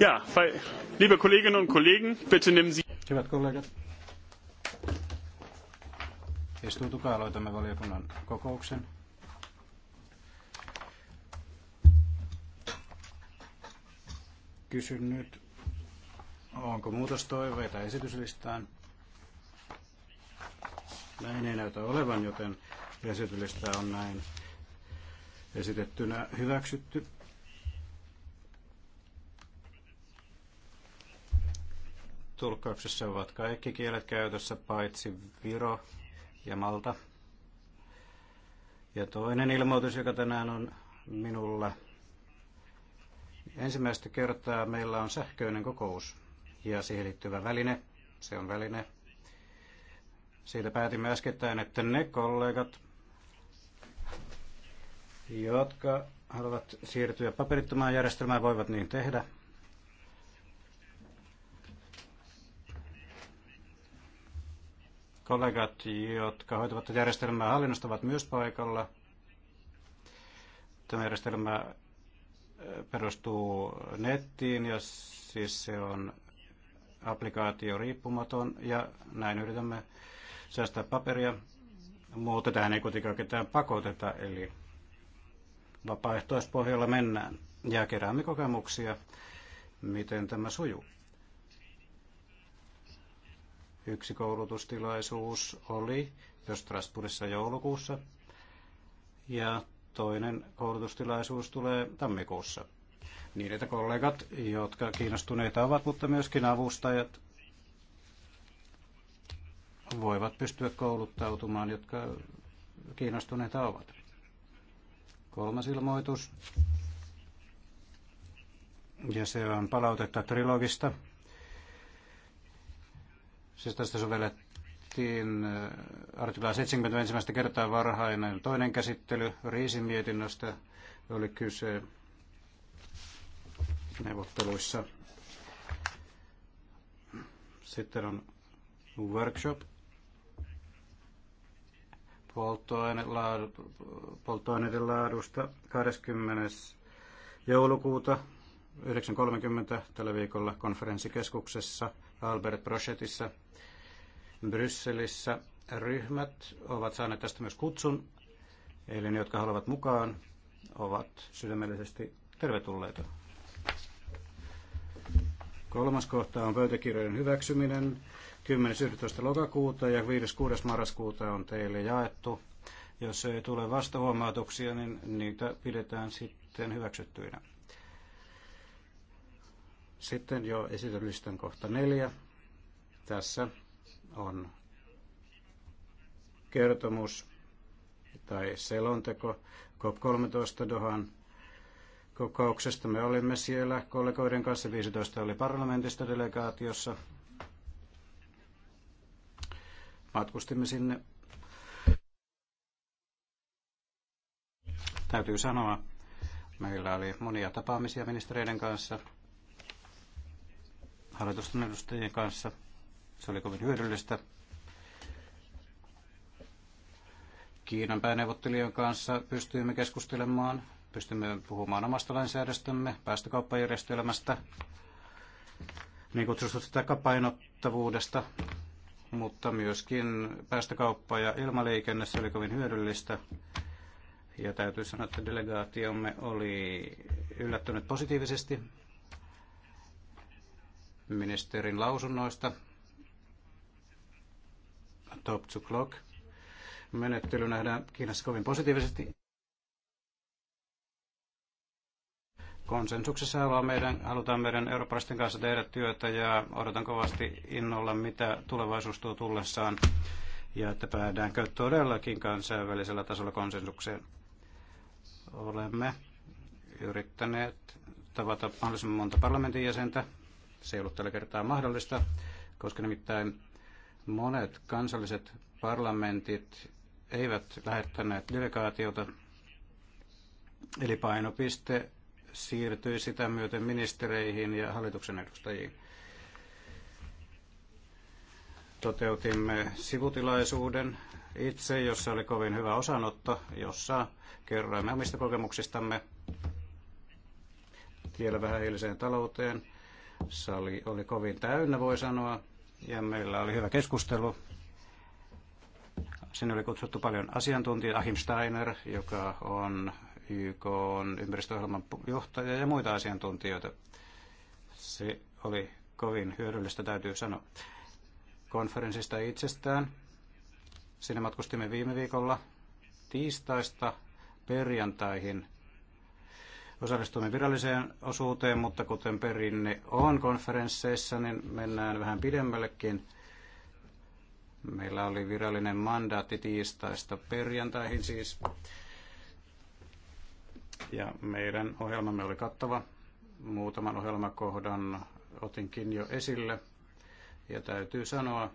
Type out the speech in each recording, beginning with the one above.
Ja, liebe Kolleginnen und Kollegen, bitte nehmen Sie... Hyvät kollegat. Istuutukaa, aloitamme valiokunnan kokouksen. Kysyn nyt, onko muutostoiveita esityslistaan? Näin ei näytä olevan, joten esityslistaa on näin esitettynä hyväksytty. Tulkkauksessa ovat kaikki kielet käytössä paitsi Viro ja Malta. Ja toinen ilmoitus, joka tänään on minulla. Ensimmäistä kertaa meillä on sähköinen kokous ja siihen liittyvä väline. Se on väline. Siitä päätimme äskettäin, että ne kollegat, jotka haluavat siirtyä paperittomaan järjestelmään, voivat niin tehdä. Kollegat, jotka hoitavat järjestelmää hallinnosta, ovat myös paikalla. Tämä järjestelmä äh, perustuu nettiin ja siis se on applikaatio riippumaton ja näin yritämme säästää paperia. Muuta tähän ei kuitenkaan ketään pakoteta, eli vapaaehtoispohjalla mennään ja keräämme kokemuksia, miten tämä sujuu. Yksi koulutustilaisuus oli jo Strasbourgissa joulukuussa ja toinen koulutustilaisuus tulee tammikuussa. Niin, että kollegat, jotka kiinnostuneita ovat, mutta myöskin avustajat, voivat pystyä kouluttautumaan, jotka kiinnostuneita ovat. Kolmas ilmoitus. Ja se on palautetta trilogista. Siis tästä sovellettiin äh, artiklaa 71 kertaa varhainen toinen käsittely riisimietinnöstä oli kyse neuvotteluissa. Sitten on workshop, polttoaineiden laadusta 20. joulukuuta 9.30 tällä viikolla konferenssikeskuksessa Albert Brochetissa – Brysselissä ryhmät ovat saaneet tästä myös kutsun, eli ne, jotka haluavat mukaan, ovat sydämellisesti tervetulleita. Kolmas kohta on pöytäkirjojen hyväksyminen 10.11. lokakuuta ja 5.6. marraskuuta on teille jaettu. Jos ei tule vastahuomautuksia, niin niitä pidetään sitten hyväksyttyinä. Sitten jo esityslistan kohta neljä. Tässä on kertomus tai selonteko COP13 Dohan kokouksesta. Me olimme siellä kollegoiden kanssa, 15 oli parlamentista delegaatiossa. Matkustimme sinne. Täytyy sanoa, meillä oli monia tapaamisia ministereiden kanssa, hallitusten edustajien kanssa – se oli kovin hyödyllistä. Kiinan pääneuvottelijan kanssa pystyimme keskustelemaan, pystymme puhumaan omasta lainsäädästömme, päästökauppajärjestelmästä, niin kutsutusta takapainottavuudesta, mutta myöskin päästökauppa ja ilmaliikenne, se oli kovin hyödyllistä. Ja täytyy sanoa, että delegaatiomme oli yllättynyt positiivisesti ministerin lausunnoista top to clock. Menettely nähdään Kiinassa kovin positiivisesti. konsensuksessa haluaa meidän, halutaan meidän eurooppalaisten kanssa tehdä työtä ja odotan kovasti innolla, mitä tulevaisuus tuo tullessaan ja että päädäänkö todellakin kansainvälisellä tasolla konsensukseen. Olemme yrittäneet tavata mahdollisimman monta parlamentin jäsentä. Se ei ollut tällä kertaa mahdollista, koska nimittäin Monet kansalliset parlamentit eivät lähettäneet delegaatiota, eli painopiste siirtyi sitä myöten ministereihin ja hallituksen edustajiin. Toteutimme sivutilaisuuden itse, jossa oli kovin hyvä osanotto, jossa kerroimme omista kokemuksistamme vielä vähän eiliseen talouteen. Sali oli kovin täynnä, voi sanoa ja meillä oli hyvä keskustelu. Sinne oli kutsuttu paljon asiantuntija Ahim Steiner, joka on YK on ympäristöohjelman johtaja ja muita asiantuntijoita. Se oli kovin hyödyllistä, täytyy sanoa. Konferenssista itsestään. Sinne matkustimme viime viikolla tiistaista perjantaihin Osallistumme viralliseen osuuteen, mutta kuten perinne on konferensseissa, niin mennään vähän pidemmällekin. Meillä oli virallinen mandaatti tiistaista perjantaihin siis. Ja meidän ohjelmamme oli kattava. Muutaman ohjelmakohdan otinkin jo esille. Ja täytyy sanoa,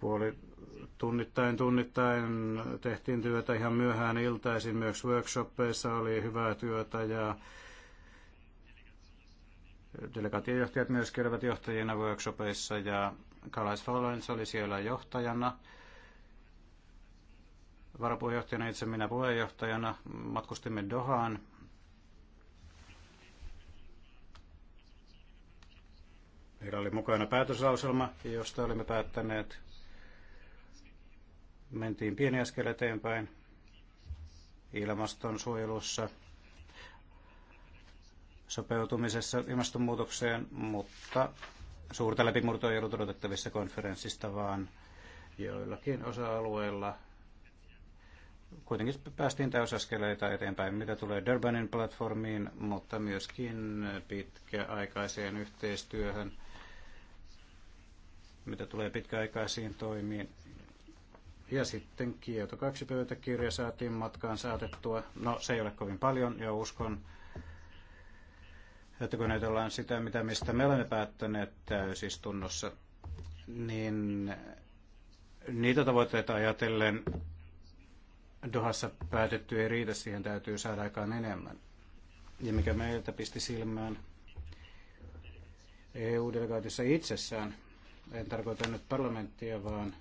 puoli tunnittain tunnittain tehtiin työtä ihan myöhään iltaisin. Myös workshoppeissa oli hyvää työtä ja delegaatiojohtajat myös kävivät johtajina workshopeissa ja Kalais Florence oli siellä johtajana. Varapuheenjohtajana itse minä puheenjohtajana matkustimme Dohaan Meillä oli mukana päätöslauselma, josta olimme päättäneet mentiin pieni askel eteenpäin ilmastonsuojelussa, sopeutumisessa ilmastonmuutokseen, mutta suurta läpimurtoa ei ollut odotettavissa konferenssista, vaan joillakin osa-alueilla kuitenkin päästiin täysaskeleita eteenpäin, mitä tulee Durbanin platformiin, mutta myöskin pitkäaikaiseen yhteistyöhön, mitä tulee pitkäaikaisiin toimiin, ja sitten Kieto kaksi pöytäkirja saatiin matkaan saatettua. No, se ei ole kovin paljon ja uskon, että kun ajatellaan sitä, mitä mistä me olemme päättäneet täysistunnossa, niin niitä tavoitteita ajatellen Dohassa päätetty ei riitä, siihen täytyy saada aikaan enemmän. Ja mikä meiltä pisti silmään EU-delegaatissa itsessään, en tarkoita nyt parlamenttia, vaan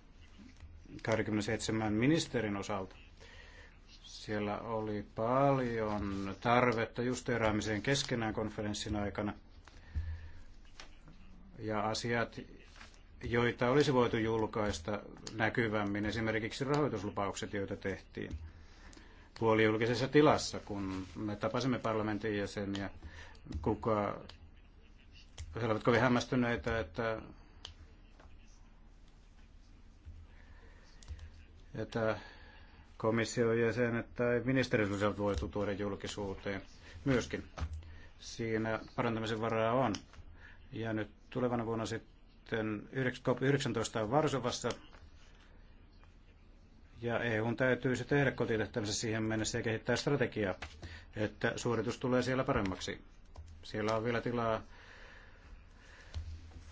27 ministerin osalta. Siellä oli paljon tarvetta justeeraamiseen keskenään konferenssin aikana. Ja asiat, joita olisi voitu julkaista näkyvämmin, esimerkiksi rahoituslupaukset, joita tehtiin puolijulkisessa tilassa, kun me tapasimme parlamentin jäseniä, kuka he olivat kovin hämmästyneitä, että että komission jäsenet tai ministerilliset voi tuoda julkisuuteen myöskin. Siinä parantamisen varaa on. Ja nyt tulevana vuonna sitten COP19 on Varsovassa. Ja EU täytyy se tehdä kotitehtävänsä siihen mennessä ja kehittää strategiaa, että suoritus tulee siellä paremmaksi. Siellä on vielä tilaa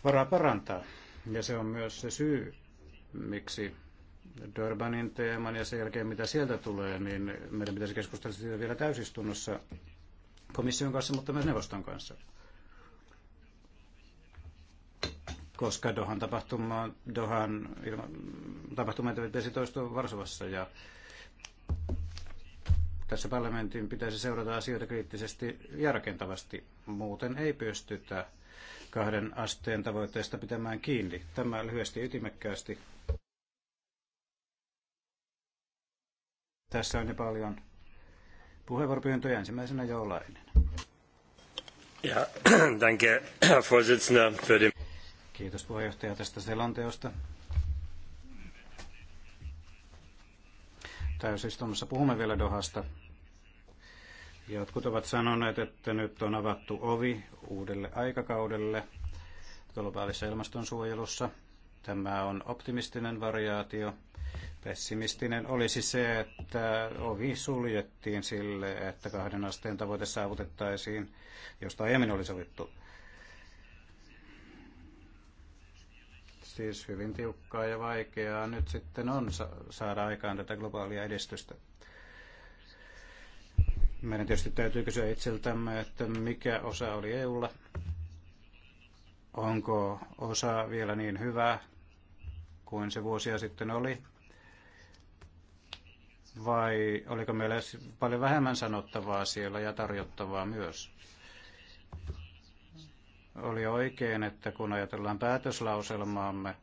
varaa parantaa. Ja se on myös se syy, miksi Durbanin teeman ja sen jälkeen mitä sieltä tulee, niin meidän pitäisi keskustella siitä vielä täysistunnossa komission kanssa, mutta myös neuvoston kanssa. Koska Dohan, tapahtuma Dohan ilma, tapahtumat pitäisi toistua Varsovassa ja tässä parlamentin pitäisi seurata asioita kriittisesti ja rakentavasti. Muuten ei pystytä kahden asteen tavoitteesta pitämään kiinni. Tämä lyhyesti ytimekkäästi. Tässä on paljon puheenvuoropyyntöjä ensimmäisenä joulainen. Ja, danke, für den... Kiitos puheenjohtaja tästä selonteosta. Täysistunnossa puhumme vielä Dohasta. Jotkut ovat sanoneet, että nyt on avattu ovi uudelle aikakaudelle globaalissa ilmastonsuojelussa – Tämä on optimistinen variaatio. Pessimistinen olisi se, että ovi suljettiin sille, että kahden asteen tavoite saavutettaisiin, josta aiemmin oli sovittu. Siis hyvin tiukkaa ja vaikeaa nyt sitten on saada aikaan tätä globaalia edistystä. Meidän tietysti täytyy kysyä itseltämme, että mikä osa oli EUlla, onko osa vielä niin hyvä kuin se vuosia sitten oli? Vai oliko meillä paljon vähemmän sanottavaa siellä ja tarjottavaa myös? Oli oikein, että kun ajatellaan päätöslauselmaamme,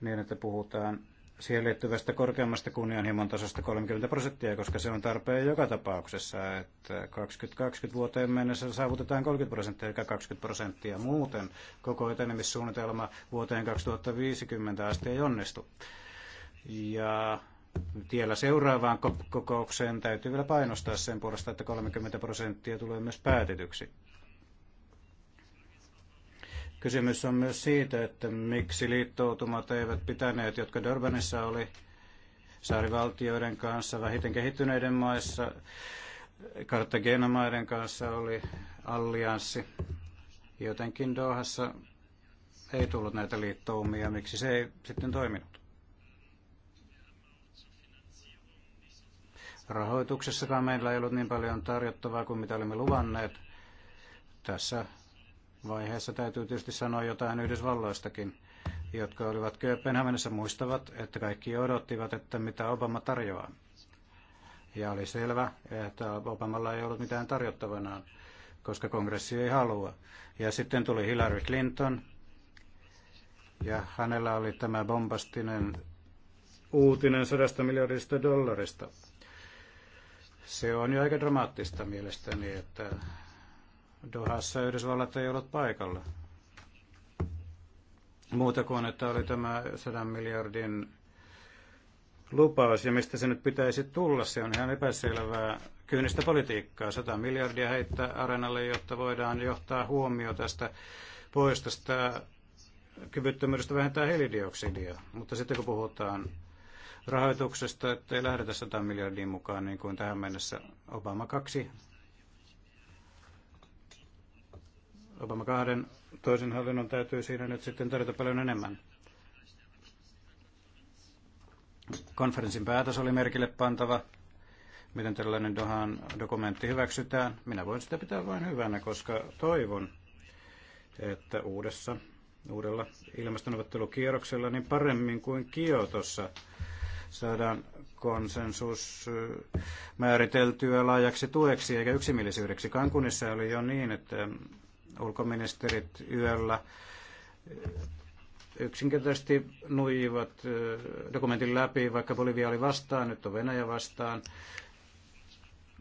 niin että puhutaan siihen liittyvästä korkeammasta kunnianhimon tasosta 30 prosenttia, koska se on tarpeen joka tapauksessa, että 2020 vuoteen mennessä saavutetaan 30 prosenttia eli 20 prosenttia. Muuten koko etenemissuunnitelma vuoteen 2050 asti ei onnistu. Ja tiellä seuraavaan kokoukseen täytyy vielä painostaa sen puolesta, että 30 prosenttia tulee myös päätetyksi. Kysymys on myös siitä, että miksi liittoutumat eivät pitäneet, jotka Durbanissa oli saarivaltioiden kanssa, vähiten kehittyneiden maissa, Cartagena-maiden kanssa oli allianssi. Jotenkin Dohassa ei tullut näitä liittoumia, miksi se ei sitten toiminut. Rahoituksessakaan meillä ei ollut niin paljon tarjottavaa kuin mitä olimme luvanneet. Tässä vaiheessa täytyy tietysti sanoa jotain Yhdysvalloistakin, jotka olivat Kööpenhaminassa muistavat, että kaikki odottivat, että mitä Obama tarjoaa. Ja oli selvä, että Obamalla ei ollut mitään tarjottavanaan, koska kongressi ei halua. Ja sitten tuli Hillary Clinton, ja hänellä oli tämä bombastinen uutinen sadasta miljardista dollarista. Se on jo aika dramaattista mielestäni, että Dohassa Yhdysvallat ei ollut paikalla. Muuta kuin, että oli tämä 100 miljardin lupaus, ja mistä se nyt pitäisi tulla, se on ihan epäselvää kyynistä politiikkaa. 100 miljardia heittää arenalle, jotta voidaan johtaa huomio tästä pois tästä kyvyttömyydestä vähentää hiilidioksidia. Mutta sitten kun puhutaan rahoituksesta, että ei lähdetä 100 miljardin mukaan, niin kuin tähän mennessä Obama 2 Obama kahden toisen hallinnon täytyy siinä nyt sitten tarjota paljon enemmän. Konferenssin päätös oli merkille pantava, miten tällainen Dohan dokumentti hyväksytään. Minä voin sitä pitää vain hyvänä, koska toivon, että uudessa, uudella ilmastoneuvottelukierroksella niin paremmin kuin Kiotossa saadaan konsensus äh, määriteltyä laajaksi tueksi eikä yksimielisyydeksi. Kankunissa oli jo niin, että ulkoministerit yöllä eh, yksinkertaisesti nuijivat eh, dokumentin läpi, vaikka Bolivia oli vastaan, nyt on Venäjä vastaan.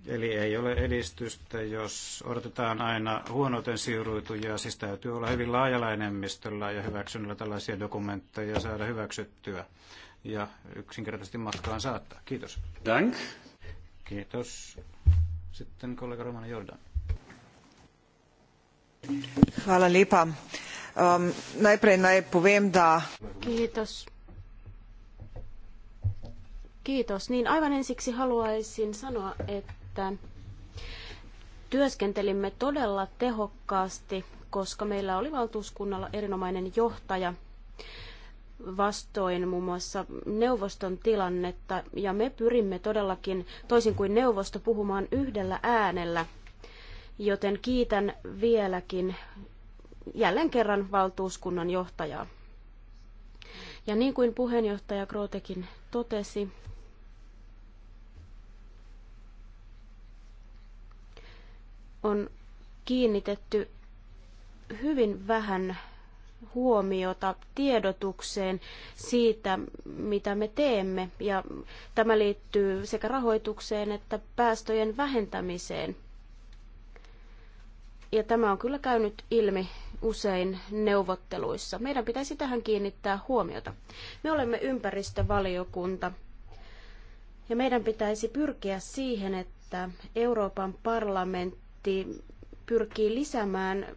Eli ei ole edistystä, jos odotetaan aina huonoten siirruituja, siis täytyy olla hyvin laajalla enemmistöllä ja hyväksynnällä tällaisia dokumentteja saada hyväksyttyä ja yksinkertaisesti matkaan saattaa. Kiitos. Dank. Kiitos. Sitten kollega Romana Jordan. Hvala lepa. Um, najprej naj povem, da... Kiitos. Kiitos. Niin aivan ensiksi haluaisin sanoa, että työskentelimme todella tehokkaasti, koska meillä oli valtuuskunnalla erinomainen johtaja vastoin muun muassa neuvoston tilannetta, ja me pyrimme todellakin, toisin kuin neuvosto, puhumaan yhdellä äänellä – joten kiitän vieläkin jälleen kerran valtuuskunnan johtajaa. Ja niin kuin puheenjohtaja Grotekin totesi, on kiinnitetty hyvin vähän huomiota tiedotukseen siitä, mitä me teemme. Ja tämä liittyy sekä rahoitukseen että päästöjen vähentämiseen – ja tämä on kyllä käynyt ilmi usein neuvotteluissa. Meidän pitäisi tähän kiinnittää huomiota. Me olemme ympäristövaliokunta ja meidän pitäisi pyrkiä siihen, että Euroopan parlamentti pyrkii lisäämään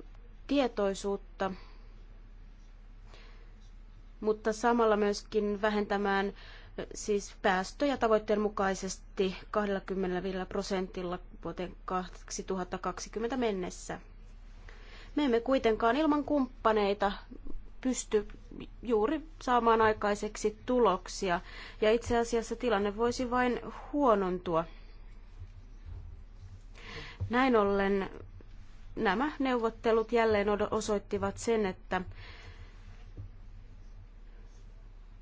tietoisuutta, mutta samalla myöskin vähentämään siis päästöjä tavoitteen mukaisesti 25 prosentilla vuoteen 2020 mennessä. Me emme kuitenkaan ilman kumppaneita pysty juuri saamaan aikaiseksi tuloksia, ja itse asiassa tilanne voisi vain huonontua. Näin ollen nämä neuvottelut jälleen osoittivat sen, että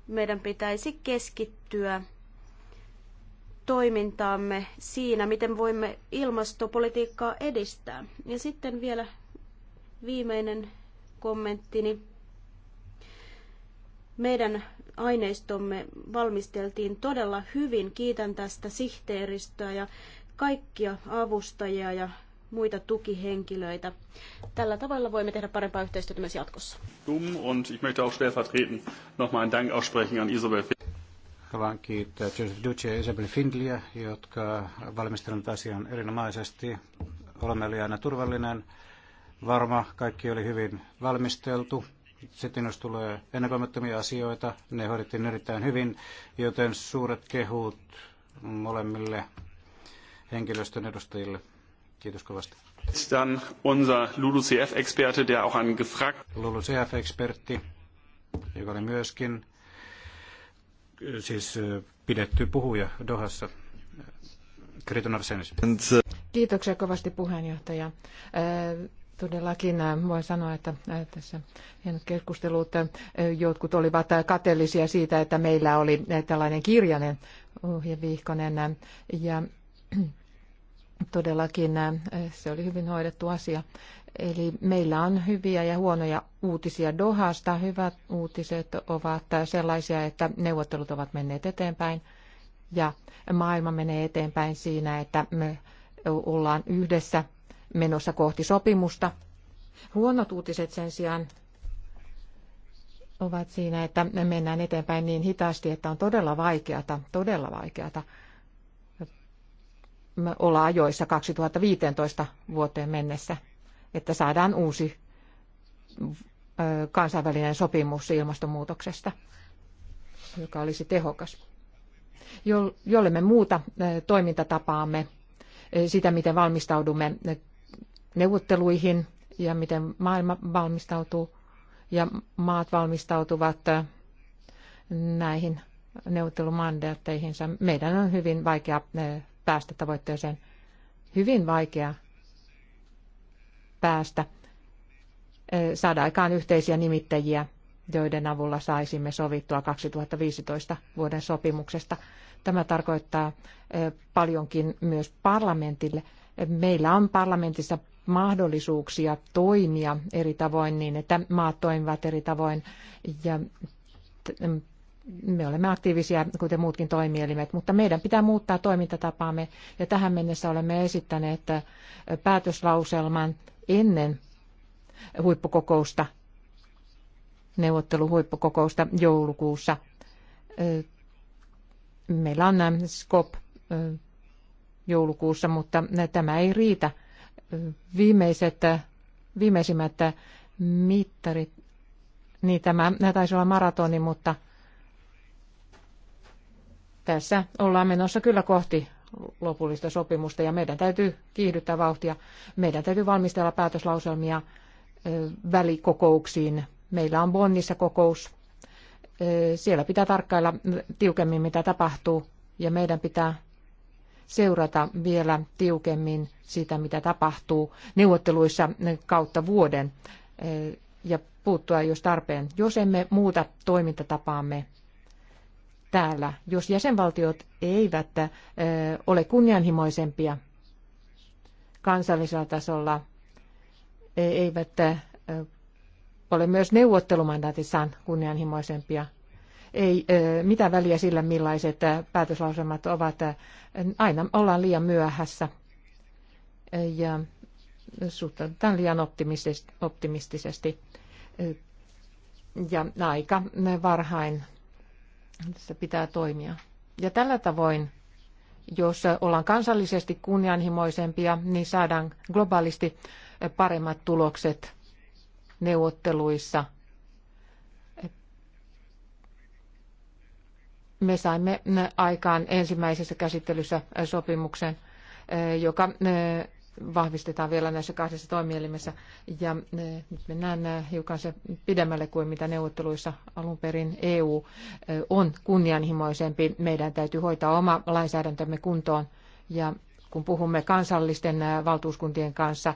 meidän pitäisi keskittyä toimintaamme siinä, miten voimme ilmastopolitiikkaa edistää. Ja sitten vielä viimeinen kommenttini. Meidän aineistomme valmisteltiin todella hyvin. Kiitän tästä sihteeristöä ja kaikkia avustajia ja muita tukihenkilöitä. Tällä tavalla voimme tehdä parempaa yhteistyötä myös jatkossa. Und ich möchte auch stellvertretend nochmal Dank aussprechen an Isabel. Haluan kiittää Joseph Duce ja Isabel Findliä, jotka valmistelivat asian erinomaisesti. Olemme oli aina turvallinen, varma, kaikki oli hyvin valmisteltu. Sitten jos tulee ennakoimattomia asioita, ne hoidettiin erittäin hyvin, joten suuret kehut molemmille henkilöstön edustajille. Kiitos kovasti. Dann unser LULUCF-Experte, der auch an gefragt... lulucf expertti joka oli myöskin siis pidetty puhuja Dohassa. Kriton Arsenis. Kiitoksia kovasti puheenjohtaja. Todellakin voin sanoa, että tässä hienot keskustelut, jotkut olivat kateellisia siitä, että meillä oli tällainen kirjainen ohjevihkonen ja todellakin se oli hyvin hoidettu asia. Eli meillä on hyviä ja huonoja uutisia Dohasta. Hyvät uutiset ovat sellaisia, että neuvottelut ovat menneet eteenpäin ja maailma menee eteenpäin siinä, että me ollaan yhdessä menossa kohti sopimusta. Huonot uutiset sen sijaan ovat siinä, että me mennään eteenpäin niin hitaasti, että on todella vaikeata, todella vaikeata olla ajoissa 2015 vuoteen mennessä että saadaan uusi kansainvälinen sopimus ilmastonmuutoksesta, joka olisi tehokas. me muuta toimintatapaamme, sitä miten valmistaudumme neuvotteluihin ja miten maailma valmistautuu ja maat valmistautuvat näihin neuvottelumandaatteihinsa. Meidän on hyvin vaikea päästä tavoitteeseen. Hyvin vaikea päästä saada aikaan yhteisiä nimittäjiä, joiden avulla saisimme sovittua 2015 vuoden sopimuksesta. Tämä tarkoittaa paljonkin myös parlamentille. Meillä on parlamentissa mahdollisuuksia toimia eri tavoin niin, että maat toimivat eri tavoin ja me olemme aktiivisia, kuten muutkin toimielimet, mutta meidän pitää muuttaa toimintatapaamme ja tähän mennessä olemme esittäneet päätöslauselman ennen huippukokousta, neuvotteluhuippukokousta joulukuussa. Meillä on äh, SCOP joulukuussa, mutta äh, tämä ei riitä. Viimeiset, äh, viimeisimmät mittarit, niin tämä taisi olla maratoni, mutta tässä ollaan menossa kyllä kohti lopullista sopimusta ja meidän täytyy kiihdyttää vauhtia. Meidän täytyy valmistella päätöslauselmia välikokouksiin. Meillä on Bonnissa kokous. Siellä pitää tarkkailla tiukemmin, mitä tapahtuu, ja meidän pitää seurata vielä tiukemmin sitä, mitä tapahtuu neuvotteluissa kautta vuoden ja puuttua, jos tarpeen. Jos emme muuta toimintatapaamme, täällä, jos jäsenvaltiot eivät ole kunnianhimoisempia kansallisella tasolla, e, eivät ole myös neuvottelumandaatissaan kunnianhimoisempia. Ei mitään väliä sillä, millaiset päätöslauselmat ovat. Aina ollaan liian myöhässä e, ja suhtaudutaan liian optimistisesti e, ja aika varhain se pitää toimia. Ja tällä tavoin, jos ollaan kansallisesti kunnianhimoisempia, niin saadaan globaalisti paremmat tulokset neuvotteluissa. Me saimme aikaan ensimmäisessä käsittelyssä sopimuksen, joka vahvistetaan vielä näissä kahdessa toimielimessä. Ja eh, nyt mennään eh, hiukan se pidemmälle kuin mitä neuvotteluissa alun perin EU eh, on kunnianhimoisempi. Meidän täytyy hoitaa oma lainsäädäntömme kuntoon. Ja kun puhumme kansallisten valtuuskuntien kanssa,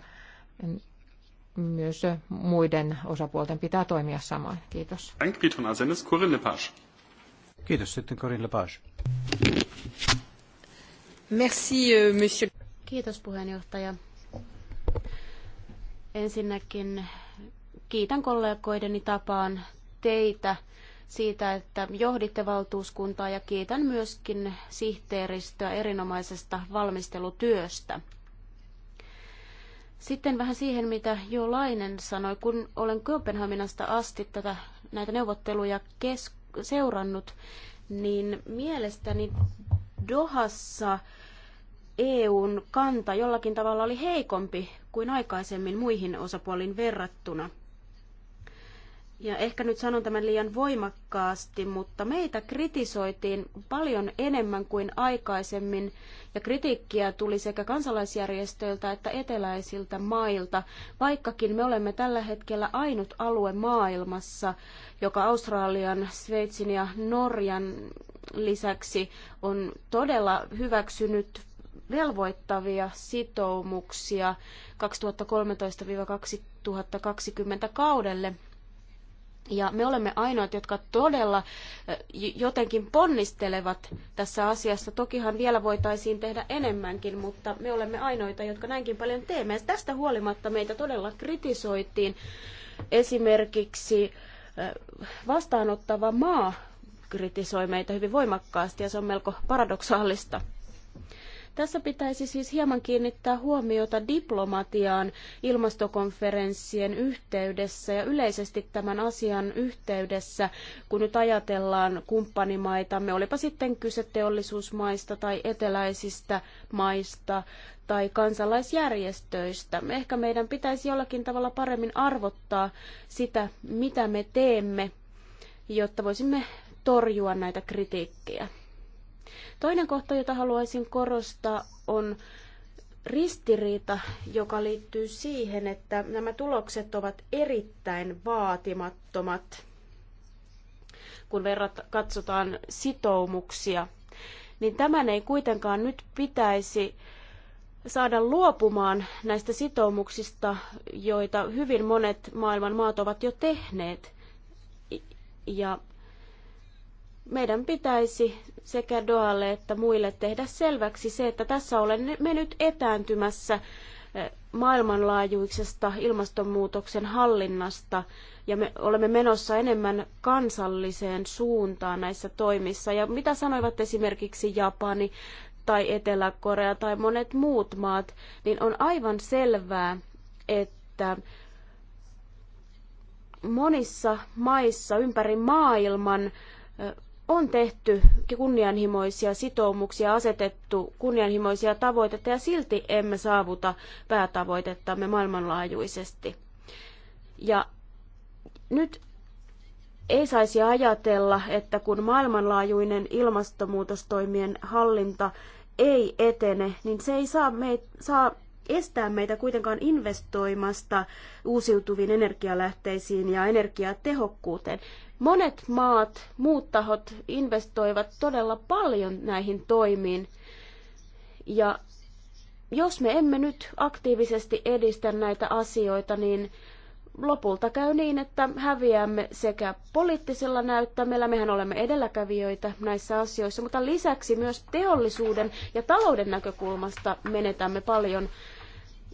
myös muiden osapuolten pitää toimia samoin. Kiitos. Kiitos sitten Corinne Lepage. Merci, euh, monsieur. Kiitos puheenjohtaja. Ensinnäkin kiitän kollegoideni tapaan teitä siitä, että johditte valtuuskuntaa ja kiitän myöskin sihteeristöä erinomaisesta valmistelutyöstä. Sitten vähän siihen, mitä Jo Lainen sanoi, kun olen Kööpenhaminasta asti tätä, näitä neuvotteluja kes- seurannut, niin mielestäni Dohassa EUn kanta jollakin tavalla oli heikompi kuin aikaisemmin muihin osapuoliin verrattuna. Ja ehkä nyt sanon tämän liian voimakkaasti, mutta meitä kritisoitiin paljon enemmän kuin aikaisemmin, ja kritiikkiä tuli sekä kansalaisjärjestöiltä että eteläisiltä mailta, vaikkakin me olemme tällä hetkellä ainut alue maailmassa, joka Australian, Sveitsin ja Norjan lisäksi on todella hyväksynyt velvoittavia sitoumuksia 2013-2020 kaudelle. Ja me olemme ainoat, jotka todella jotenkin ponnistelevat tässä asiassa. Tokihan vielä voitaisiin tehdä enemmänkin, mutta me olemme ainoita, jotka näinkin paljon teemme. Ja tästä huolimatta meitä todella kritisoitiin esimerkiksi vastaanottava maa kritisoi meitä hyvin voimakkaasti ja se on melko paradoksaalista. Tässä pitäisi siis hieman kiinnittää huomiota diplomatiaan ilmastokonferenssien yhteydessä ja yleisesti tämän asian yhteydessä, kun nyt ajatellaan kumppanimaitamme, olipa sitten kyse teollisuusmaista tai eteläisistä maista tai kansalaisjärjestöistä. Ehkä meidän pitäisi jollakin tavalla paremmin arvottaa sitä, mitä me teemme, jotta voisimme torjua näitä kritiikkejä. Toinen kohta, jota haluaisin korostaa, on ristiriita, joka liittyy siihen, että nämä tulokset ovat erittäin vaatimattomat, kun verrat, katsotaan sitoumuksia, niin tämän ei kuitenkaan nyt pitäisi saada luopumaan näistä sitoumuksista, joita hyvin monet maailman maat ovat jo tehneet. Ja meidän pitäisi sekä Doalle että muille tehdä selväksi se, että tässä olemme nyt etääntymässä eh, maailmanlaajuisesta ilmastonmuutoksen hallinnasta ja me olemme menossa enemmän kansalliseen suuntaan näissä toimissa. Ja mitä sanoivat esimerkiksi Japani tai Etelä-Korea tai monet muut maat, niin on aivan selvää, että monissa maissa ympäri maailman eh, on tehty kunnianhimoisia sitoumuksia, asetettu kunnianhimoisia tavoitteita ja silti emme saavuta päätavoitettamme maailmanlaajuisesti. Ja nyt ei saisi ajatella, että kun maailmanlaajuinen ilmastonmuutostoimien hallinta ei etene, niin se ei saa, meit, saa estää meitä kuitenkaan investoimasta uusiutuviin energialähteisiin ja energiatehokkuuteen. Monet maat, muut tahot investoivat todella paljon näihin toimiin. Ja jos me emme nyt aktiivisesti edistä näitä asioita, niin lopulta käy niin, että häviämme sekä poliittisella näyttämällä, mehän olemme edelläkävijöitä näissä asioissa, mutta lisäksi myös teollisuuden ja talouden näkökulmasta menetämme paljon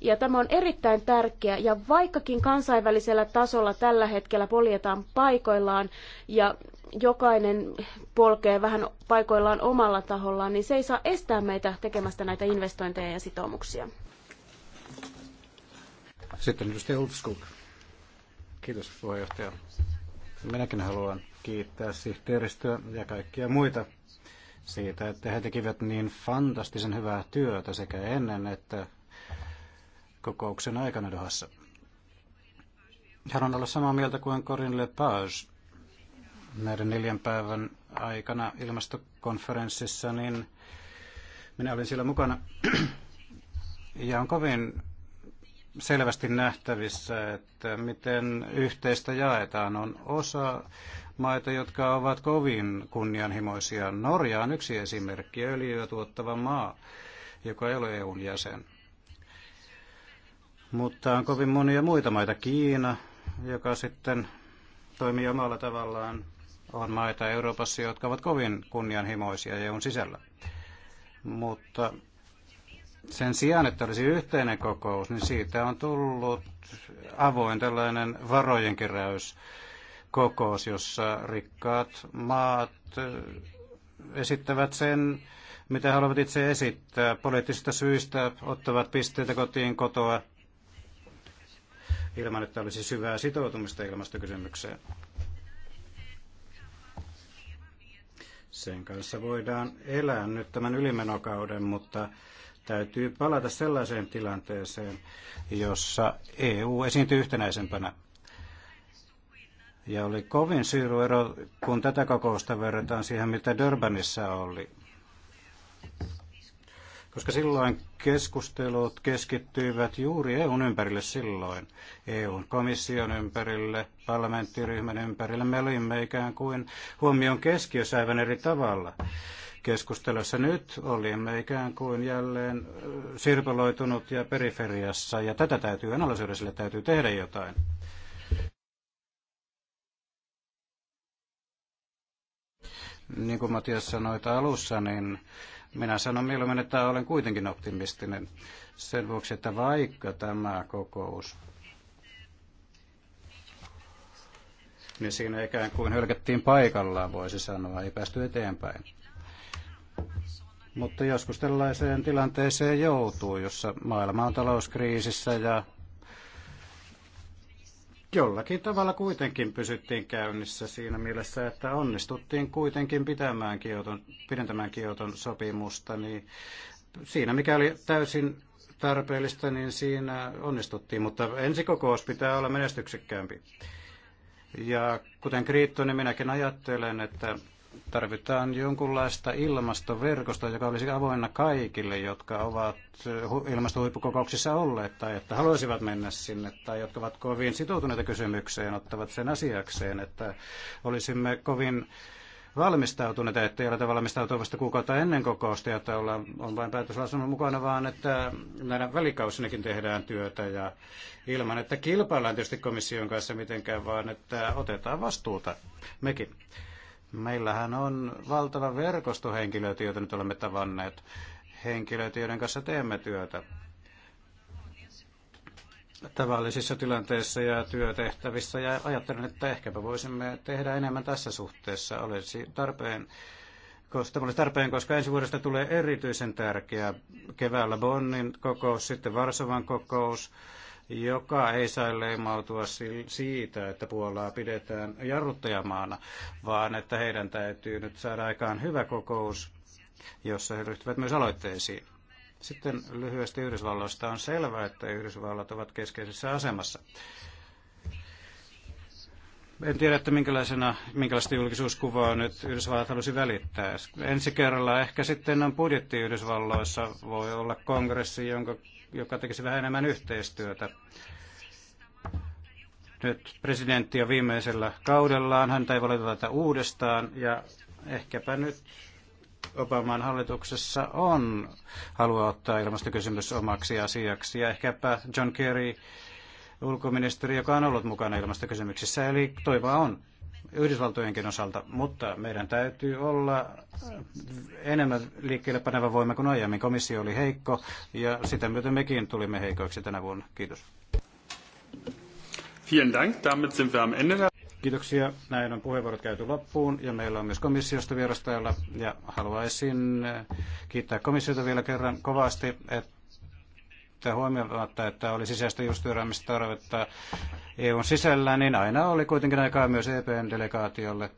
ja tämä on erittäin tärkeä, ja vaikkakin kansainvälisellä tasolla tällä hetkellä poljetaan paikoillaan ja jokainen polkee vähän paikoillaan omalla tahollaan, niin se ei saa estää meitä tekemästä näitä investointeja ja sitoumuksia. Sitten edustaja Ulfskog. Kiitos puheenjohtaja. Minäkin haluan kiittää sihteeristöä ja kaikkia muita siitä, että he tekivät niin fantastisen hyvää työtä sekä ennen että kokouksen aikana Dohassa. Haluan olla samaa mieltä kuin Corinne Lepage näiden neljän päivän aikana ilmastokonferenssissa, niin minä olin siellä mukana. Ja on kovin selvästi nähtävissä, että miten yhteistä jaetaan. On osa maita, jotka ovat kovin kunnianhimoisia. Norja on yksi esimerkki, öljyä tuottava maa, joka ei ole EUn jäsen. Mutta on kovin monia muita maita. Kiina, joka sitten toimii omalla tavallaan, on maita Euroopassa, jotka ovat kovin kunnianhimoisia EUn sisällä. Mutta sen sijaan, että olisi yhteinen kokous, niin siitä on tullut avoin tällainen varojen keräys kokous, jossa rikkaat maat eh, esittävät sen, mitä haluavat itse esittää. Poliittisista syistä ottavat pisteitä kotiin kotoa ilman, että olisi syvää sitoutumista ilmastokysymykseen. Sen kanssa voidaan elää nyt tämän ylimenokauden, mutta täytyy palata sellaiseen tilanteeseen, jossa EU esiintyy yhtenäisempänä. Ja oli kovin syyruero, kun tätä kokousta verrataan siihen, mitä Durbanissa oli koska silloin keskustelut keskittyivät juuri EUn ympärille silloin, EUn komission ympärille, parlamenttiryhmän ympärille. Me olimme ikään kuin huomion keskiössä aivan eri tavalla keskustelussa. Nyt olimme ikään kuin jälleen sirpaloitunut ja periferiassa, ja tätä täytyy analysoida, sille täytyy tehdä jotain. Niin kuin Matias sanoi alussa, niin minä sanon mieluummin, että olen kuitenkin optimistinen sen vuoksi, että vaikka tämä kokous niin siinä ikään kuin hölkättiin paikallaan, voisi sanoa, ei päästy eteenpäin. Mutta joskus tällaiseen tilanteeseen joutuu, jossa maailma on talouskriisissä ja jollakin tavalla kuitenkin pysyttiin käynnissä siinä mielessä, että onnistuttiin kuitenkin pitämään Kioton, pidentämään Kioton sopimusta, niin siinä mikä oli täysin tarpeellista, niin siinä onnistuttiin, mutta ensikokous pitää olla menestyksekkäämpi. Ja kuten kriittoinen niin minäkin ajattelen, että tarvitaan jonkunlaista ilmastoverkosta, joka olisi avoinna kaikille, jotka ovat ilmastohuippukokouksissa olleet tai että haluaisivat mennä sinne tai jotka ovat kovin sitoutuneita kysymykseen, ottavat sen asiakseen, että olisimme kovin valmistautuneita, ettei ole valmistautua vasta kuukautta ennen kokousta, että ollaan, on vain päätöslausunnon mukana, vaan että näinä välikausinakin tehdään työtä ja ilman, että kilpaillaan tietysti komission kanssa mitenkään, vaan että otetaan vastuuta mekin. Meillähän on valtava verkosto henkilöitä, joita nyt olemme tavanneet, henkilöitä, joiden kanssa teemme työtä tavallisissa tilanteissa ja työtehtävissä ja ajattelen, että ehkäpä voisimme tehdä enemmän tässä suhteessa. Olisi tarpeen, koska, olisi tarpeen, koska ensi vuodesta tulee erityisen tärkeä keväällä Bonnin kokous, sitten Varsovan kokous, joka ei saa leimautua siitä, että Puolaa pidetään jarruttajamaana, vaan että heidän täytyy nyt saada aikaan hyvä kokous, jossa he ryhtyvät myös aloitteisiin. Sitten lyhyesti Yhdysvalloista on selvää, että Yhdysvallat ovat keskeisessä asemassa. En tiedä, että minkälaisena, minkälaista julkisuuskuvaa nyt Yhdysvallat halusi välittää. Ensi kerralla ehkä sitten on budjetti Yhdysvalloissa. Voi olla kongressi, jonka joka tekisi vähän enemmän yhteistyötä. Nyt presidentti on viimeisellä kaudellaan, häntä ei valiteta uudestaan ja ehkäpä nyt Obaman hallituksessa on halua ottaa ilmastokysymys omaksi asiaksi ja ehkäpä John Kerry ulkoministeri, joka on ollut mukana ilmastokysymyksissä, eli toivoa on. Yhdysvaltojenkin osalta, mutta meidän täytyy olla enemmän liikkeelle paneva voima kuin aiemmin. Komissio oli heikko ja sitä myöten mekin tulimme heikoiksi tänä vuonna. Kiitos. Vielen Dank. Kiitoksia. Näin on puheenvuorot käyty loppuun ja meillä on myös komissiosta vierastajalla ja haluaisin kiittää komissiota vielä kerran kovasti, että että huomioimatta, että oli sisäistä justyörämistä tarvetta EUn sisällä, niin aina oli kuitenkin aikaa myös EPn delegaatiolle,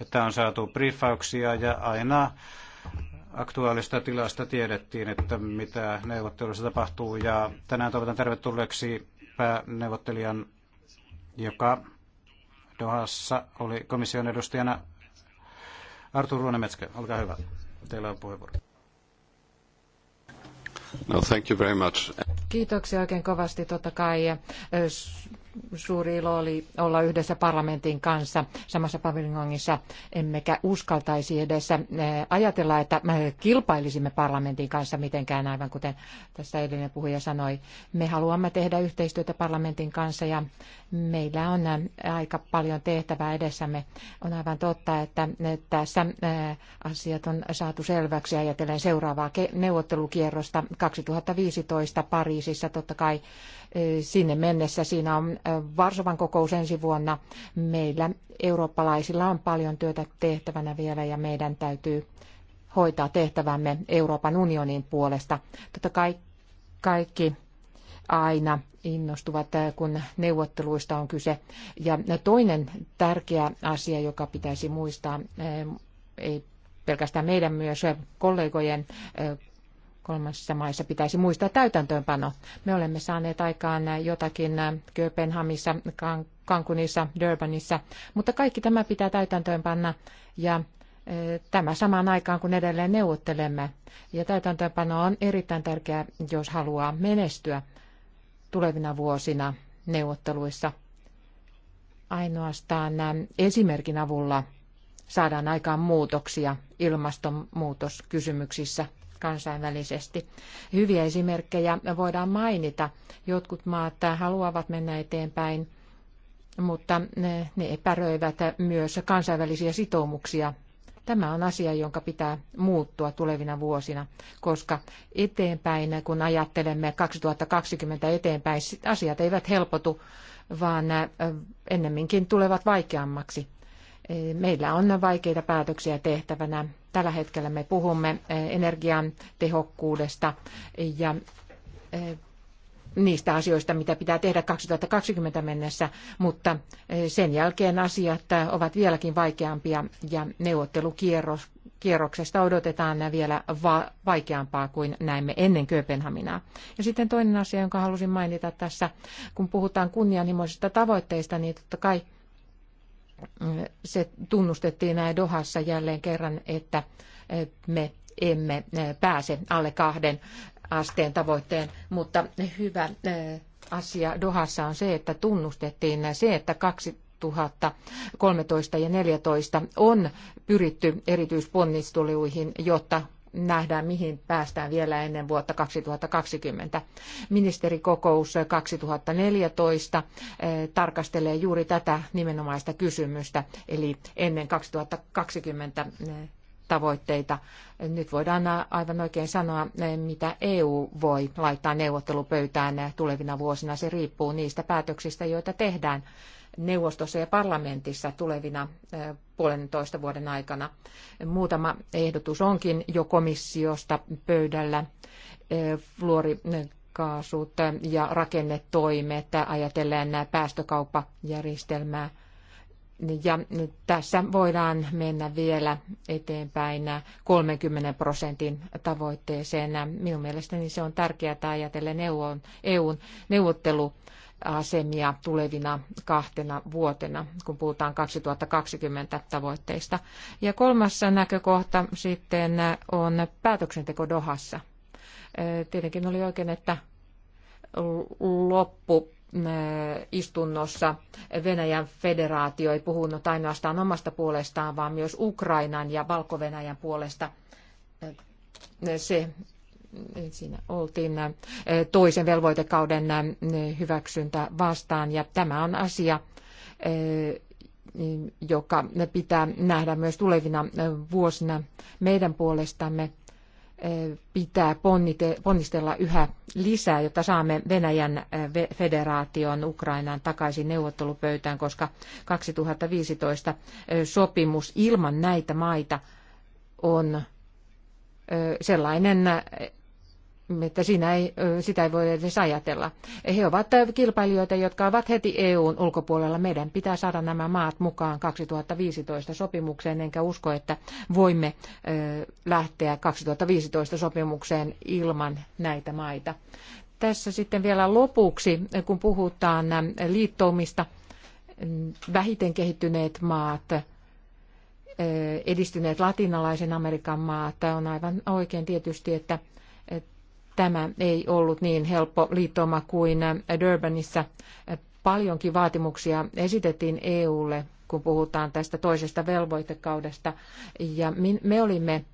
että on saatu briefauksia ja aina aktuaalista tilasta tiedettiin, että mitä neuvotteluissa tapahtuu. Ja tänään toivotan tervetulleeksi pääneuvottelijan, joka Dohassa oli komission edustajana. Artur Ruonemetske. olkaa hyvä. Teillä on puheenvuoro. No, thank you very much. Kiitoksia oikein kovasti. Totta kai suuri ilo oli olla yhdessä parlamentin kanssa samassa paviljongissa, emmekä uskaltaisi edes eh, ajatella, että me kilpailisimme parlamentin kanssa mitenkään, aivan kuten tässä edellinen puhuja sanoi. Me haluamme tehdä yhteistyötä parlamentin kanssa ja meillä on eh, aika paljon tehtävää edessämme. On aivan totta, että eh, tässä asiat on saatu selväksi ajatellen seuraavaa neuvottelukierrosta 2015 Pariisissa. Totta kai sinne mennessä. Siinä on Varsovan kokous ensi vuonna. Meillä eurooppalaisilla on paljon työtä tehtävänä vielä ja meidän täytyy hoitaa tehtävämme Euroopan unionin puolesta. Totta kai kaikki aina innostuvat, kun neuvotteluista on kyse. Ja toinen tärkeä asia, joka pitäisi muistaa, ei pelkästään meidän myös kollegojen kolmansissa maissa pitäisi muistaa täytäntöönpano. Me olemme saaneet aikaan jotakin Kööpenhamissa, Kankunissa, Durbanissa, mutta kaikki tämä pitää täytäntöönpanna ja e, tämä samaan aikaan, kun edelleen neuvottelemme. Ja täytäntöönpano on erittäin tärkeää, jos haluaa menestyä tulevina vuosina neuvotteluissa. Ainoastaan esimerkin avulla saadaan aikaan muutoksia ilmastonmuutoskysymyksissä – kansainvälisesti. Hyviä esimerkkejä voidaan mainita. Jotkut maat haluavat mennä eteenpäin, mutta ne, ne epäröivät myös kansainvälisiä sitoumuksia. Tämä on asia, jonka pitää muuttua tulevina vuosina, koska eteenpäin, kun ajattelemme 2020 eteenpäin, asiat eivät helpotu, vaan ennemminkin tulevat vaikeammaksi Meillä on vaikeita päätöksiä tehtävänä. Tällä hetkellä me puhumme eh, energian tehokkuudesta ja eh, niistä asioista, mitä pitää tehdä 2020 mennessä, mutta eh, sen jälkeen asiat ovat vieläkin vaikeampia ja kierroksesta odotetaan vielä va- vaikeampaa kuin näimme ennen Kööpenhaminaa. Ja sitten toinen asia, jonka halusin mainita tässä, kun puhutaan kunnianhimoisista tavoitteista, niin totta kai se tunnustettiin näin Dohassa jälleen kerran, että me emme pääse alle kahden asteen tavoitteen, mutta hyvä asia Dohassa on se, että tunnustettiin se, että 2013 ja 2014 on pyritty erityisponnisteluihin, jotta nähdään, mihin päästään vielä ennen vuotta 2020. Ministerikokous 2014 eh, tarkastelee juuri tätä nimenomaista kysymystä, eli ennen 2020 eh, tavoitteita. Nyt voidaan eh, aivan oikein sanoa, mitä EU voi laittaa neuvottelupöytään tulevina vuosina. Se riippuu niistä päätöksistä, joita tehdään neuvostossa ja parlamentissa tulevina puolentoista vuoden aikana. Muutama ehdotus onkin jo komissiosta pöydällä. Fluorikaasut ja rakennetoimet ajatellen päästökauppajärjestelmää. Ja tässä voidaan mennä vielä eteenpäin 30 prosentin tavoitteeseen. Minun mielestäni se on tärkeää ajatellen EUn neuvotteluprosessia asemia tulevina kahtena vuotena, kun puhutaan 2020 tavoitteista. Ja kolmas näkökohta sitten on päätöksenteko Dohassa. Tietenkin oli oikein, että loppu istunnossa Venäjän federaatio ei puhunut ainoastaan omasta puolestaan, vaan myös Ukrainan ja Valko-Venäjän puolesta. Se siinä oltiin toisen velvoitekauden hyväksyntä vastaan ja tämä on asia, joka pitää nähdä myös tulevina vuosina meidän puolestamme pitää ponnistella yhä lisää, jotta saamme Venäjän federaation Ukrainan takaisin neuvottelupöytään, koska 2015 sopimus ilman näitä maita on sellainen, että siinä ei, sitä ei voi edes ajatella. He ovat kilpailijoita, jotka ovat heti EUn ulkopuolella. Meidän pitää saada nämä maat mukaan 2015 sopimukseen, enkä usko, että voimme lähteä 2015 sopimukseen ilman näitä maita. Tässä sitten vielä lopuksi, kun puhutaan liittoumista, vähiten kehittyneet maat, edistyneet latinalaisen Amerikan maat. On aivan oikein tietysti, että Tämä ei ollut niin helppo liittoma kuin Durbanissa. Paljonkin vaatimuksia esitettiin EUlle, kun puhutaan tästä toisesta velvoitekaudesta. Ja me olimme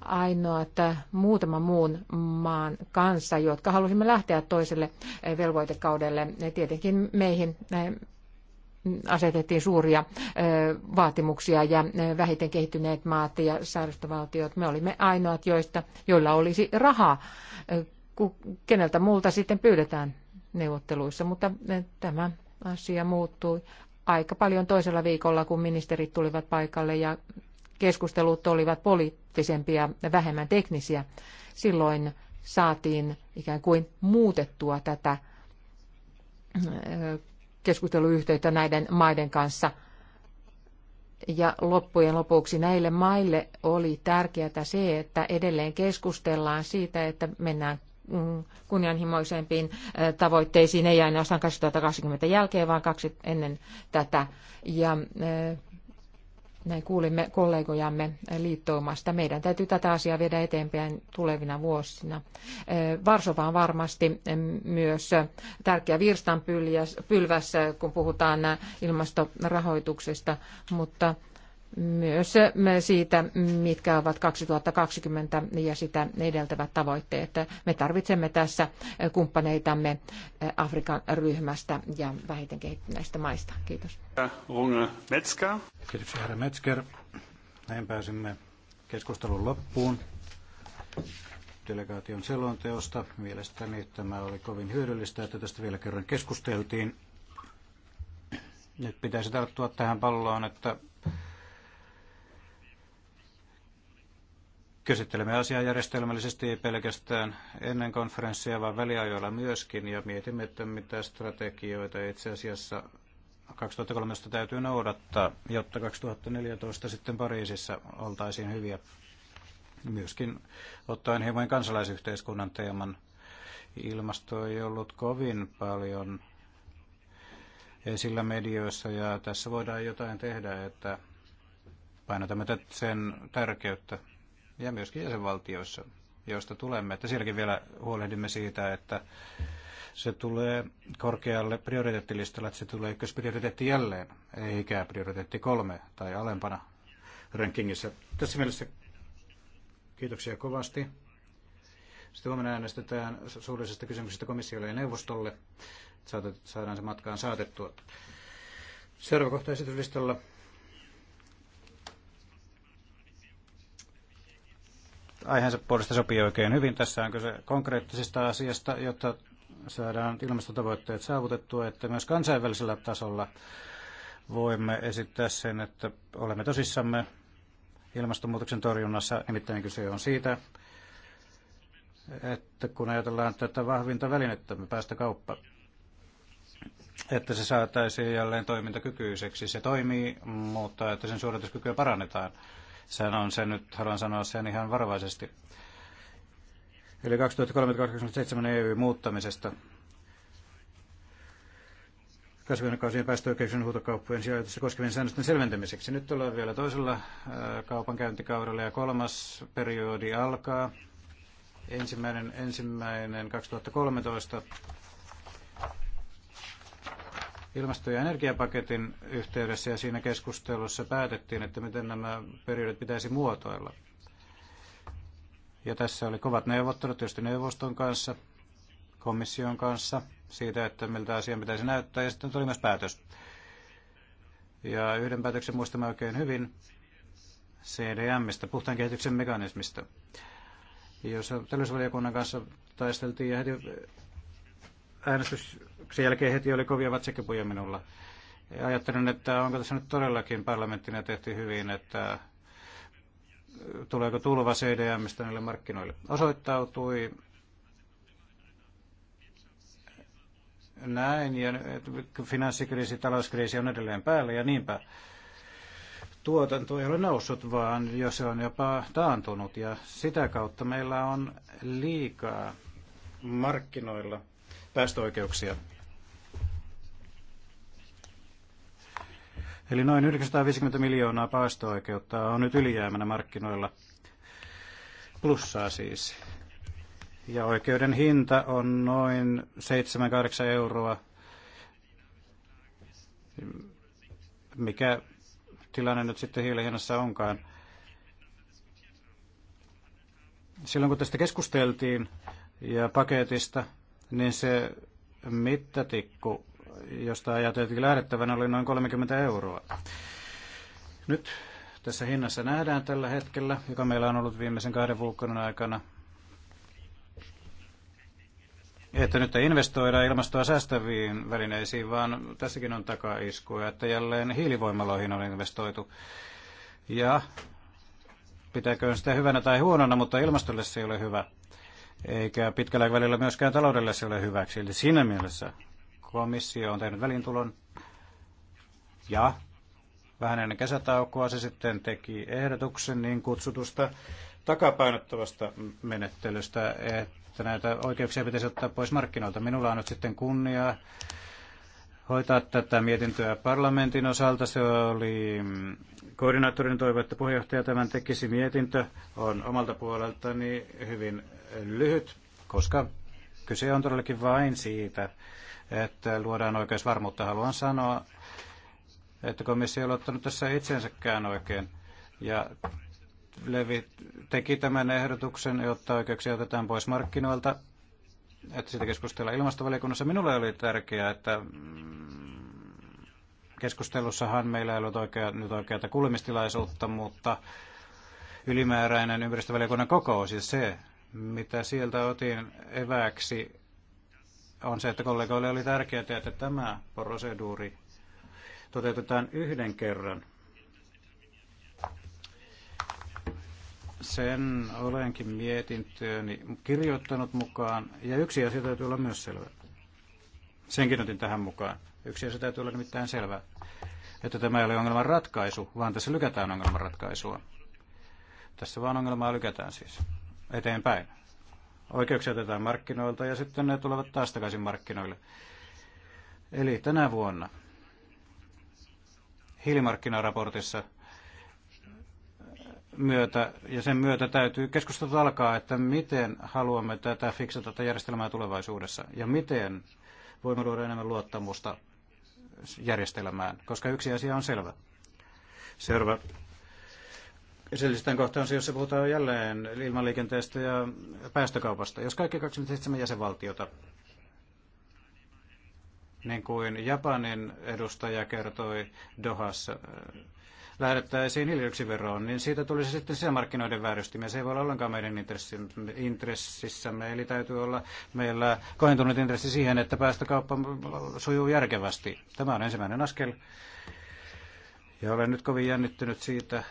ainoat äh, muutaman muun maan kanssa, jotka halusimme lähteä toiselle äh, velvoitekaudelle. Tietenkin meihin äh, asetettiin suuria vaatimuksia ja vähiten kehittyneet maat ja saaristovaltiot, me olimme ainoat, joista, joilla olisi rahaa, keneltä muulta sitten pyydetään neuvotteluissa, mutta tämä asia muuttui aika paljon toisella viikolla, kun ministerit tulivat paikalle ja keskustelut olivat poliittisempia ja vähemmän teknisiä. Silloin saatiin ikään kuin muutettua tätä keskusteluyhteyttä näiden maiden kanssa. Ja loppujen lopuksi näille maille oli tärkeää se, että edelleen keskustellaan siitä, että mennään mm, kunnianhimoisempiin tavoitteisiin, ei ainoastaan 2020 jälkeen, vaan kaksi ennen tätä. Ja näin kuulimme kollegojamme liittoumasta. Meidän täytyy tätä asiaa viedä eteenpäin tulevina vuosina. Varsova on varmasti myös tärkeä virstanpylväs, kun puhutaan ilmastorahoituksesta, mutta myös siitä, mitkä ovat 2020 ja sitä edeltävät tavoitteet. Me tarvitsemme tässä kumppaneitamme Afrikan ryhmästä ja vähiten kehittyneistä maista. Kiitos. Runge Metzger. Kiitoksia herra Metzger. Näin pääsimme keskustelun loppuun delegaation selonteosta. Mielestäni tämä oli kovin hyödyllistä, että tästä vielä kerran keskusteltiin. Nyt pitäisi tarttua tähän palloon, että Käsittelemme asiaa järjestelmällisesti ei pelkästään ennen konferenssia, vaan väliajoilla myöskin ja mietimme, että mitä strategioita itse asiassa 2013 täytyy noudattaa, jotta 2014 sitten Pariisissa oltaisiin hyviä. Myöskin ottaen hieman kansalaisyhteiskunnan teeman. Ilmasto ei ollut kovin paljon esillä medioissa ja tässä voidaan jotain tehdä, että painotamme sen tärkeyttä ja myöskin jäsenvaltioissa, joista tulemme. Että sielläkin vielä huolehdimme siitä, että se tulee korkealle prioriteettilistalla, että se tulee ykkösprioriteetti jälleen, eikä prioriteetti kolme tai alempana rankingissa. Tässä mielessä kiitoksia kovasti. Sitten huomenna äänestetään suullisesta kysymyksestä komissiolle ja neuvostolle. Saadaan se matkaan saatettua. Seuraava kohta esityslistalla aiheensa puolesta sopii oikein hyvin. Tässä on kyse konkreettisesta asiasta, jotta saadaan ilmastotavoitteet saavutettua, että myös kansainvälisellä tasolla voimme esittää sen, että olemme tosissamme ilmastonmuutoksen torjunnassa. Nimittäin kyse on siitä, että kun ajatellaan tätä vahvinta päästä kauppa, että se saataisiin jälleen toimintakykyiseksi. Se toimii, mutta että sen suorituskykyä parannetaan Sanon sen nyt, haluan sanoa sen ihan varovaisesti. Eli 2003-2007 EU-muuttamisesta kasvihuonekaasujen päästöoikeuksien huutokauppojen sijoitusta koskevien säännösten selventämiseksi. Nyt ollaan vielä toisella äh, kaupankäyntikaudella ja kolmas periodi alkaa ensimmäinen, ensimmäinen 2013 ilmasto- ja energiapaketin yhteydessä ja siinä keskustelussa päätettiin, että miten nämä periodit pitäisi muotoilla. Ja tässä oli kovat neuvottelut tietysti neuvoston kanssa, komission kanssa siitä, että miltä asian pitäisi näyttää, ja sitten tuli myös päätös. Ja yhden päätöksen muistamme oikein hyvin, CDMistä, puhtaan kehityksen mekanismista, Jos talousvaliokunnan kanssa taisteltiin ja heti äänestys sen jälkeen heti oli kovia vatsakipuja minulla. Ajattelin, että onko tässä nyt todellakin parlamenttina tehty hyvin, että tuleeko tulva CDMstä niille markkinoille. Osoittautui näin, ja finanssikriisi, talouskriisi on edelleen päällä ja niinpä tuotanto ei ole noussut, vaan jos se on jopa taantunut ja sitä kautta meillä on liikaa markkinoilla päästöoikeuksia. Eli noin 950 miljoonaa paasto-oikeutta on nyt ylijäämänä markkinoilla. Plussaa siis. Ja oikeuden hinta on noin 7-8 euroa, mikä tilanne nyt sitten hiilihinnassa onkaan. Silloin kun tästä keskusteltiin ja paketista, niin se mittatikku josta ajateltiin lähdettävän, oli noin 30 euroa. Nyt tässä hinnassa nähdään tällä hetkellä, joka meillä on ollut viimeisen kahden vuoden aikana, että nyt ei investoida ilmastoa säästäviin välineisiin, vaan tässäkin on takaiskuja, että jälleen hiilivoimaloihin on investoitu. Ja pitääkö sitä hyvänä tai huonona, mutta ilmastolle se ei ole hyvä. Eikä pitkällä välillä myöskään taloudelle se ole hyväksi. Eli siinä mielessä Komissio on tehnyt välintulon ja vähän ennen kesätaukoa se sitten teki ehdotuksen niin kutsutusta takapainottavasta menettelystä, että näitä oikeuksia pitäisi ottaa pois markkinoilta. Minulla on nyt sitten kunnia hoitaa tätä mietintöä parlamentin osalta. Se oli koordinaattorin toivo, että puheenjohtaja tämän tekisi. Mietintö on omalta puoleltani hyvin lyhyt, koska kyse on todellakin vain siitä, että luodaan oikeusvarmuutta. Haluan sanoa, että komissio ei ole ottanut tässä itsensäkään oikein. Ja Levi teki tämän ehdotuksen, jotta oikeuksia otetaan pois markkinoilta, että sitä keskustellaan ilmastovaliokunnassa. Minulle oli tärkeää, että mm, keskustelussahan meillä ei ollut oikea, nyt oikeata kuulemistilaisuutta, mutta ylimääräinen ympäristövaliokunnan kokous ja se, mitä sieltä otin eväksi on se, että kollegoille oli tärkeää, että tämä proseduuri toteutetaan yhden kerran. Sen olenkin mietintööni kirjoittanut mukaan, ja yksi asia täytyy olla myös selvä. Senkin otin tähän mukaan. Yksi asia täytyy olla nimittäin selvä, että tämä ei ole ongelman ratkaisu, vaan tässä lykätään ongelman ratkaisua. Tässä vaan ongelmaa lykätään siis eteenpäin. Oikeuksia otetaan markkinoilta ja sitten ne tulevat taas takaisin markkinoille. Eli tänä vuonna hiilimarkkinaraportissa myötä ja sen myötä täytyy keskustelut alkaa, että miten haluamme tätä fiksata tätä järjestelmää tulevaisuudessa ja miten voimme luoda enemmän luottamusta järjestelmään, koska yksi asia on selvä. Seuraava Esillisten kohta on se, jossa puhutaan jälleen ilmaliikenteestä ja päästökaupasta. Jos kaikki 27 jäsenvaltiota, niin kuin Japanin edustaja kertoi Dohassa, äh, lähdettäisiin hiljaksiveroon, niin siitä tulisi sitten sisämarkkinoiden vääristymiä. Se ei voi olla ollenkaan meidän intressissämme, eli täytyy olla meillä kohentunut intressi siihen, että päästökauppa sujuu järkevästi. Tämä on ensimmäinen askel. Ja olen nyt kovin jännittynyt siitä,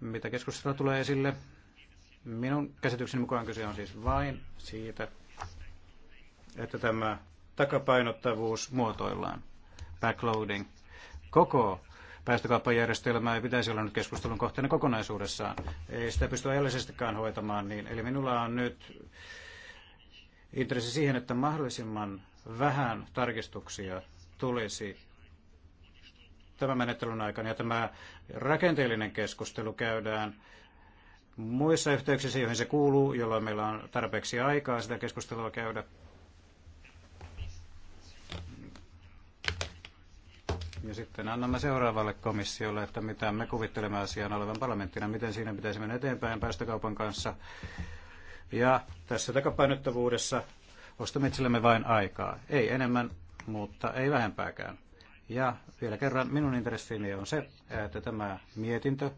mitä keskustelua tulee esille. Minun käsitykseni mukaan kyse on siis vain siitä, että tämä takapainottavuus muotoillaan, backloading. Koko päästökauppajärjestelmä ei pitäisi olla nyt keskustelun kohteena kokonaisuudessaan. Ei sitä pysty ajallisestikaan hoitamaan niin. Eli minulla on nyt intressi siihen, että mahdollisimman vähän tarkistuksia tulisi tämän menettelyn aikana. Ja tämä rakenteellinen keskustelu käydään muissa yhteyksissä, joihin se kuuluu, jolloin meillä on tarpeeksi aikaa sitä keskustelua käydä. Ja sitten annamme seuraavalle komissiolle, että mitä me kuvittelemme asiaan olevan parlamenttina, miten siinä pitäisi mennä eteenpäin päästökaupan kanssa. Ja tässä takapainottavuudessa ostamme itsellemme vain aikaa. Ei enemmän, mutta ei vähempääkään. Ja vielä kerran minun intressini on se, että tämä mietintö,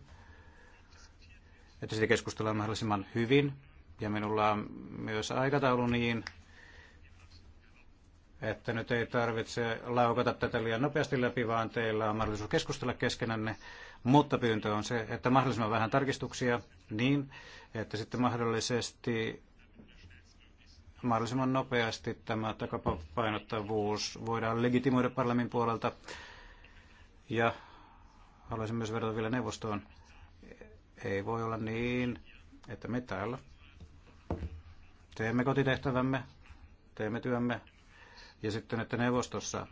että siitä keskustellaan mahdollisimman hyvin. Ja minulla on myös aikataulu niin, että nyt ei tarvitse laukata tätä liian nopeasti läpi, vaan teillä on mahdollisuus keskustella keskenänne. Mutta pyyntö on se, että mahdollisimman vähän tarkistuksia niin, että sitten mahdollisesti mahdollisimman nopeasti tämä takapainottavuus voidaan legitimoida parlamentin puolelta. Ja haluaisin myös vedota vielä neuvostoon. Ei voi olla niin, että me täällä teemme kotitehtävämme, teemme työmme, ja sitten, että neuvostossa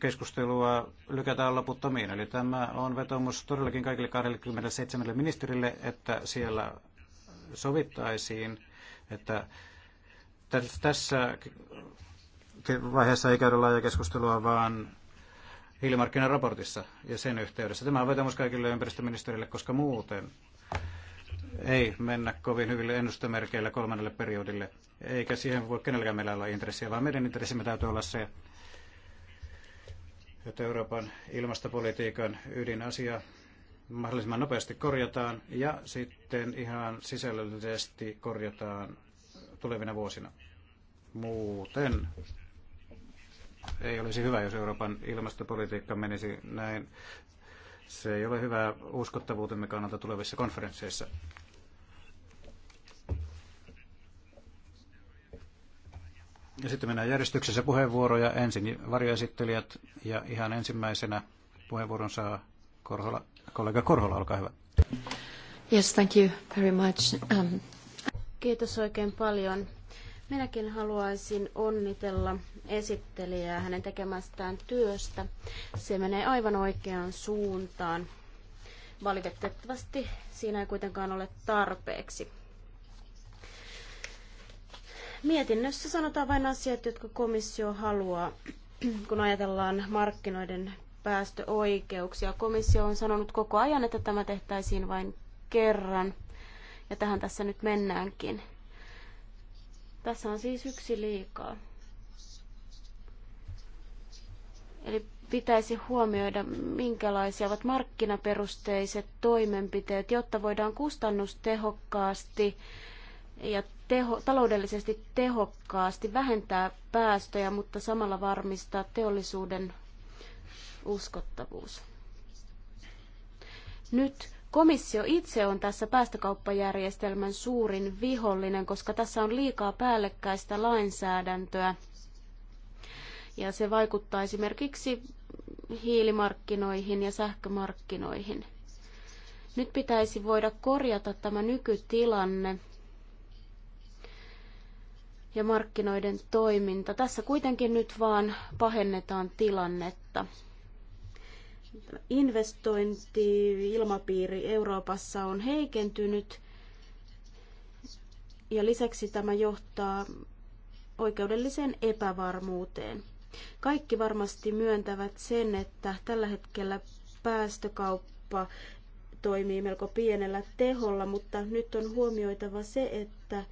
keskustelua lykätään loputtomiin. Eli tämä on vetomus todellakin kaikille 27 ministerille, että siellä sovittaisiin, että tässä vaiheessa ei käydä laaja keskustelua, vaan hiilimarkkinaraportissa ja sen yhteydessä. Tämä on vetämys kaikille ympäristöministerille, koska muuten ei mennä kovin hyville ennustemerkeillä kolmannelle periodille, eikä siihen voi kenelläkään meillä olla intressiä, vaan meidän intressimme täytyy olla se, että Euroopan ilmastopolitiikan ydinasia mahdollisimman nopeasti korjataan ja sitten ihan sisällöllisesti korjataan tulevina vuosina. Muuten ei olisi hyvä, jos Euroopan ilmastopolitiikka menisi näin. Se ei ole hyvä uskottavuutemme kannalta tulevissa konferensseissa. Ja sitten mennään järjestyksessä puheenvuoroja. Ensin varjoesittelijät ja ihan ensimmäisenä puheenvuoron saa Korhola, kollega Korhola, olkaa hyvä. Yes, thank you very much. Um... Kiitos oikein paljon. Minäkin haluaisin onnitella esittelijää hänen tekemästään työstä. Se menee aivan oikeaan suuntaan. Valitettavasti siinä ei kuitenkaan ole tarpeeksi. Mietinnössä sanotaan vain asiat, jotka komissio haluaa, kun ajatellaan markkinoiden päästöoikeuksia. Komissio on sanonut koko ajan, että tämä tehtäisiin vain kerran, ja tähän tässä nyt mennäänkin. Tässä on siis yksi liikaa. Eli pitäisi huomioida, minkälaisia ovat markkinaperusteiset toimenpiteet, jotta voidaan kustannustehokkaasti ja teho, taloudellisesti tehokkaasti vähentää päästöjä, mutta samalla varmistaa teollisuuden uskottavuus. Nyt komissio itse on tässä päästökauppajärjestelmän suurin vihollinen, koska tässä on liikaa päällekkäistä lainsäädäntöä. Ja se vaikuttaa esimerkiksi hiilimarkkinoihin ja sähkömarkkinoihin. Nyt pitäisi voida korjata tämä nykytilanne ja markkinoiden toiminta. Tässä kuitenkin nyt vaan pahennetaan tilannetta investointi-ilmapiiri Euroopassa on heikentynyt ja lisäksi tämä johtaa oikeudelliseen epävarmuuteen. Kaikki varmasti myöntävät sen, että tällä hetkellä päästökauppa toimii melko pienellä teholla, mutta nyt on huomioitava se, että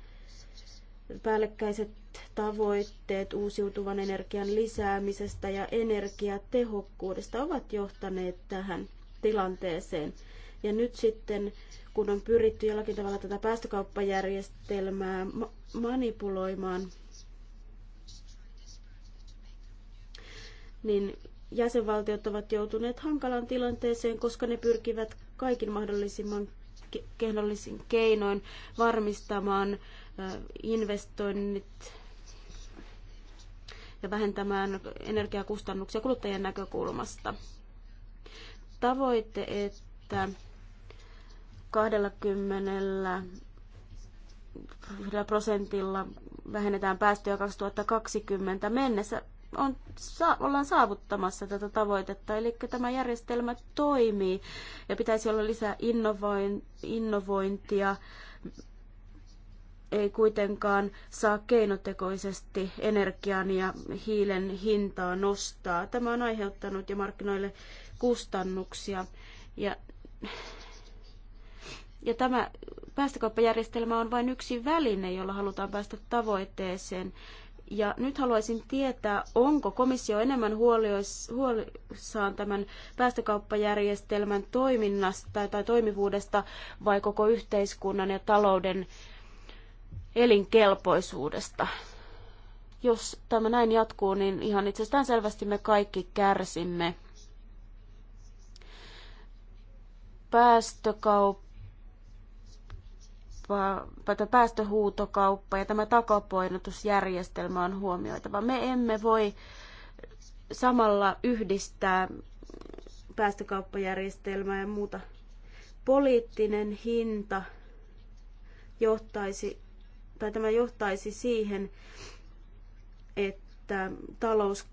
päällekkäiset tavoitteet uusiutuvan energian lisäämisestä ja energiatehokkuudesta ovat johtaneet tähän tilanteeseen. Ja nyt sitten, kun on pyritty jollakin tavalla tätä päästökauppajärjestelmää ma- manipuloimaan, niin jäsenvaltiot ovat joutuneet hankalaan tilanteeseen, koska ne pyrkivät kaikin mahdollisimman kehdollisin keinoin varmistamaan investoinnit ja vähentämään energiakustannuksia kuluttajien näkökulmasta. Tavoite, että 20 prosentilla vähennetään päästöjä 2020 mennessä, on, saa, ollaan saavuttamassa tätä tavoitetta. Eli tämä järjestelmä toimii ja pitäisi olla lisää innovointia ei kuitenkaan saa keinotekoisesti energian ja hiilen hintaa nostaa. Tämä on aiheuttanut jo markkinoille kustannuksia. Ja, ja tämä päästökauppajärjestelmä on vain yksi väline, jolla halutaan päästä tavoitteeseen. Ja nyt haluaisin tietää, onko komissio enemmän huolissaan tämän päästökauppajärjestelmän toiminnasta tai toimivuudesta vai koko yhteiskunnan ja talouden elinkelpoisuudesta. Jos tämä näin jatkuu, niin ihan itsestään selvästi me kaikki kärsimme. Päästökauppa, päästöhuutokauppa ja tämä takapoinutusjärjestelmä on huomioitava. Me emme voi samalla yhdistää päästökauppajärjestelmää ja muuta. Poliittinen hinta johtaisi tai tämä johtaisi siihen, että talous,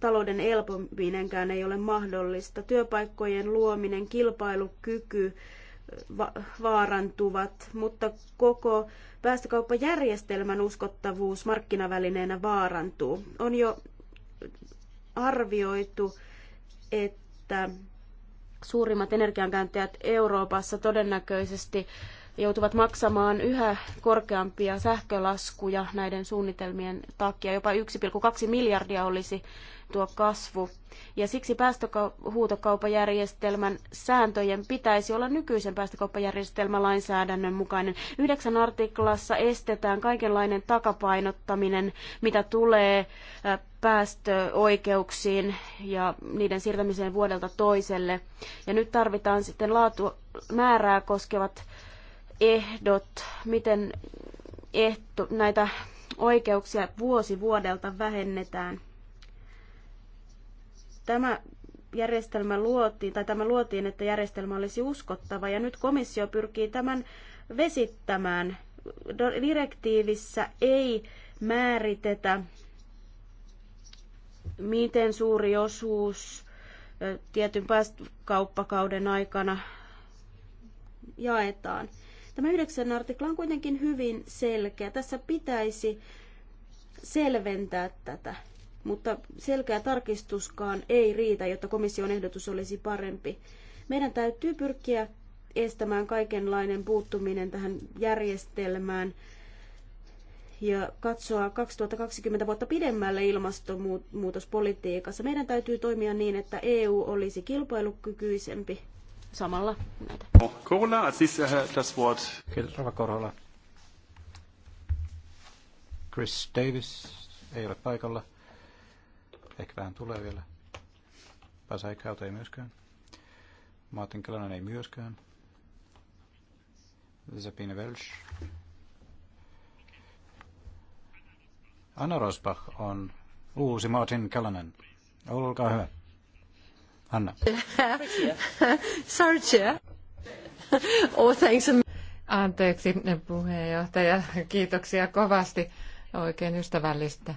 talouden elpominenkään ei ole mahdollista. Työpaikkojen luominen, kilpailukyky va- vaarantuvat, mutta koko päästökauppajärjestelmän uskottavuus markkinavälineenä vaarantuu. On jo arvioitu, että suurimmat energiankäyttäjät Euroopassa todennäköisesti joutuvat maksamaan yhä korkeampia sähkölaskuja näiden suunnitelmien takia. Jopa 1,2 miljardia olisi tuo kasvu. Ja siksi päästöhuutokauppajärjestelmän sääntöjen pitäisi olla nykyisen päästökauppajärjestelmän lainsäädännön mukainen. Yhdeksän artiklassa estetään kaikenlainen takapainottaminen, mitä tulee päästöoikeuksiin ja niiden siirtämiseen vuodelta toiselle. Ja nyt tarvitaan sitten laatu määrää koskevat ehdot, miten ehto, näitä oikeuksia vuosi vuodelta vähennetään. Tämä järjestelmä luotiin, tai tämä luotiin, että järjestelmä olisi uskottava, ja nyt komissio pyrkii tämän vesittämään. Direktiivissä ei määritetä, miten suuri osuus tietyn päästökauppakauden aikana jaetaan. Tämä yhdeksän artikla on kuitenkin hyvin selkeä. Tässä pitäisi selventää tätä, mutta selkeä tarkistuskaan ei riitä, jotta komission ehdotus olisi parempi. Meidän täytyy pyrkiä estämään kaikenlainen puuttuminen tähän järjestelmään ja katsoa 2020 vuotta pidemmälle ilmastonmuutospolitiikassa. Meidän täytyy toimia niin, että EU olisi kilpailukykyisempi samalla näitä. Korhola, siis äh, das Wort. Kiitos, Rova Korhola. Chris Davis ei ole paikalla. Ehkä vähän tulee vielä. Pasa ei myöskään. Martin Kelanen ei myöskään. Sabine Welsh. Anna Rosbach on uusi Martin Kelanen. Olkaa hyvä. Anna. Sorry, chair. Oh, thanks. Anteeksi puheenjohtaja, kiitoksia kovasti. Oikein ystävällistä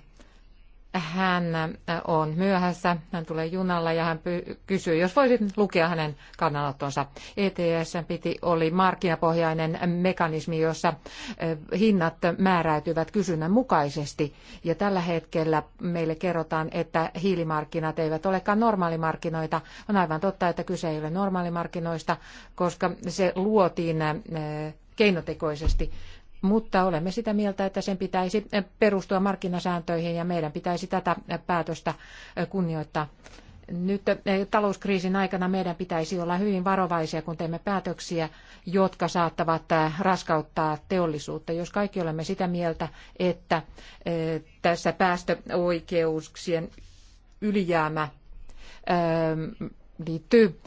hän äh, on myöhässä, hän tulee junalla ja hän kysyy, jos voisit lukea hänen kannanottonsa. ETS piti oli markkinapohjainen mekanismi, jossa äh, hinnat määräytyvät kysynnän mukaisesti. Ja tällä hetkellä meille kerrotaan, että hiilimarkkinat eivät olekaan normaalimarkkinoita. On aivan totta, että kyse ei ole normaalimarkkinoista, koska se luotiin äh, keinotekoisesti, mutta olemme sitä mieltä, että sen pitäisi perustua markkinasääntöihin ja meidän pitäisi tätä päätöstä kunnioittaa. Nyt talouskriisin aikana meidän pitäisi olla hyvin varovaisia, kun teemme päätöksiä, jotka saattavat raskauttaa teollisuutta. Jos kaikki olemme sitä mieltä, että eh, tässä päästöoikeuksien ylijäämä eh, liittyy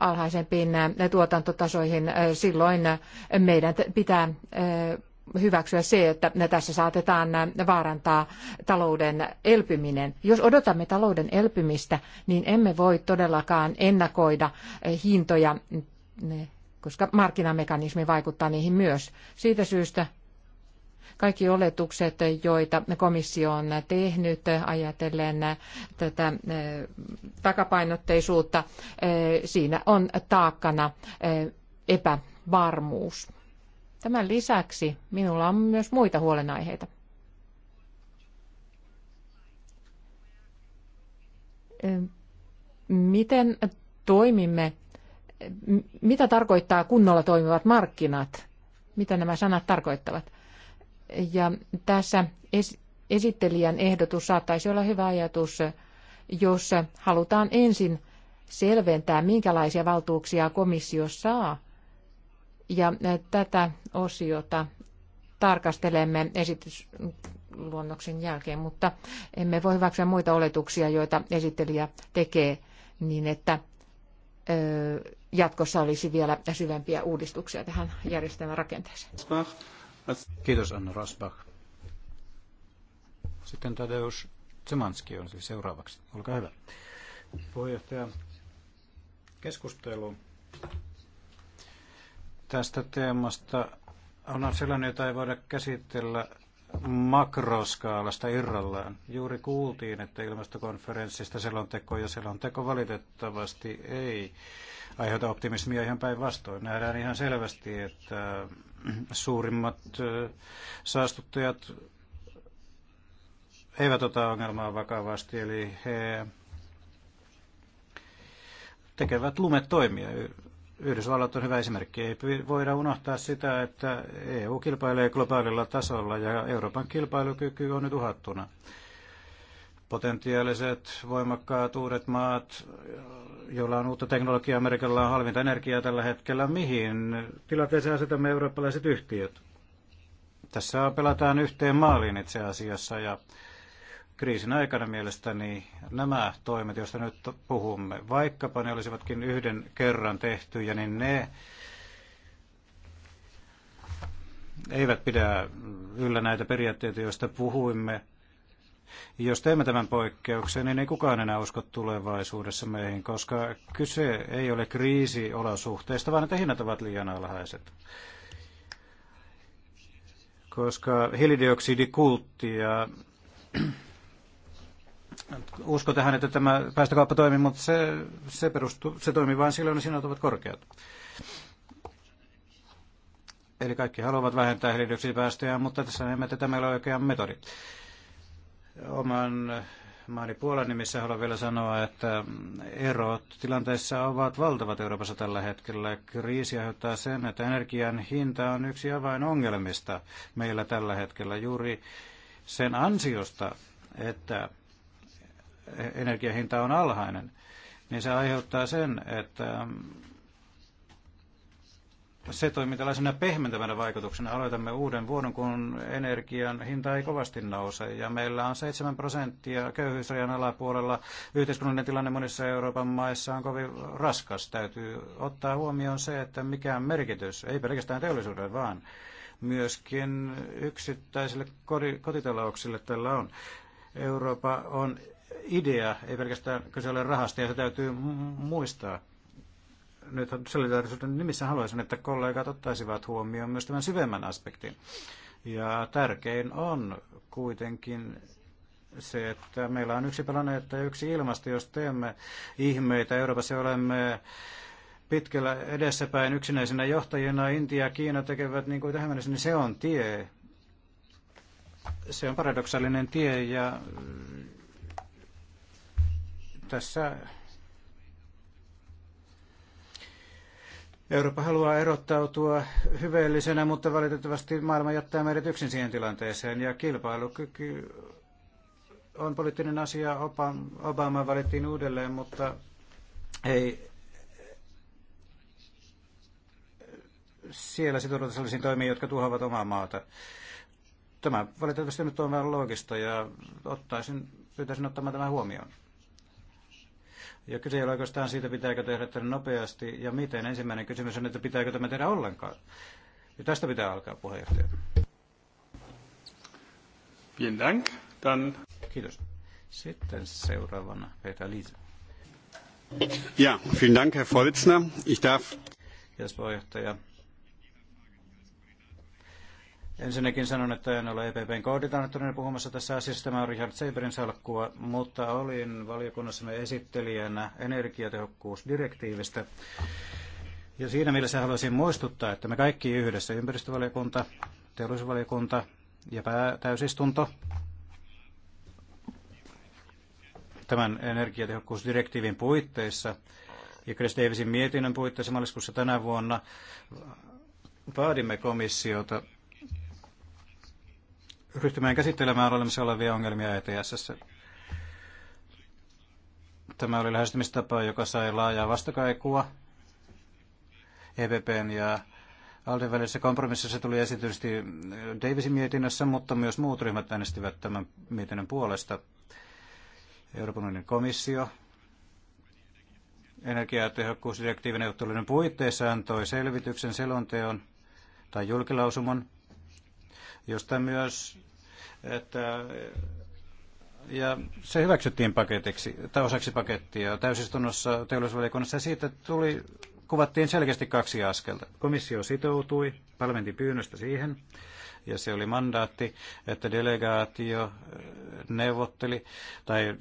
alhaisempiin tuotantotasoihin, silloin meidän pitää hyväksyä se, että tässä saatetaan vaarantaa talouden elpyminen. Jos odotamme talouden elpymistä, niin emme voi todellakaan ennakoida hintoja, koska markkinamekanismi vaikuttaa niihin myös. Siitä syystä kaikki oletukset, joita komissio on tehnyt ajatellen tätä eh, takapainotteisuutta, eh, siinä on taakkana eh, epävarmuus. Tämän lisäksi minulla on myös muita huolenaiheita. Miten toimimme, mitä tarkoittaa kunnolla toimivat markkinat? Mitä nämä sanat tarkoittavat? Ja tässä esittelijän ehdotus saattaisi olla hyvä ajatus, jos halutaan ensin selventää, minkälaisia valtuuksia komissio saa. Ja tätä osiota tarkastelemme esitysluonnoksen jälkeen, mutta emme voi hyväksyä muita oletuksia, joita esittelijä tekee niin, että jatkossa olisi vielä syvempiä uudistuksia tähän järjestelmän rakenteeseen. Kiitos Anna Rosbach. Sitten Tadeusz Tsemanski on siis seuraavaksi. Olkaa hyvä. Puheenjohtaja, keskustelu tästä teemasta on sellainen, jota ei voida käsitellä makroskaalasta irrallaan. Juuri kuultiin, että ilmastokonferenssista selonteko ja selonteko valitettavasti ei aiheuta optimismia ihan päinvastoin. Nähdään ihan selvästi, että suurimmat saastuttajat eivät ota ongelmaa vakavasti, eli he tekevät lumetoimia Yhdysvallat on hyvä esimerkki. Ei voida unohtaa sitä, että EU kilpailee globaalilla tasolla ja Euroopan kilpailukyky on nyt uhattuna. Potentiaaliset voimakkaat uudet maat, joilla on uutta teknologiaa, Amerikalla on halvinta energiaa tällä hetkellä. Mihin tilanteeseen asetamme eurooppalaiset yhtiöt? Tässä pelataan yhteen maaliin itse asiassa ja kriisin aikana mielestäni nämä toimet, joista nyt puhumme, vaikkapa ne olisivatkin yhden kerran tehtyjä, niin ne eivät pidä yllä näitä periaatteita, joista puhuimme. Jos teemme tämän poikkeuksen, niin ei kukaan enää usko tulevaisuudessa meihin, koska kyse ei ole kriisiolosuhteista, vaan että hinnat ovat liian alhaiset koska hiilidioksidikultti ja usko tähän, että tämä päästökauppa toimii, mutta se, se, perustuu, se toimii vain silloin, jos sinut ovat korkeat. Eli kaikki haluavat vähentää hiilidioksidipäästöjä, mutta tässä emme tätä meillä ole oikea metodi. Oman maani Puolan nimissä haluan vielä sanoa, että erot tilanteissa ovat valtavat Euroopassa tällä hetkellä. Kriisi aiheuttaa sen, että energian hinta on yksi avainongelmista meillä tällä hetkellä juuri sen ansiosta, että energiahinta on alhainen, niin se aiheuttaa sen, että ähm, se toimii tällaisena pehmentävänä vaikutuksena. Aloitamme uuden vuoden, kun energian hinta ei kovasti nouse. Ja meillä on 7 prosenttia köyhyysrajan alapuolella. Yhteiskunnallinen tilanne monissa Euroopan maissa on kovin raskas. Täytyy ottaa huomioon se, että mikä merkitys, ei pelkästään teollisuudelle, vaan myöskin yksittäisille kotitalouksille tällä on. Eurooppa on idea, ei pelkästään kyse ole rahasta, ja se täytyy muistaa. Nyt solidaarisuuden nimissä haluaisin, että kollegat ottaisivat huomioon myös tämän syvemmän aspektin. Ja tärkein on kuitenkin se, että meillä on yksi planeetta ja yksi ilmasto, jos teemme ihmeitä. Euroopassa olemme pitkällä edessäpäin yksinäisenä johtajina. Intia ja Kiina tekevät niin kuin tähän mennessä, niin se on tie. Se on paradoksaalinen tie ja tässä Eurooppa haluaa erottautua hyveellisenä, mutta valitettavasti maailma jättää meidät yksin siihen tilanteeseen. Ja kilpailukyky on poliittinen asia. Obama valittiin uudelleen, mutta ei siellä sitoudutaan sellaisiin toimiin, jotka tuhoavat omaa maata. Tämä valitettavasti nyt on vähän loogista ja ottaisin, pyytäisin ottamaan tämän huomioon. Ja kyse ei ole oikeastaan siitä, pitääkö tehdä tämän nopeasti ja miten. Ensimmäinen kysymys on, että pitääkö tämä tehdä ollenkaan. Ja tästä pitää alkaa puheenjohtaja. Vielen Dank. Dann... Kiitos. Sitten seuraavana Peter Liisa. Ja, vielen Dank, Herr Volzner. Ich darf... Kiitos puheenjohtaja. Ensinnäkin sanon, että en ole EPPn koordinaattorina puhumassa tässä asiassa. Tämä on Richard Seiberin salkkua, mutta olin valiokunnassamme esittelijänä energiatehokkuusdirektiivistä. Ja siinä mielessä haluaisin muistuttaa, että me kaikki yhdessä, ympäristövaliokunta, teollisuusvaliokunta ja päätäysistunto, tämän energiatehokkuusdirektiivin puitteissa ja Chris Davisin mietinnön puitteissa maaliskuussa tänä vuonna vaadimme komissiota ryhtymään käsittelemään olemassa olevia ongelmia ETSS. Tämä oli lähestymistapa, joka sai laajaa vastakaikua EPPn ja Alden välisessä kompromississa tuli esitysti Davisin mietinnössä, mutta myös muut ryhmät äänestivät tämän mietinnön puolesta. Euroopan unionin komissio energiatehokkuusdirektiivin neuvottelujen puitteissa antoi selvityksen, selonteon tai julkilausumon josta myös, että ja se hyväksyttiin paketiksi, tai osaksi pakettia täysistunnossa teollisuusvaliokunnassa, ja siitä tuli, kuvattiin selkeästi kaksi askelta. Komissio sitoutui parlamentin pyynnöstä siihen, ja se oli mandaatti, että delegaatio äh, neuvotteli, tai äh,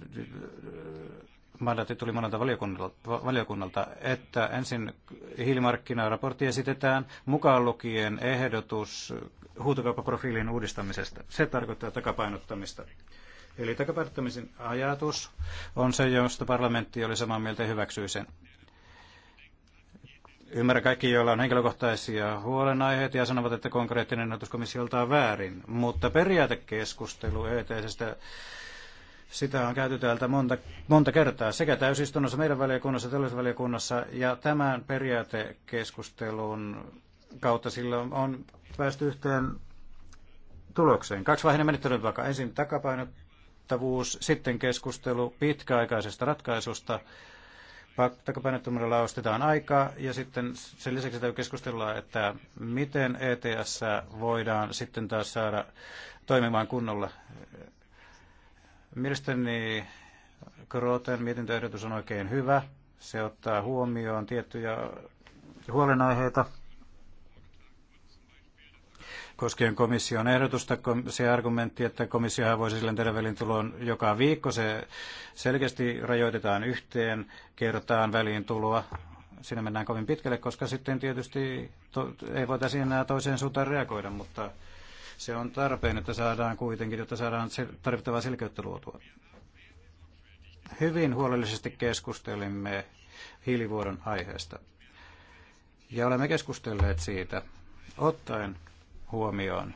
mandaatti tuli monelta valiokunnalta, valiokunnalta, että ensin hiilimarkkinaraportti esitetään, mukaan lukien ehdotus huutokauppaprofiilin uudistamisesta. Se tarkoittaa takapainottamista. Eli takapainottamisen ajatus on se, josta parlamentti oli samaa mieltä ja hyväksyi sen. Ymmärrän kaikki, joilla on henkilökohtaisia huolenaiheita ja sanovat, että konkreettinen ehdotus komissiolta on väärin. Mutta periaatekeskustelu eeteisestä sitä on käyty täältä monta, monta kertaa sekä täysistunnossa, meidän valiokunnassa, teollisuusvaliokunnassa ja tämän periaatekeskustelun kautta silloin on päästy yhteen tulokseen. Kaksivaiheinen menettely vaikka ensin takapainottavuus, sitten keskustelu pitkäaikaisesta ratkaisusta, takapainottomuudella ostetaan aikaa ja sitten sen lisäksi täytyy keskustella, että miten ETS voidaan sitten taas saada toimimaan kunnolla. Mielestäni Kroten mietintöehdotus on oikein hyvä. Se ottaa huomioon tiettyjä huolenaiheita, koskien komission ehdotusta se argumentti, että komissio voisi silloin tehdä välintulon joka viikko. Se selkeästi rajoitetaan yhteen, kertaan väliintuloa. Siinä mennään kovin pitkälle, koska sitten tietysti to, ei voitaisi enää toiseen suuntaan reagoida, mutta se on tarpeen, että saadaan kuitenkin, jotta saadaan tarvittavaa selkeyttä luotua. Hyvin huolellisesti keskustelimme hiilivuodon aiheesta. Ja olemme keskustelleet siitä, ottaen huomioon.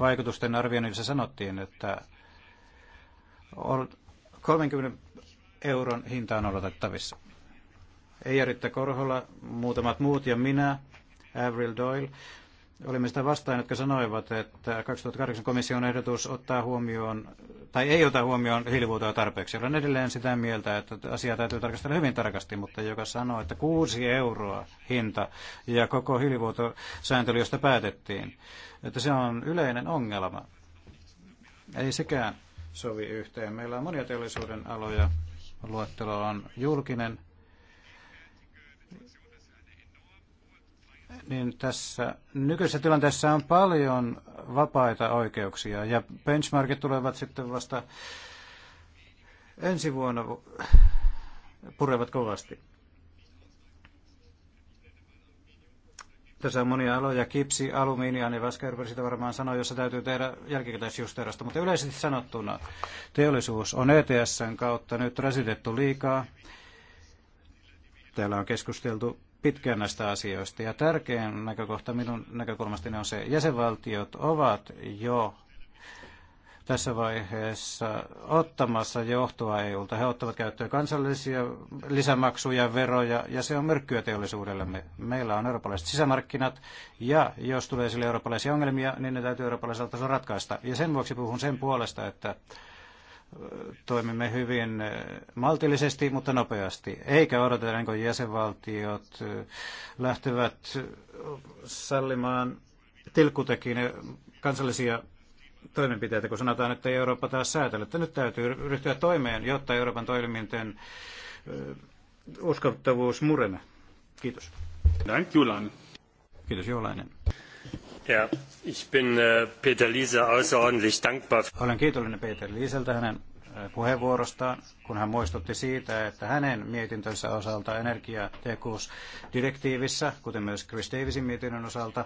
Vaikutusten arvioinnissa sanottiin, että 30 euron hinta on odotettavissa. Ei Ritta Korhola, muutamat muut ja minä, Avril Doyle, olimme sitä vastaan, jotka sanoivat, että 2008 komission ehdotus ottaa huomioon, tai ei ota huomioon hiilivuotoja tarpeeksi. Olen edelleen sitä mieltä, että asiaa täytyy tarkastella hyvin tarkasti, mutta joka sanoo, että 6 euroa hinta ja koko hiilivuotosääntely, josta päätettiin, että se on yleinen ongelma. Ei sekään sovi yhteen. Meillä on monia teollisuuden aloja. Luettelo on julkinen, niin tässä nykyisessä tilanteessa on paljon vapaita oikeuksia ja benchmarkit tulevat sitten vasta ensi vuonna purevat kovasti. Tässä on monia aloja, kipsi, alumiini, Anni niin Vaskerber sitä varmaan sanoi, jossa täytyy tehdä jälkikäteisjusteerasta, mutta yleisesti sanottuna teollisuus on ETSn kautta nyt rasitettu liikaa. Täällä on keskusteltu pitkään näistä asioista. Ja tärkein näkökohta minun näkökulmastani on se, että jäsenvaltiot ovat jo tässä vaiheessa ottamassa johtoa EUlta. He ottavat käyttöön kansallisia lisämaksuja, veroja ja se on myrkkyä teollisuudellemme. Meillä on eurooppalaiset sisämarkkinat ja jos tulee sille eurooppalaisia ongelmia, niin ne täytyy eurooppalaisella tasolla ratkaista. Ja sen vuoksi puhun sen puolesta, että toimimme hyvin maltillisesti, mutta nopeasti. Eikä odoteta, kun jäsenvaltiot lähtevät sallimaan tilkkutekin kansallisia toimenpiteitä, kun sanotaan, että ei Eurooppa taas säätele, että nyt täytyy ryhtyä toimeen, jotta Euroopan toiminten uskottavuus murene. Kiitos. Dank, Kiitos, Jolainen ich bin äh, Peter Liese außerordentlich dankbar. Olen kiitollinen Peter Lieseltä hänen äh, puheenvuorostaan, kun hän muistutti siitä, että hänen mietintönsä osalta energiatehokkuusdirektiivissä, kuten myös Chris Davisin mietinnön osalta,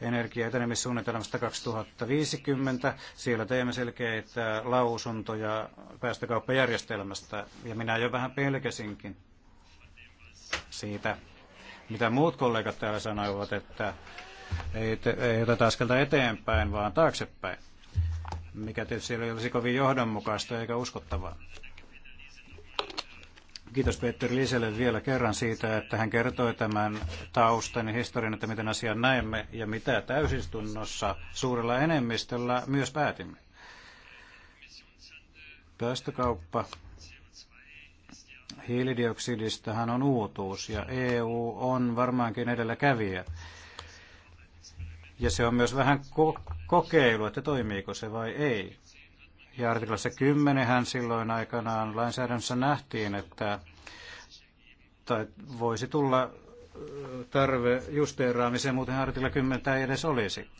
energiaetenemissuunnitelmasta 2050. Siellä teemme selkeitä lausuntoja päästökauppajärjestelmästä, ja minä jo vähän pelkäsinkin siitä, mitä muut kollegat täällä sanoivat, että ei, te, ei oteta askelta eteenpäin, vaan taaksepäin, mikä tietysti ei olisi kovin johdonmukaista eikä uskottavaa. Kiitos Petteri Liiselle vielä kerran siitä, että hän kertoi tämän taustan ja historian, että miten asian näemme ja mitä täysistunnossa suurella enemmistöllä myös päätimme. Päästökauppa hiilidioksidistahan on uutuus ja EU on varmaankin edelläkävijä ja se on myös vähän ko- kokeilu, että toimiiko se vai ei. Ja artiklassa 10 hän silloin aikanaan lainsäädännössä nähtiin, että tai voisi tulla tarve justeeraamiseen, muuten artikla 10 ei edes olisi.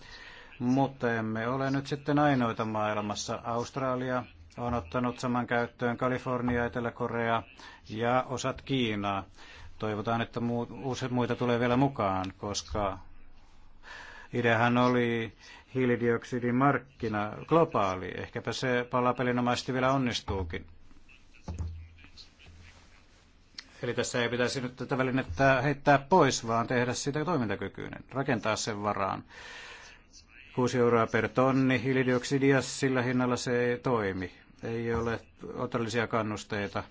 Mutta emme ole nyt sitten ainoita maailmassa. Australia on ottanut saman käyttöön Kalifornia, Etelä-Korea ja osat Kiinaa. Toivotaan, että muut, muita tulee vielä mukaan, koska Ideahan oli hiilidioksidimarkkina globaali. Ehkäpä se palapelinomaisesti vielä onnistuukin. Eli tässä ei pitäisi nyt tätä välinettä heittää pois, vaan tehdä siitä toimintakykyinen, rakentaa sen varaan. 6 euroa per tonni hiilidioksidia, sillä hinnalla se ei toimi. Ei ole otollisia kannusteita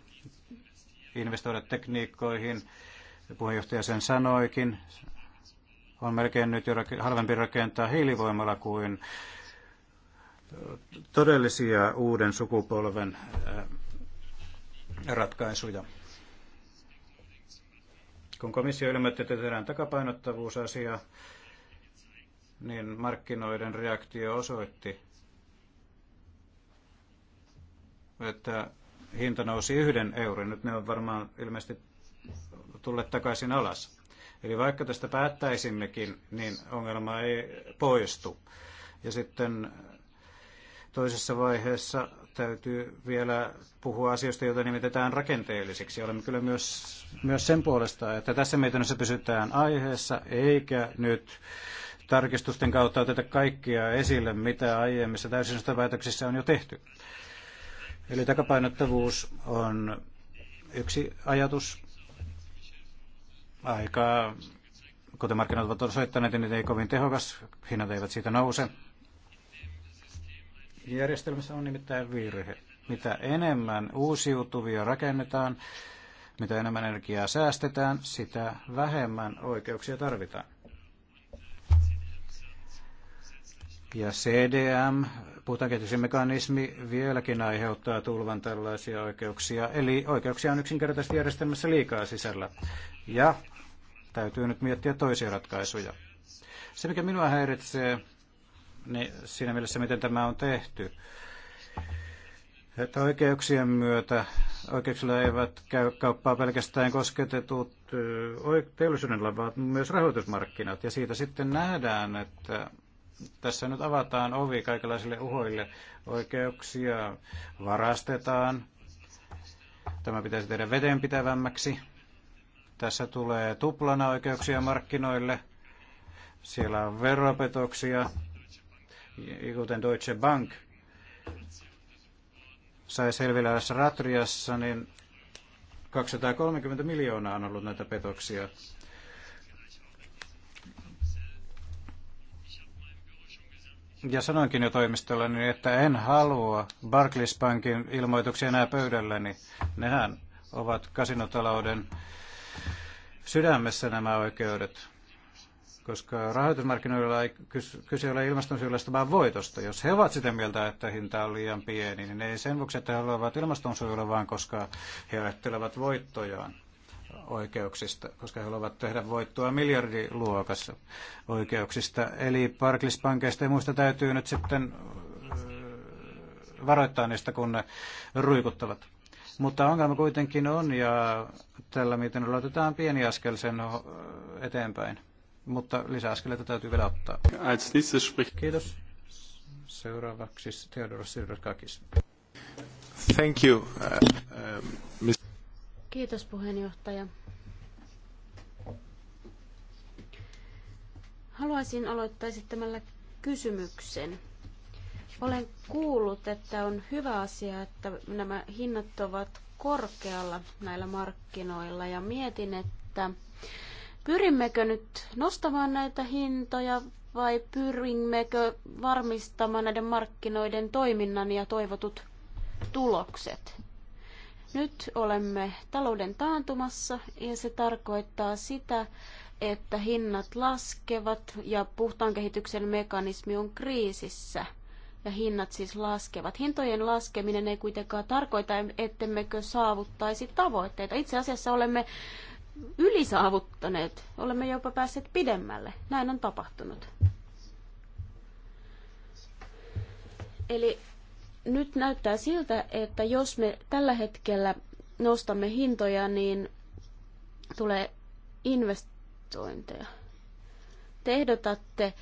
investoida tekniikkoihin. Puheenjohtaja sen sanoikin on melkein nyt jo halvempi rakentaa hiilivoimalla kuin todellisia uuden sukupolven ratkaisuja. Kun komissio ilmoitti, että tehdään takapainottavuusasia, niin markkinoiden reaktio osoitti, että hinta nousi yhden euron. Nyt ne on varmaan ilmeisesti tulleet takaisin alas. Eli vaikka tästä päättäisimmekin, niin ongelma ei poistu. Ja sitten toisessa vaiheessa täytyy vielä puhua asioista, joita nimitetään rakenteellisiksi. Olemme kyllä myös, myös sen puolesta, että tässä mietinnössä pysytään aiheessa, eikä nyt tarkistusten kautta oteta kaikkia esille, mitä aiemmissa päätöksissä on jo tehty. Eli takapainottavuus on yksi ajatus, aika, kuten markkinat ovat osoittaneet, niin ei kovin tehokas, hinnat eivät siitä nouse. Järjestelmässä on nimittäin virhe. Mitä enemmän uusiutuvia rakennetaan, mitä enemmän energiaa säästetään, sitä vähemmän oikeuksia tarvitaan. Ja CDM, puhtaankehitysmekanismi, vieläkin aiheuttaa tulvan tällaisia oikeuksia. Eli oikeuksia on yksinkertaisesti järjestelmässä liikaa sisällä. Ja täytyy nyt miettiä toisia ratkaisuja. Se, mikä minua häiritsee, niin siinä mielessä, miten tämä on tehty, että oikeuksien myötä oikeuksilla eivät käy kauppaa pelkästään kosketetut teollisuuden, vaan myös rahoitusmarkkinat. Ja siitä sitten nähdään, että tässä nyt avataan ovi kaikenlaisille uhoille. Oikeuksia varastetaan. Tämä pitäisi tehdä vedenpitävämmäksi. Tässä tulee tuplana oikeuksia markkinoille. Siellä on veropetoksia, kuten Deutsche Bank sai selville Ratriassa, niin 230 miljoonaa on ollut näitä petoksia. ja sanoinkin jo toimistollani, että en halua Barclays Bankin ilmoituksia enää pöydälläni. Nehän ovat kasinotalouden sydämessä nämä oikeudet, koska rahoitusmarkkinoilla ei kyse ole ilmastonsuojelusta, vaan voitosta. Jos he ovat sitä mieltä, että hinta on liian pieni, niin ei sen vuoksi, että he haluavat ilmastonsuojelua, vaan koska he ajattelevat voittojaan oikeuksista, koska he haluavat tehdä voittoa miljardiluokassa oikeuksista. Eli Barclays-pankeista ja muista täytyy nyt sitten äh, varoittaa niistä, kun ne ruikuttavat. Mutta ongelma kuitenkin on, ja tällä miten otetaan pieni askel sen äh, eteenpäin. Mutta lisäaskeleita täytyy vielä ottaa. Kiitos. Seuraavaksi Theodoros Thank you, uh, uh, Kiitos puheenjohtaja. Haluaisin aloittaa esittämällä kysymyksen. Olen kuullut, että on hyvä asia, että nämä hinnat ovat korkealla näillä markkinoilla ja mietin, että pyrimmekö nyt nostamaan näitä hintoja vai pyrimmekö varmistamaan näiden markkinoiden toiminnan ja toivotut tulokset? Nyt olemme talouden taantumassa ja se tarkoittaa sitä, että hinnat laskevat ja puhtaan kehityksen mekanismi on kriisissä. Ja hinnat siis laskevat. Hintojen laskeminen ei kuitenkaan tarkoita, ettemmekö saavuttaisi tavoitteita. Itse asiassa olemme ylisaavuttaneet, olemme jopa päässeet pidemmälle. Näin on tapahtunut. Eli nyt näyttää siltä, että jos me tällä hetkellä nostamme hintoja, niin tulee investointeja. Te ehdotatte,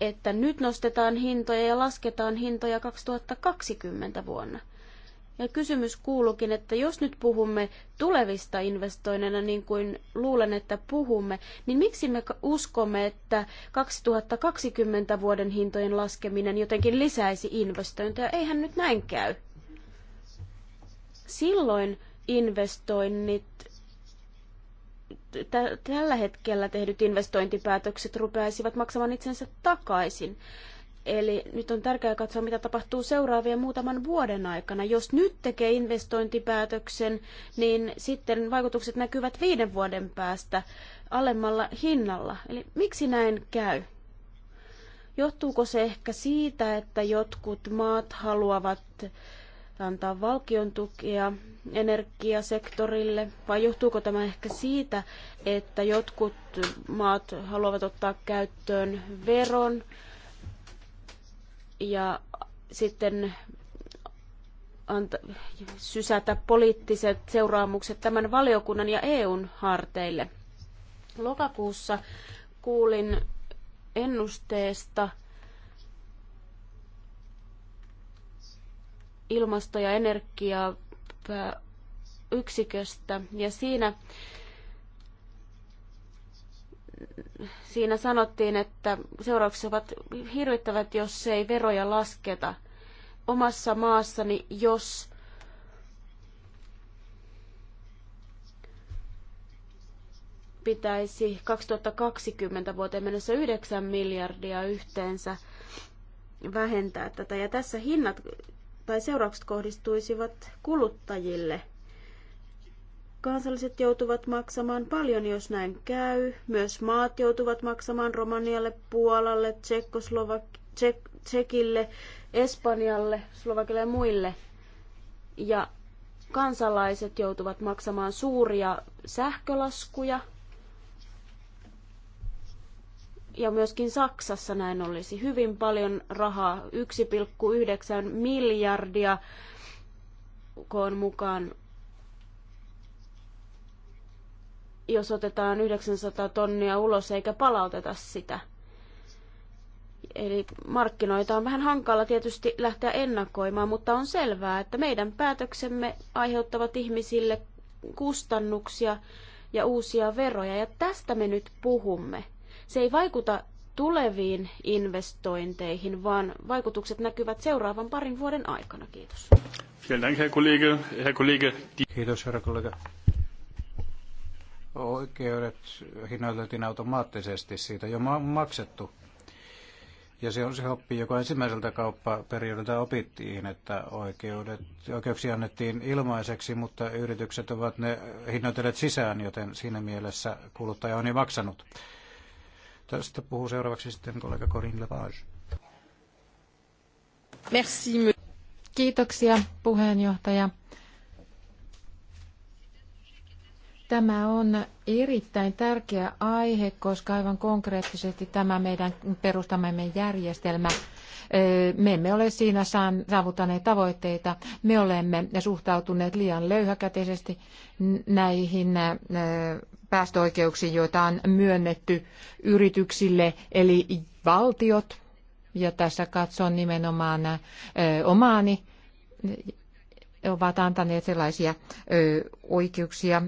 että nyt nostetaan hintoja ja lasketaan hintoja 2020 vuonna – ja kysymys kuulukin, että jos nyt puhumme tulevista investoinneina, niin kuin luulen, että puhumme, niin miksi me uskomme, että 2020 vuoden hintojen laskeminen jotenkin lisäisi investointeja? Eihän nyt näin käy. Silloin investoinnit, tällä hetkellä tehdyt investointipäätökset rupeaisivat maksamaan itsensä takaisin. Eli nyt on tärkeää katsoa, mitä tapahtuu seuraavien muutaman vuoden aikana. Jos nyt tekee investointipäätöksen, niin sitten vaikutukset näkyvät viiden vuoden päästä alemmalla hinnalla. Eli miksi näin käy? Johtuuko se ehkä siitä, että jotkut maat haluavat antaa valkion tukea energiasektorille, vai johtuuko tämä ehkä siitä, että jotkut maat haluavat ottaa käyttöön veron, ja sitten anta, sysätä poliittiset seuraamukset tämän valiokunnan ja EUn harteille. Lokakuussa kuulin ennusteesta ilmasto- ja energiayksiköstä ja siinä siinä sanottiin, että seuraukset ovat hirvittävät, jos ei veroja lasketa. Omassa maassani, jos pitäisi 2020 vuoteen mennessä 9 miljardia yhteensä vähentää tätä. Ja tässä hinnat tai seuraukset kohdistuisivat kuluttajille – Kansalliset joutuvat maksamaan paljon, jos näin käy. Myös maat joutuvat maksamaan Romanialle, Puolalle, Tsekkoslovak- Tsek- Tsekille, Espanjalle, slovakille, ja muille. Ja kansalaiset joutuvat maksamaan suuria sähkölaskuja. Ja myöskin Saksassa näin olisi hyvin paljon rahaa, 1,9 miljardia koon mukaan jos otetaan 900 tonnia ulos eikä palauteta sitä. Eli markkinoita on vähän hankala tietysti lähteä ennakoimaan, mutta on selvää, että meidän päätöksemme aiheuttavat ihmisille kustannuksia ja uusia veroja, ja tästä me nyt puhumme. Se ei vaikuta tuleviin investointeihin, vaan vaikutukset näkyvät seuraavan parin vuoden aikana. Kiitos. Kiitos, herra kollega oikeudet hinnoiteltiin automaattisesti, siitä jo on maksettu. Ja se on se oppi, joka ensimmäiseltä kauppaperiodilta opittiin, että oikeudet, oikeuksia annettiin ilmaiseksi, mutta yritykset ovat ne hinnoitelleet sisään, joten siinä mielessä kuluttaja on jo maksanut. Tästä puhuu seuraavaksi sitten kollega Corinne Lepage. Merci. Kiitoksia puheenjohtaja. Tämä on erittäin tärkeä aihe, koska aivan konkreettisesti tämä meidän perustamamme järjestelmä, me emme ole siinä saavuttaneet tavoitteita. Me olemme suhtautuneet liian löyhäkätisesti näihin päästöoikeuksiin, joita on myönnetty yrityksille, eli valtiot. Ja tässä katson nimenomaan omaani ovat antaneet sellaisia oikeuksia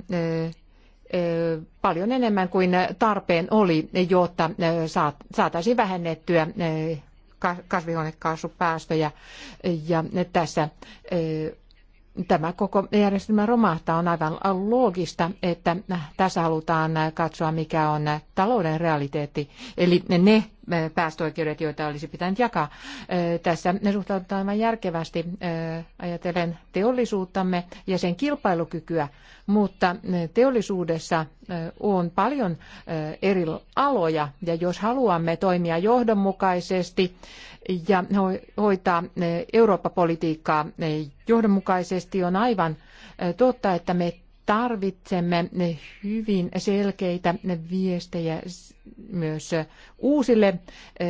paljon enemmän kuin tarpeen oli, jotta saataisiin vähennettyä kasvihuonekaasupäästöjä. Ja tässä tämä koko järjestelmä romahtaa. On aivan loogista, että tässä halutaan katsoa, mikä on talouden realiteetti. Eli ne päästöoikeudet, joita olisi pitänyt jakaa. Tässä ne suhtaudutaan aivan järkevästi ajatellen teollisuuttamme ja sen kilpailukykyä, mutta teollisuudessa on paljon eri aloja ja jos haluamme toimia johdonmukaisesti ja hoitaa Eurooppa-politiikkaa niin johdonmukaisesti, on aivan totta, että me tarvitsemme hyvin selkeitä viestejä myös uusille eh,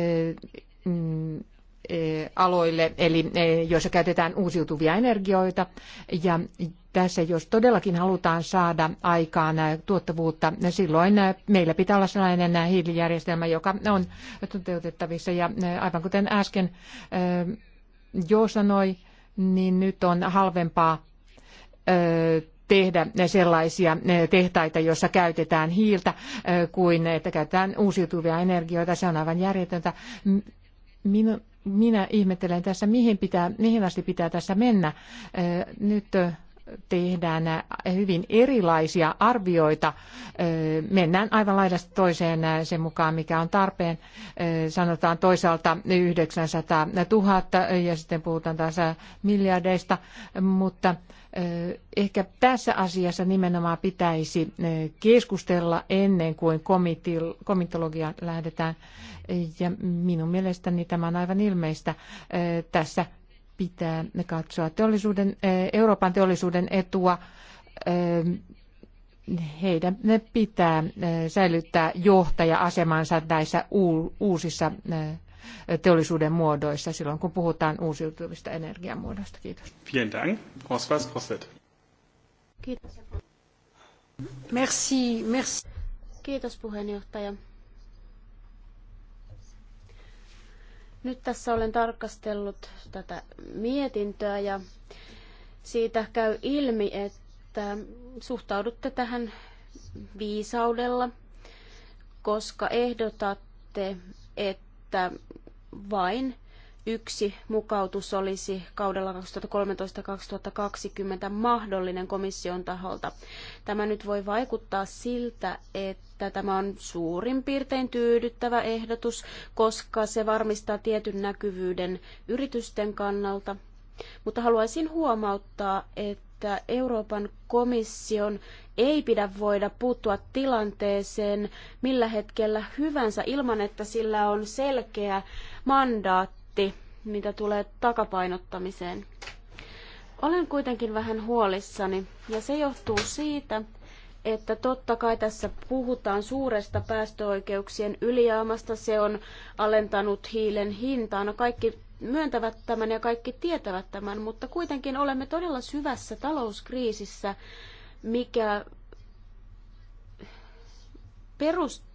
eh, aloille, eli eh, joissa käytetään uusiutuvia energioita. Ja tässä, jos todellakin halutaan saada aikaan tuottavuutta, silloin meillä pitää olla sellainen hiilijärjestelmä, joka on toteutettavissa. Ja aivan kuten äsken jo sanoi, niin nyt on halvempaa tehdä sellaisia eh, tehtaita, joissa käytetään hiiltä eh, kuin että käytetään uusiutuvia energioita. Se on aivan järjetöntä. Minu, minä ihmettelen tässä, mihin, pitää, mihin asti pitää tässä mennä. Eh, nyt tehdään hyvin erilaisia arvioita. Mennään aivan laidasta toiseen sen mukaan, mikä on tarpeen. Sanotaan toisaalta 900 000 ja sitten puhutaan taas miljardeista, mutta Ehkä tässä asiassa nimenomaan pitäisi keskustella ennen kuin komitologiaan lähdetään. Ja minun mielestäni tämä on aivan ilmeistä. Tässä pitää katsoa teollisuuden, Euroopan teollisuuden etua heidän pitää säilyttää johtaja-asemansa näissä uusissa teollisuuden muodoissa silloin, kun puhutaan uusiutuvista energiamuodoista. Kiitos. Vielen Dank. Kiitos. Merci, merci. Kiitos puheenjohtaja. Nyt tässä olen tarkastellut tätä mietintöä ja siitä käy ilmi, että suhtaudutte tähän viisaudella, koska ehdotatte, että vain yksi mukautus olisi kaudella 2013-2020 mahdollinen komission taholta. Tämä nyt voi vaikuttaa siltä, että tämä on suurin piirtein tyydyttävä ehdotus, koska se varmistaa tietyn näkyvyyden yritysten kannalta. Mutta haluaisin huomauttaa, että että Euroopan komission ei pidä voida puuttua tilanteeseen millä hetkellä hyvänsä ilman, että sillä on selkeä mandaatti, mitä tulee takapainottamiseen. Olen kuitenkin vähän huolissani, ja se johtuu siitä, että totta kai tässä puhutaan suuresta päästöoikeuksien ylijaamasta, se on alentanut hiilen hintaa. No kaikki myöntävät tämän ja kaikki tietävät tämän, mutta kuitenkin olemme todella syvässä talouskriisissä, mikä perustuu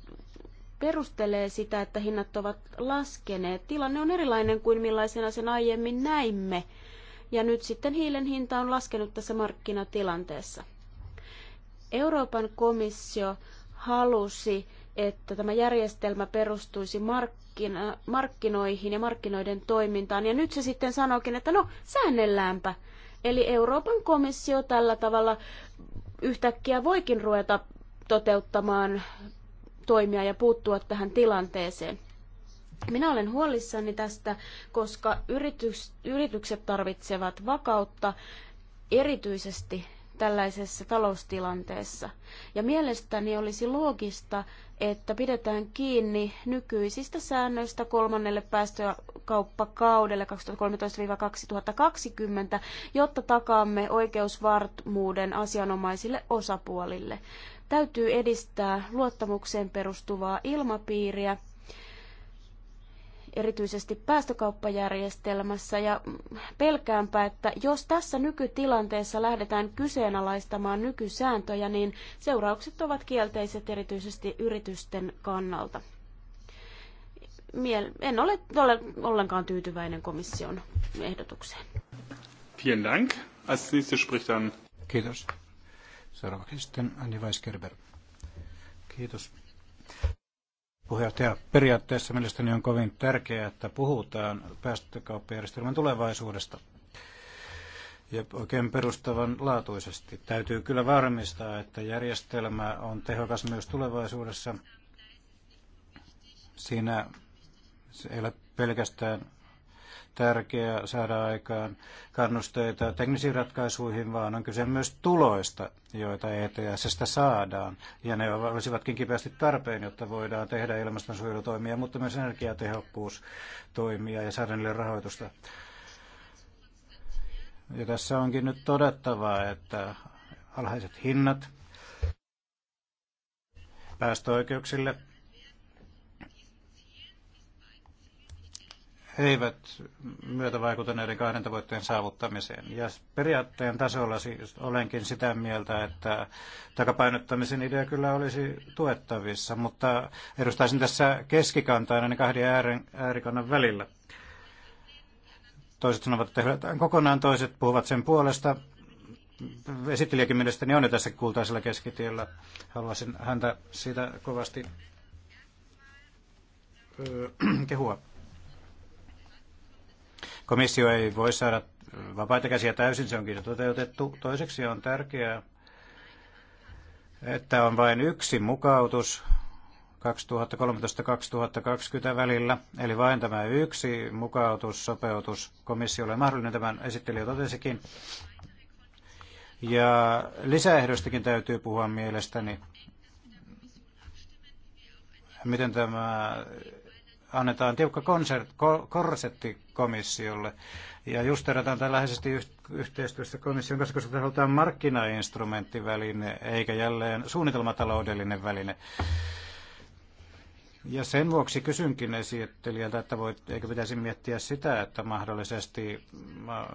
perustelee sitä, että hinnat ovat laskeneet. Tilanne on erilainen kuin millaisena sen aiemmin näimme. Ja nyt sitten hiilen hinta on laskenut tässä markkinatilanteessa. Euroopan komissio halusi, että tämä järjestelmä perustuisi mark- markkino- äh, markkinoihin ja markkinoiden toimintaan. Ja nyt se sitten sanookin, että no, säännelläänpä. Eli Euroopan komissio tällä tavalla yhtäkkiä voikin ruveta toteuttamaan toimia ja puuttua tähän tilanteeseen. Minä olen huolissani tästä, koska yritys, yritykset tarvitsevat vakautta erityisesti tällaisessa taloustilanteessa. Ja mielestäni olisi loogista, että pidetään kiinni nykyisistä säännöistä kolmannelle päästökauppakaudelle 2013-2020, jotta takaamme oikeusvarmuuden asianomaisille osapuolille. Täytyy edistää luottamukseen perustuvaa ilmapiiriä erityisesti päästökauppajärjestelmässä ja pelkäänpä, että jos tässä nykytilanteessa lähdetään kyseenalaistamaan nykysääntöjä, niin seuraukset ovat kielteiset erityisesti yritysten kannalta. Miel- en ole, ole ollenkaan tyytyväinen komission ehdotukseen. Vielen Dank. Als nächstes spricht dann... Kiitos. Seuraavaksi sitten Weisgerber. Kiitos. Puheenjohtaja, periaatteessa mielestäni on kovin tärkeää, että puhutaan päästökauppajärjestelmän tulevaisuudesta. Ja oikein perustavan laatuisesti. Täytyy kyllä varmistaa, että järjestelmä on tehokas myös tulevaisuudessa. Siinä se ei ole pelkästään tärkeää saada aikaan kannusteita teknisiin ratkaisuihin, vaan on kyse myös tuloista, joita ETSstä saadaan. Ja ne olisivatkin kipeästi tarpeen, jotta voidaan tehdä ilmastonsuojelutoimia, mutta myös energiatehokkuustoimia ja saada niille rahoitusta. Ja tässä onkin nyt todettava, että alhaiset hinnat päästöoikeuksille – eivät myötävaikuta näiden kahden tavoitteen saavuttamiseen. Ja periaatteen tasolla siis olenkin sitä mieltä, että takapainottamisen idea kyllä olisi tuettavissa, mutta edustaisin tässä keskikantaa näiden kahden äärikannan välillä. Toiset sanovat, että hylätään kokonaan, toiset puhuvat sen puolesta. Esittelijäkin mielestäni on jo tässä kultaisella keskitiellä. Haluaisin häntä siitä kovasti kehua. Komissio ei voi saada vapaita käsiä täysin, se onkin toteutettu. Toiseksi on tärkeää, että on vain yksi mukautus 2013-2020 välillä, eli vain tämä yksi mukautus, sopeutus komissiolle mahdollinen, tämän esittelijä totesikin. Ja lisäehdostakin täytyy puhua mielestäni, miten tämä annetaan tiukka konsert, korsetti komissiolle. Ja just tällä läheisesti yhteistyössä komission kanssa, koska halutaan markkinainstrumenttiväline eikä jälleen suunnitelmataloudellinen väline. Ja sen vuoksi kysynkin esittelijältä, että voit, eikö pitäisi miettiä sitä, että mahdollisesti äh,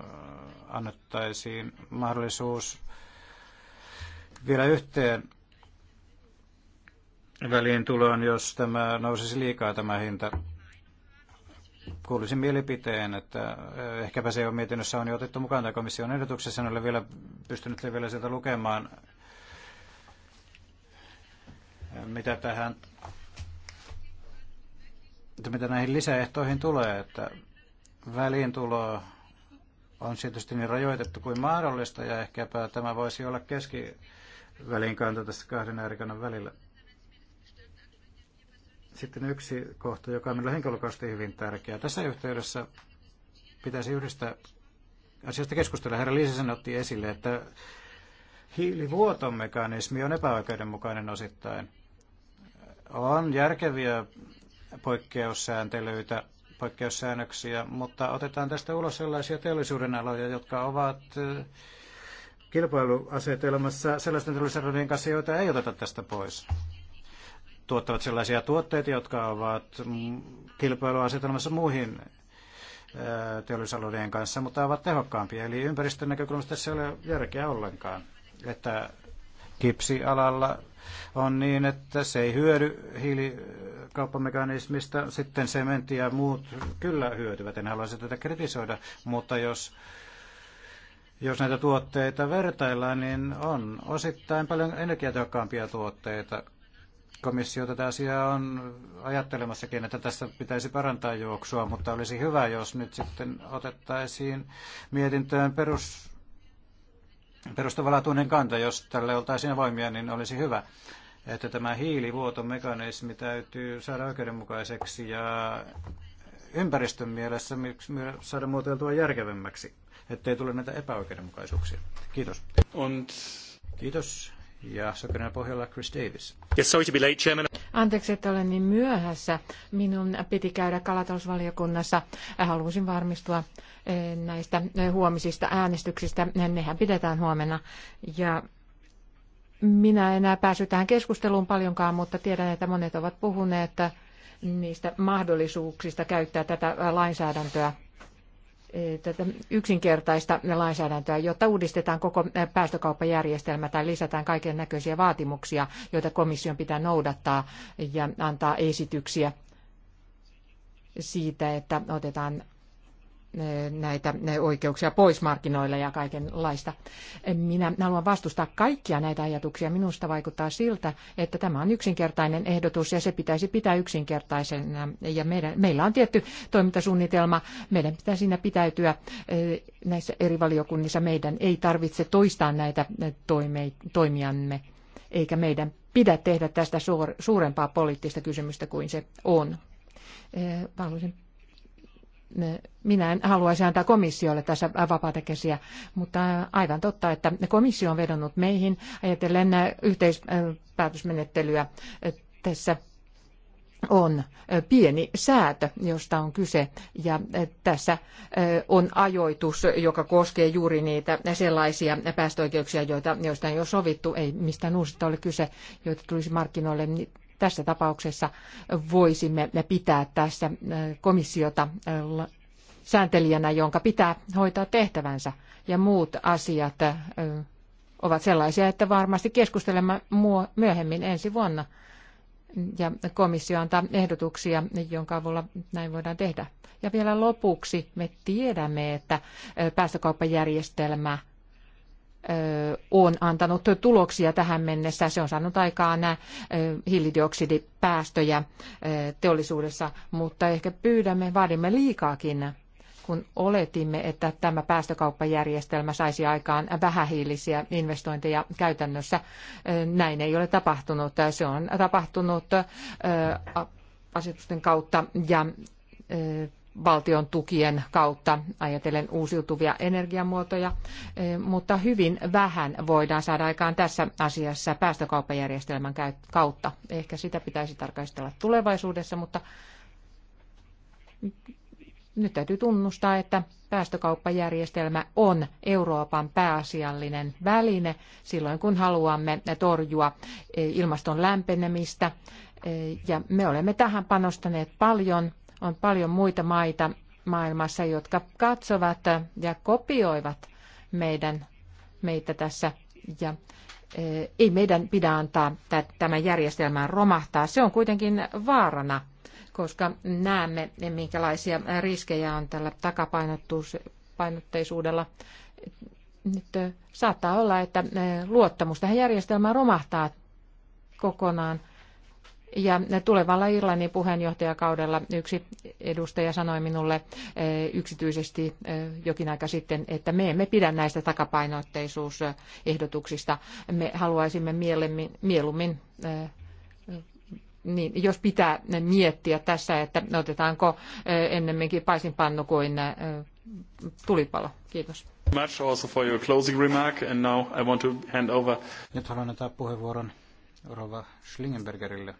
annettaisiin mahdollisuus vielä yhteen väliin tuloon, jos tämä nousisi liikaa tämä hinta kuulisin mielipiteen, että eh, ehkäpä se on mietinnössä on jo otettu mukaan tämä komission ehdotuksessa, en ole vielä pystynyt vielä sieltä lukemaan, eh, mitä tähän että mitä näihin lisäehtoihin tulee, että väliintulo on tietysti niin rajoitettu kuin mahdollista ja ehkäpä tämä voisi olla keskivälin tässä kahden äärikannan välillä. Sitten yksi kohta, joka on minulle henkilökohtaisesti hyvin tärkeä. Tässä yhteydessä pitäisi yhdestä asiasta keskustella. Herra Liisisen otti esille, että hiilivuotomekanismi on epäoikeudenmukainen osittain. On järkeviä poikkeussääntelyitä, poikkeussäännöksiä, mutta otetaan tästä ulos sellaisia teollisuuden aloja, jotka ovat kilpailuasetelmassa sellaisten teollisuuden kanssa, joita ei oteta tästä pois tuottavat sellaisia tuotteita, jotka ovat mm, kilpailuasetelmassa muihin äh, teollisuusalueiden kanssa, mutta ovat tehokkaampia. Eli ympäristön näkökulmasta tässä ei ole järkeä ollenkaan. Että kipsialalla on niin, että se ei hyödy hiilikauppamekanismista. Sitten sementti ja muut kyllä hyötyvät. En haluaisi tätä kritisoida, mutta jos, jos näitä tuotteita vertaillaan, niin on osittain paljon energiatehokkaampia tuotteita komissio tätä asiaa on ajattelemassakin, että tässä pitäisi parantaa juoksua, mutta olisi hyvä, jos nyt sitten otettaisiin mietintöön perus, perustavalaatuinen kanta, jos tälle oltaisiin voimia, niin olisi hyvä että tämä hiilivuotomekanismi täytyy saada oikeudenmukaiseksi ja ympäristön mielessä saada muotoiltua järkevämmäksi, ettei tule näitä epäoikeudenmukaisuuksia. Kiitos. Und... Kiitos. Ja sokerina pohjalla Chris Davis. Yes, sorry to be late, Chairman. Anteeksi, että olen niin myöhässä. Minun piti käydä kalatalousvaliokunnassa. Halusin varmistua eh, näistä eh, huomisista äänestyksistä. Nehän pidetään huomenna. Ja minä en enää päässyt tähän keskusteluun paljonkaan, mutta tiedän, että monet ovat puhuneet eh, niistä mahdollisuuksista käyttää tätä lainsäädäntöä tätä yksinkertaista lainsäädäntöä, jotta uudistetaan koko päästökauppajärjestelmä tai lisätään kaiken näköisiä vaatimuksia, joita komission pitää noudattaa ja antaa esityksiä siitä, että otetaan näitä oikeuksia pois markkinoille ja kaikenlaista. Minä haluan vastustaa kaikkia näitä ajatuksia. Minusta vaikuttaa siltä, että tämä on yksinkertainen ehdotus ja se pitäisi pitää yksinkertaisena. Ja meidän, meillä on tietty toimintasuunnitelma. Meidän pitää siinä pitäytyä näissä eri valiokunnissa. Meidän ei tarvitse toistaa näitä toime, toimiamme, eikä meidän pidä tehdä tästä suurempaa poliittista kysymystä kuin se on. Haluaisin minä en haluaisi antaa komissiolle tässä vapaata käsiä, mutta aivan totta, että komissio on vedonnut meihin ajatellen äh, yhteispäätösmenettelyä äh, tässä on äh, pieni säätö, josta on kyse. Ja tässä on ajoitus, joka koskee juuri niitä sellaisia päästöoikeuksia, joita, joista ei ole sovittu, ei mistään uusista ole kyse, joita tulisi markkinoille. Niin tässä tapauksessa voisimme pitää tässä komissiota sääntelijänä, jonka pitää hoitaa tehtävänsä ja muut asiat ovat sellaisia, että varmasti keskustelemme myöhemmin ensi vuonna. Ja komissio antaa ehdotuksia, jonka avulla näin voidaan tehdä. Ja vielä lopuksi me tiedämme, että päästökauppajärjestelmä on antanut tuloksia tähän mennessä. Se on saanut aikaan hiilidioksidipäästöjä teollisuudessa, mutta ehkä pyydämme, vaadimme liikaakin kun oletimme, että tämä päästökauppajärjestelmä saisi aikaan vähähiilisiä investointeja käytännössä. Näin ei ole tapahtunut. Se on tapahtunut asetusten kautta ja valtion tukien kautta ajatellen uusiutuvia energiamuotoja, eh, mutta hyvin vähän voidaan saada aikaan tässä asiassa päästökauppajärjestelmän kautta. Ehkä sitä pitäisi tarkastella tulevaisuudessa, mutta nyt täytyy tunnustaa, että päästökauppajärjestelmä on Euroopan pääasiallinen väline silloin, kun haluamme torjua eh, ilmaston lämpenemistä. Eh, ja me olemme tähän panostaneet paljon on paljon muita maita maailmassa, jotka katsovat ja kopioivat meidän, meitä tässä. Ja e, ei meidän pidä antaa tämän järjestelmän romahtaa. Se on kuitenkin vaarana, koska näemme, minkälaisia riskejä on tällä takapainotteisuudella. Nyt e, saattaa olla, että e, luottamus tähän järjestelmään romahtaa kokonaan. Ja tulevalla Irlannin puheenjohtajakaudella yksi edustaja sanoi minulle eh, yksityisesti eh, jokin aika sitten, että me emme pidä näistä takapainotteisuusehdotuksista. Me haluaisimme mieluummin, mieluummin eh, niin, jos pitää miettiä tässä, että otetaanko ennemminkin paisinpannu kuin tulipalo. Kiitos. Much also for your closing remark and now I want to hand over. Nyt haluan antaa puheenvuoron Rova Schlingenbergerille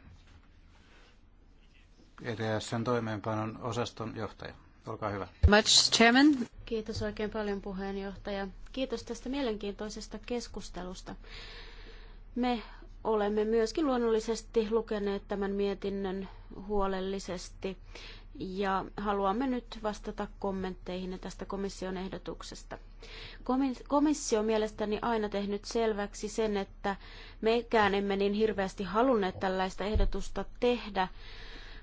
EDSn toimeenpanon osaston johtaja. Olkaa hyvä. Much chairman. Kiitos oikein paljon puheenjohtaja. Kiitos tästä mielenkiintoisesta keskustelusta. Me olemme myöskin luonnollisesti lukeneet tämän mietinnön huolellisesti ja haluamme nyt vastata kommentteihin tästä komission ehdotuksesta. Komissio on mielestäni aina tehnyt selväksi sen, että mekään emme niin hirveästi halunneet tällaista ehdotusta tehdä,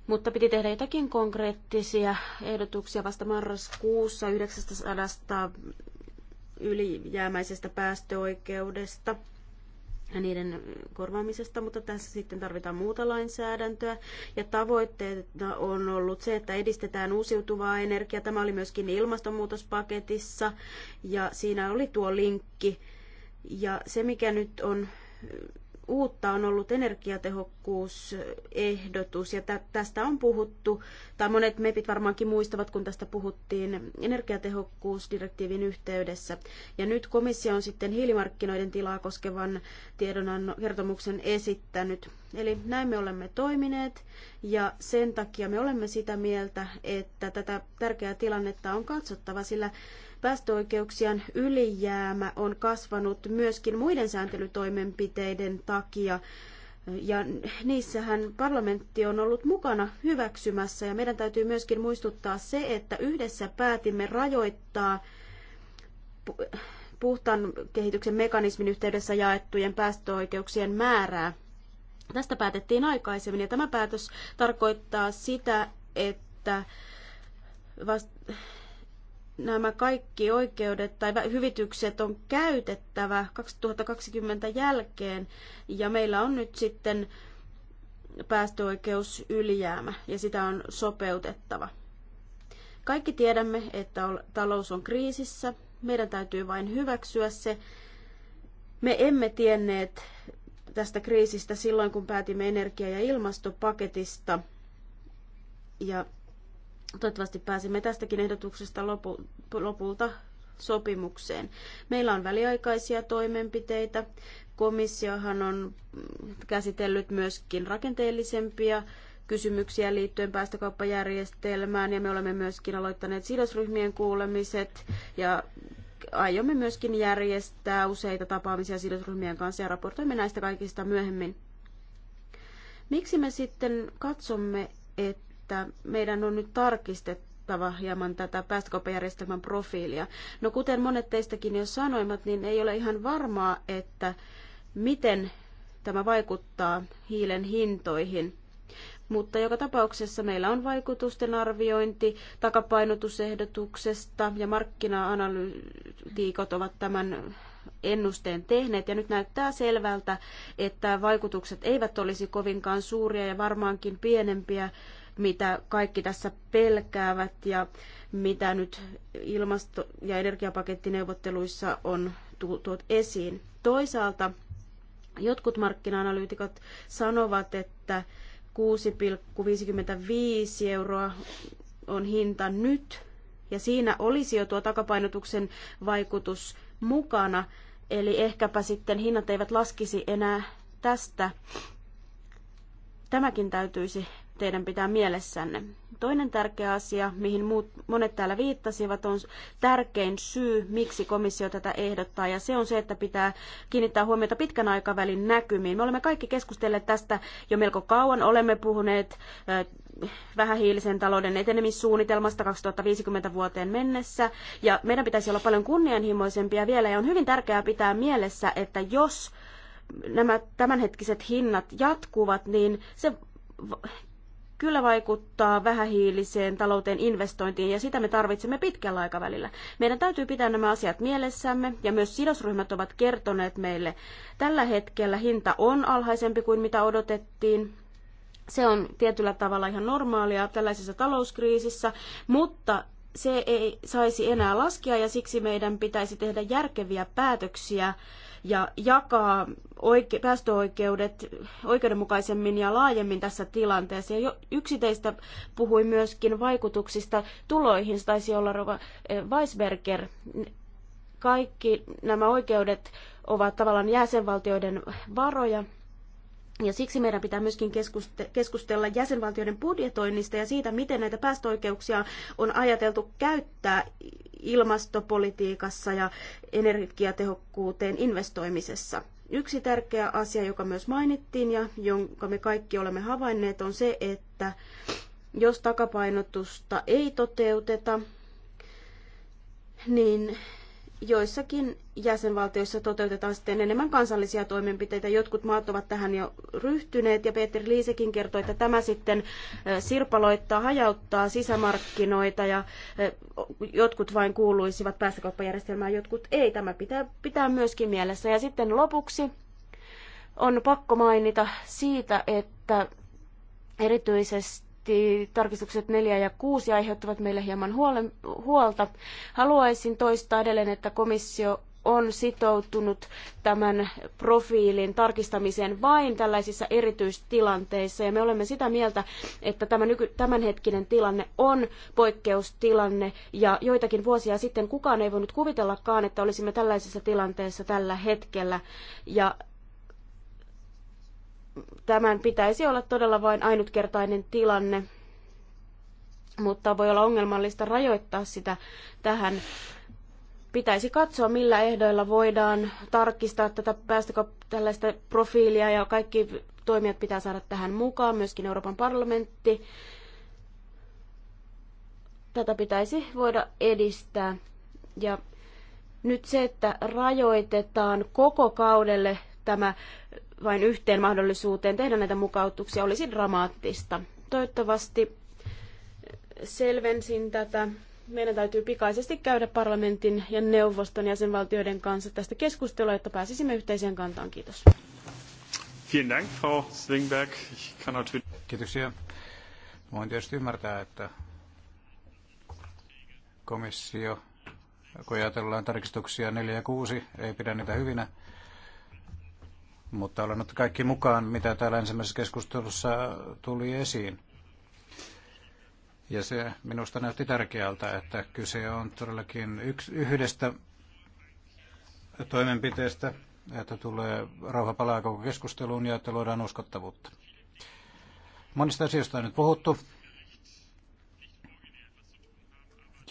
mutta piti tehdä jotakin konkreettisia ehdotuksia vasta marraskuussa 900 ylijäämäisestä päästöoikeudesta ja niiden korvaamisesta, mutta tässä sitten tarvitaan muuta lainsäädäntöä. Ja tavoitteena on ollut se, että edistetään uusiutuvaa energiaa. Tämä oli myöskin ilmastonmuutospaketissa ja siinä oli tuo linkki. Ja se, mikä nyt on uutta on ollut energiatehokkuusehdotus, ja tästä on puhuttu, tai monet mepit varmaankin muistavat, kun tästä puhuttiin energiatehokkuusdirektiivin yhteydessä. Ja nyt komissio on sitten hiilimarkkinoiden tilaa koskevan tiedonannon kertomuksen esittänyt. Eli näin me olemme toimineet, ja sen takia me olemme sitä mieltä, että tätä tärkeää tilannetta on katsottava, sillä Päästöoikeuksien ylijäämä on kasvanut myöskin muiden sääntelytoimenpiteiden takia. Ja niissähän parlamentti on ollut mukana hyväksymässä ja meidän täytyy myöskin muistuttaa se, että yhdessä päätimme rajoittaa puhtaan kehityksen mekanismin yhteydessä jaettujen päästöoikeuksien määrää. Tästä päätettiin aikaisemmin ja tämä päätös tarkoittaa sitä, että vast- nämä kaikki oikeudet tai hyvitykset on käytettävä 2020 jälkeen ja meillä on nyt sitten päästöoikeus ylijäämä ja sitä on sopeutettava. Kaikki tiedämme, että talous on kriisissä. Meidän täytyy vain hyväksyä se. Me emme tienneet tästä kriisistä silloin, kun päätimme energia- ja ilmastopaketista. Ja Toivottavasti pääsemme tästäkin ehdotuksesta lopu, lopulta sopimukseen. Meillä on väliaikaisia toimenpiteitä. Komissiohan on käsitellyt myöskin rakenteellisempia kysymyksiä liittyen päästökauppajärjestelmään ja me olemme myöskin aloittaneet sidosryhmien kuulemiset ja aiomme myöskin järjestää useita tapaamisia sidosryhmien kanssa ja raportoimme näistä kaikista myöhemmin. Miksi me sitten katsomme, että että meidän on nyt tarkistettava hieman tätä päästökauppajärjestelmän profiilia. No kuten monet teistäkin jo sanoivat, niin ei ole ihan varmaa, että miten tämä vaikuttaa hiilen hintoihin. Mutta joka tapauksessa meillä on vaikutusten arviointi takapainotusehdotuksesta ja markkina-analytiikot ovat tämän ennusteen tehneet ja nyt näyttää selvältä, että vaikutukset eivät olisi kovinkaan suuria ja varmaankin pienempiä mitä kaikki tässä pelkäävät ja mitä nyt ilmasto- ja energiapakettineuvotteluissa on tuot esiin. Toisaalta jotkut markkina-analyytikot sanovat, että 6,55 euroa on hinta nyt, ja siinä olisi jo tuo takapainotuksen vaikutus mukana, eli ehkäpä sitten hinnat eivät laskisi enää tästä. Tämäkin täytyisi teidän pitää mielessänne. Toinen tärkeä asia, mihin muut, monet täällä viittasivat, on tärkein syy, miksi komissio tätä ehdottaa, ja se on se, että pitää kiinnittää huomiota pitkän aikavälin näkymiin. Me olemme kaikki keskustelleet tästä jo melko kauan, olemme puhuneet vähähiilisen talouden etenemissuunnitelmasta 2050 vuoteen mennessä, ja meidän pitäisi olla paljon kunnianhimoisempia vielä, ja on hyvin tärkeää pitää mielessä, että jos nämä tämänhetkiset hinnat jatkuvat, niin se kyllä vaikuttaa vähähiiliseen talouteen investointiin ja sitä me tarvitsemme pitkällä aikavälillä. Meidän täytyy pitää nämä asiat mielessämme ja myös sidosryhmät ovat kertoneet meille. Tällä hetkellä hinta on alhaisempi kuin mitä odotettiin. Se on tietyllä tavalla ihan normaalia tällaisessa talouskriisissä, mutta se ei saisi enää laskea ja siksi meidän pitäisi tehdä järkeviä päätöksiä ja jakaa oike- päästöoikeudet oikeudenmukaisemmin ja laajemmin tässä tilanteessa. Ja jo yksi teistä puhui myöskin vaikutuksista tuloihin, se taisi olla Rova eh, Weisberger. Kaikki nämä oikeudet ovat tavallaan jäsenvaltioiden varoja, ja siksi meidän pitää myöskin keskustella jäsenvaltioiden budjetoinnista ja siitä, miten näitä päästöoikeuksia on ajateltu käyttää ilmastopolitiikassa ja energiatehokkuuteen investoimisessa. Yksi tärkeä asia, joka myös mainittiin ja jonka me kaikki olemme havainneet, on se, että jos takapainotusta ei toteuteta, niin joissakin jäsenvaltioissa toteutetaan sitten enemmän kansallisia toimenpiteitä. Jotkut maat ovat tähän jo ryhtyneet ja Peter Liisekin kertoi, että tämä sitten sirpaloittaa, hajauttaa sisämarkkinoita ja jotkut vain kuuluisivat päästökauppajärjestelmään, jotkut ei. Tämä pitää, pitää myöskin mielessä. Ja sitten lopuksi on pakko mainita siitä, että erityisesti Tarkistukset 4 ja 6 aiheuttavat meille hieman huolta. Haluaisin toistaa edelleen, että komissio on sitoutunut tämän profiilin tarkistamiseen vain tällaisissa erityistilanteissa. Ja me olemme sitä mieltä, että tämä nyky- tämänhetkinen tilanne on poikkeustilanne. Ja joitakin vuosia sitten kukaan ei voinut kuvitellakaan, että olisimme tällaisessa tilanteessa tällä hetkellä. Ja tämän pitäisi olla todella vain ainutkertainen tilanne, mutta voi olla ongelmallista rajoittaa sitä tähän. Pitäisi katsoa, millä ehdoilla voidaan tarkistaa tätä päästökö tällaista profiilia ja kaikki toimijat pitää saada tähän mukaan, myöskin Euroopan parlamentti. Tätä pitäisi voida edistää. Ja nyt se, että rajoitetaan koko kaudelle tämä vain yhteen mahdollisuuteen tehdä näitä mukautuksia olisi dramaattista. Toivottavasti selvensin tätä. Meidän täytyy pikaisesti käydä parlamentin ja neuvoston jäsenvaltioiden kanssa tästä keskustelua, jotta pääsisimme yhteiseen kantaan. Kiitos. Dank, Frau Swingberg. Ich kann natürlich... Kiitoksia. Voin tietysti ymmärtää, että komissio, kun ajatellaan tarkistuksia 4 ja 6, ei pidä niitä hyvinä mutta olen ottanut kaikki mukaan, mitä täällä ensimmäisessä keskustelussa tuli esiin. Ja se minusta näytti tärkeältä, että kyse on todellakin yks, yhdestä toimenpiteestä, että tulee rauha palaa koko keskusteluun ja että luodaan uskottavuutta. Monista asioista on nyt puhuttu,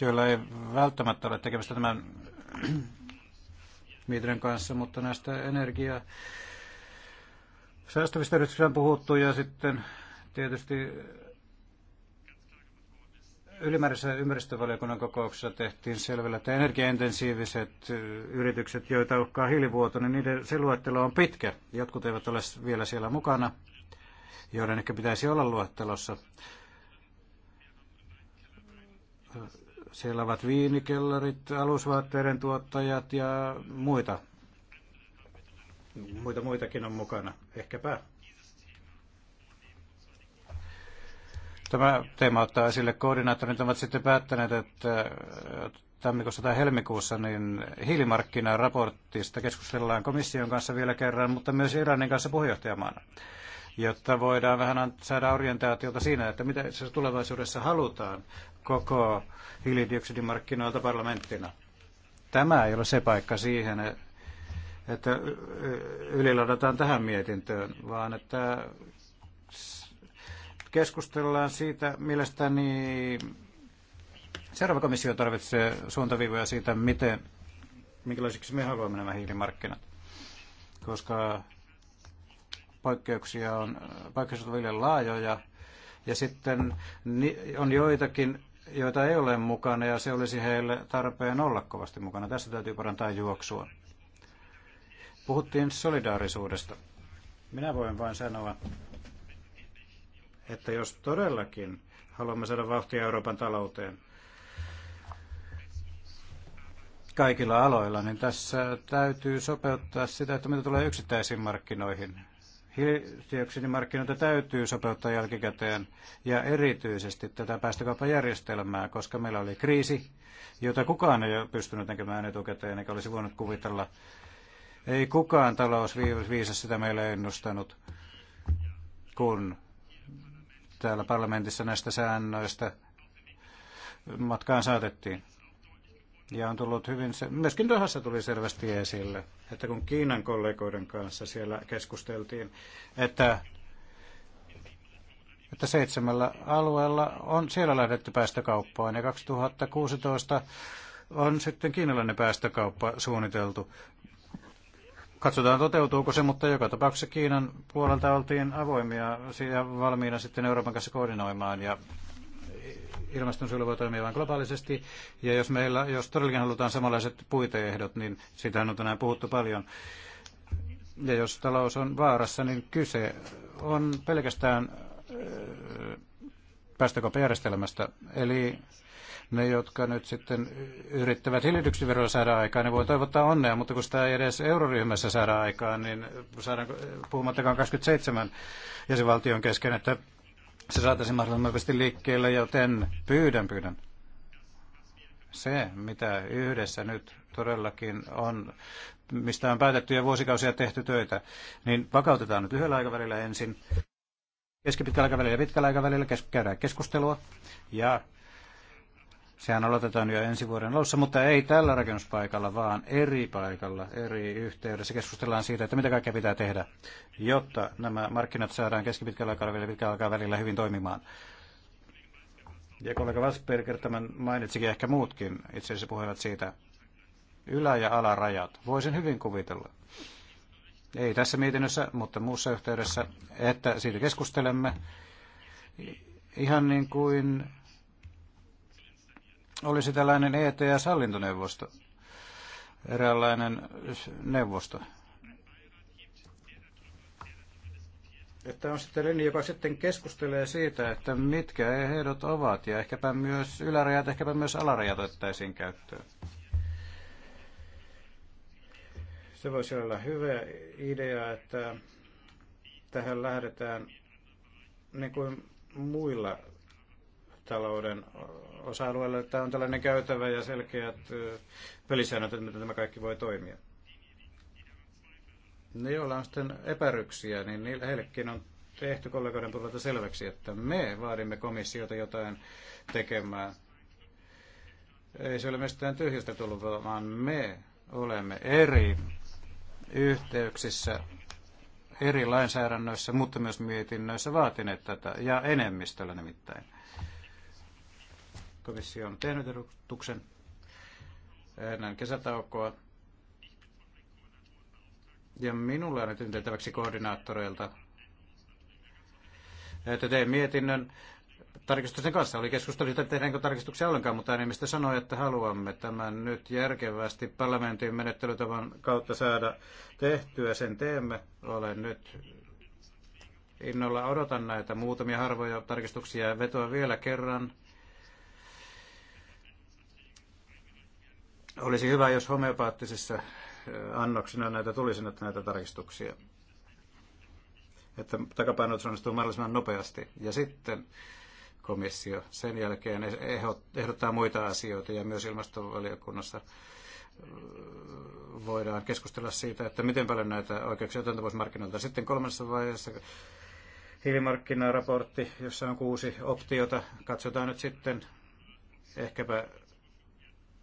joilla ei välttämättä ole tekemistä tämän mietinnön kanssa, mutta näistä energia- Säästävistä yrityksistä on puhuttu ja sitten tietysti ylimääräisessä ympäristövaliokunnan kokouksessa tehtiin selville, että energiaintensiiviset yritykset, joita uhkaa hiilivuoto, niin niiden se luettelo on pitkä. Jotkut eivät ole vielä siellä mukana, joiden ehkä pitäisi olla luettelossa. Siellä ovat viinikellarit, alusvaatteiden tuottajat ja muita muita muitakin on mukana. Ehkäpä. Tämä teema ottaa esille. Koordinaattorit ovat sitten päättäneet, että äh, tammikuussa tai helmikuussa niin hiilimarkkinaraportista keskustellaan komission kanssa vielä kerran, mutta myös Iranin kanssa puheenjohtajamaana, jotta voidaan vähän saada orientaatiota siinä, että mitä se tulevaisuudessa halutaan koko hiilidioksidimarkkinoilta parlamenttina. Tämä ei ole se paikka siihen, että yliladataan tähän mietintöön, vaan että keskustellaan siitä, mielestäni seuraava komissio tarvitsee suuntaviivoja siitä, miten, minkälaisiksi me haluamme nämä hiilimarkkinat, koska poikkeuksia on, poikkeukset ovat laajoja, ja sitten on joitakin, joita ei ole mukana, ja se olisi heille tarpeen olla kovasti mukana. Tässä täytyy parantaa juoksua. Puhuttiin solidaarisuudesta. Minä voin vain sanoa, että jos todellakin haluamme saada vauhtia Euroopan talouteen kaikilla aloilla, niin tässä täytyy sopeuttaa sitä, että mitä tulee yksittäisiin markkinoihin. Hiilidioksidimarkkinoita täytyy sopeuttaa jälkikäteen ja erityisesti tätä päästökauppajärjestelmää, koska meillä oli kriisi, jota kukaan ei ole pystynyt näkemään etukäteen eikä olisi voinut kuvitella ei kukaan talousviisas sitä meille ennustanut, kun täällä parlamentissa näistä säännöistä matkaan saatettiin. Ja on tullut hyvin, se, myöskin Dohassa tuli selvästi esille, että kun Kiinan kollegoiden kanssa siellä keskusteltiin, että, että seitsemällä alueella on siellä lähdetty päästökauppaan ja 2016 on sitten kiinalainen päästökauppa suunniteltu. Katsotaan toteutuuko se, mutta joka tapauksessa Kiinan puolelta oltiin avoimia ja valmiina sitten Euroopan kanssa koordinoimaan ja ilmastonsuojelu voi toimia vain globaalisesti. Ja jos, meillä, jos todellakin halutaan samanlaiset puiteehdot, niin sitä on tänään puhuttu paljon. Ja jos talous on vaarassa, niin kyse on pelkästään päästökauppajärjestelmästä. Eli ne, jotka nyt sitten yrittävät hiljityksiveroa saada aikaan, ne voi toivottaa onnea, mutta kun sitä ei edes euroryhmässä saada aikaan, niin saadaan puhumattakaan 27 jäsenvaltion kesken, että se saataisiin mahdollisimman nopeasti liikkeelle, joten pyydän, pyydän. Se, mitä yhdessä nyt todellakin on, mistä on päätetty ja vuosikausia tehty töitä, niin vakautetaan nyt lyhyellä aikavälillä ensin, keskipitkällä aikavälillä ja pitkällä aikavälillä kes- käydään keskustelua ja Sehän aloitetaan jo ensi vuoden alussa, mutta ei tällä rakennuspaikalla, vaan eri paikalla, eri yhteydessä. Keskustellaan siitä, että mitä kaikkea pitää tehdä, jotta nämä markkinat saadaan keskipitkällä aikavälillä ja pitkällä aikavälillä hyvin toimimaan. Ja kollega Vasperger tämän mainitsikin, ehkä muutkin itse asiassa puhuivat siitä. Ylä- ja alarajat. Voisin hyvin kuvitella. Ei tässä mietinnössä, mutta muussa yhteydessä, että siitä keskustelemme. Ihan niin kuin olisi tällainen ETS-hallintoneuvosto, eräänlainen neuvosto. Että on sitten linja, joka sitten keskustelee siitä, että mitkä ehdot ovat ja ehkäpä myös ylärajat, ehkäpä myös alarajat otettaisiin käyttöön. Se voisi olla hyvä idea, että tähän lähdetään niin kuin muilla talouden osa-alueelle. Tämä on tällainen käytävä ja selkeät pelisäännöt, että miten tämä kaikki voi toimia. Ne, joilla on sitten epäryksiä, niin heillekin on tehty kollegoiden puolelta selväksi, että me vaadimme komissiota jotain tekemään. Ei se ole mistään tyhjästä tullut, vaan me olemme eri yhteyksissä, eri lainsäädännöissä, mutta myös mietinnöissä vaatineet tätä, ja enemmistöllä nimittäin. Komissio on tehnyt ehdotuksen ennen kesätaukoa. Ja minulle on nyt tehtäväksi koordinaattoreilta, että tein mietinnön tarkistusten kanssa. Oli keskustelu että tehdäänkö tarkistuksia ollenkaan, mutta enemmistö sanoi, että haluamme tämän nyt järkevästi parlamentin menettelytavan kautta saada tehtyä. Sen teemme. Olen nyt innolla odotan näitä muutamia harvoja tarkistuksia ja vetoa vielä kerran Olisi hyvä, jos homeopaattisissa annoksina näitä tulisi nyt näitä tarkistuksia. Että takapainot onnistuu mahdollisimman nopeasti. Ja sitten komissio sen jälkeen eh- ehdottaa muita asioita ja myös ilmastovaliokunnassa voidaan keskustella siitä, että miten paljon näitä oikeuksia otetaan pois markkinoilta. Sitten kolmannessa vaiheessa hiilimarkkinaraportti, jossa on kuusi optiota. Katsotaan nyt sitten ehkäpä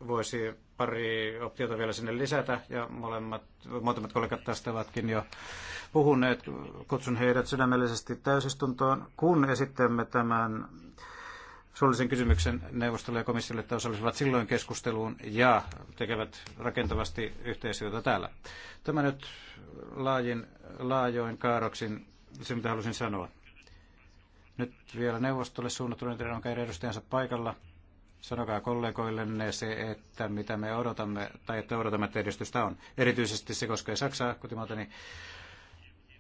voisi pari optiota vielä sinne lisätä, ja molemmat, molemmat kollegat tästä ovatkin jo puhuneet. Kutsun heidät sydämellisesti täysistuntoon, kun esittämme tämän suullisen kysymyksen neuvostolle ja komissiolle, että osallistuvat silloin keskusteluun ja tekevät rakentavasti yhteistyötä täällä. Tämä nyt laajin, laajoin kaaroksin se, mitä halusin sanoa. Nyt vielä neuvostolle suunnattuna, teidän on käydä edustajansa paikalla. Sanokaa kollegoillenne se, että mitä me odotamme, tai että odotamme, että edistystä on. Erityisesti se koskee Saksaa, kotimaata, niin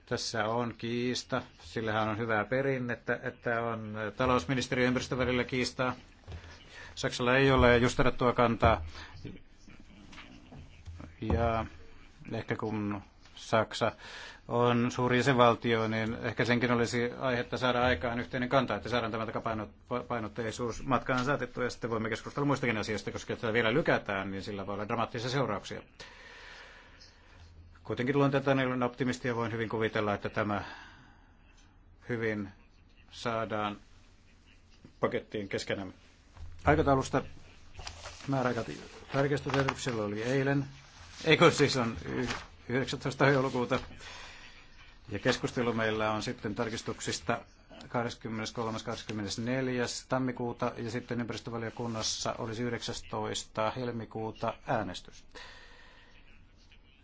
tässä on kiista. Sillähän on hyvää perinnettä, että on talousministeriön ympäristön välillä kiistaa. Saksalla ei ole justerattua kantaa. Ja ehkä kun Saksa on suuri jäsenvaltio, niin ehkä senkin olisi aihetta saada aikaan yhteinen kanta, että saadaan tämä takapainotteisuus matkaan saatettu ja sitten voimme keskustella muistakin asioista, koska jos tätä vielä lykätään, niin sillä voi olla dramaattisia seurauksia. Kuitenkin luon tätä niin optimistia, voin hyvin kuvitella, että tämä hyvin saadaan pakettiin keskenämme. Aikataulusta määräaikatarkistusehdotuksella oli eilen, eikö siis on 19. joulukuuta. Ja keskustelu meillä on sitten tarkistuksista 23.24. tammikuuta ja sitten ympäristövaliokunnassa olisi 19. helmikuuta äänestys.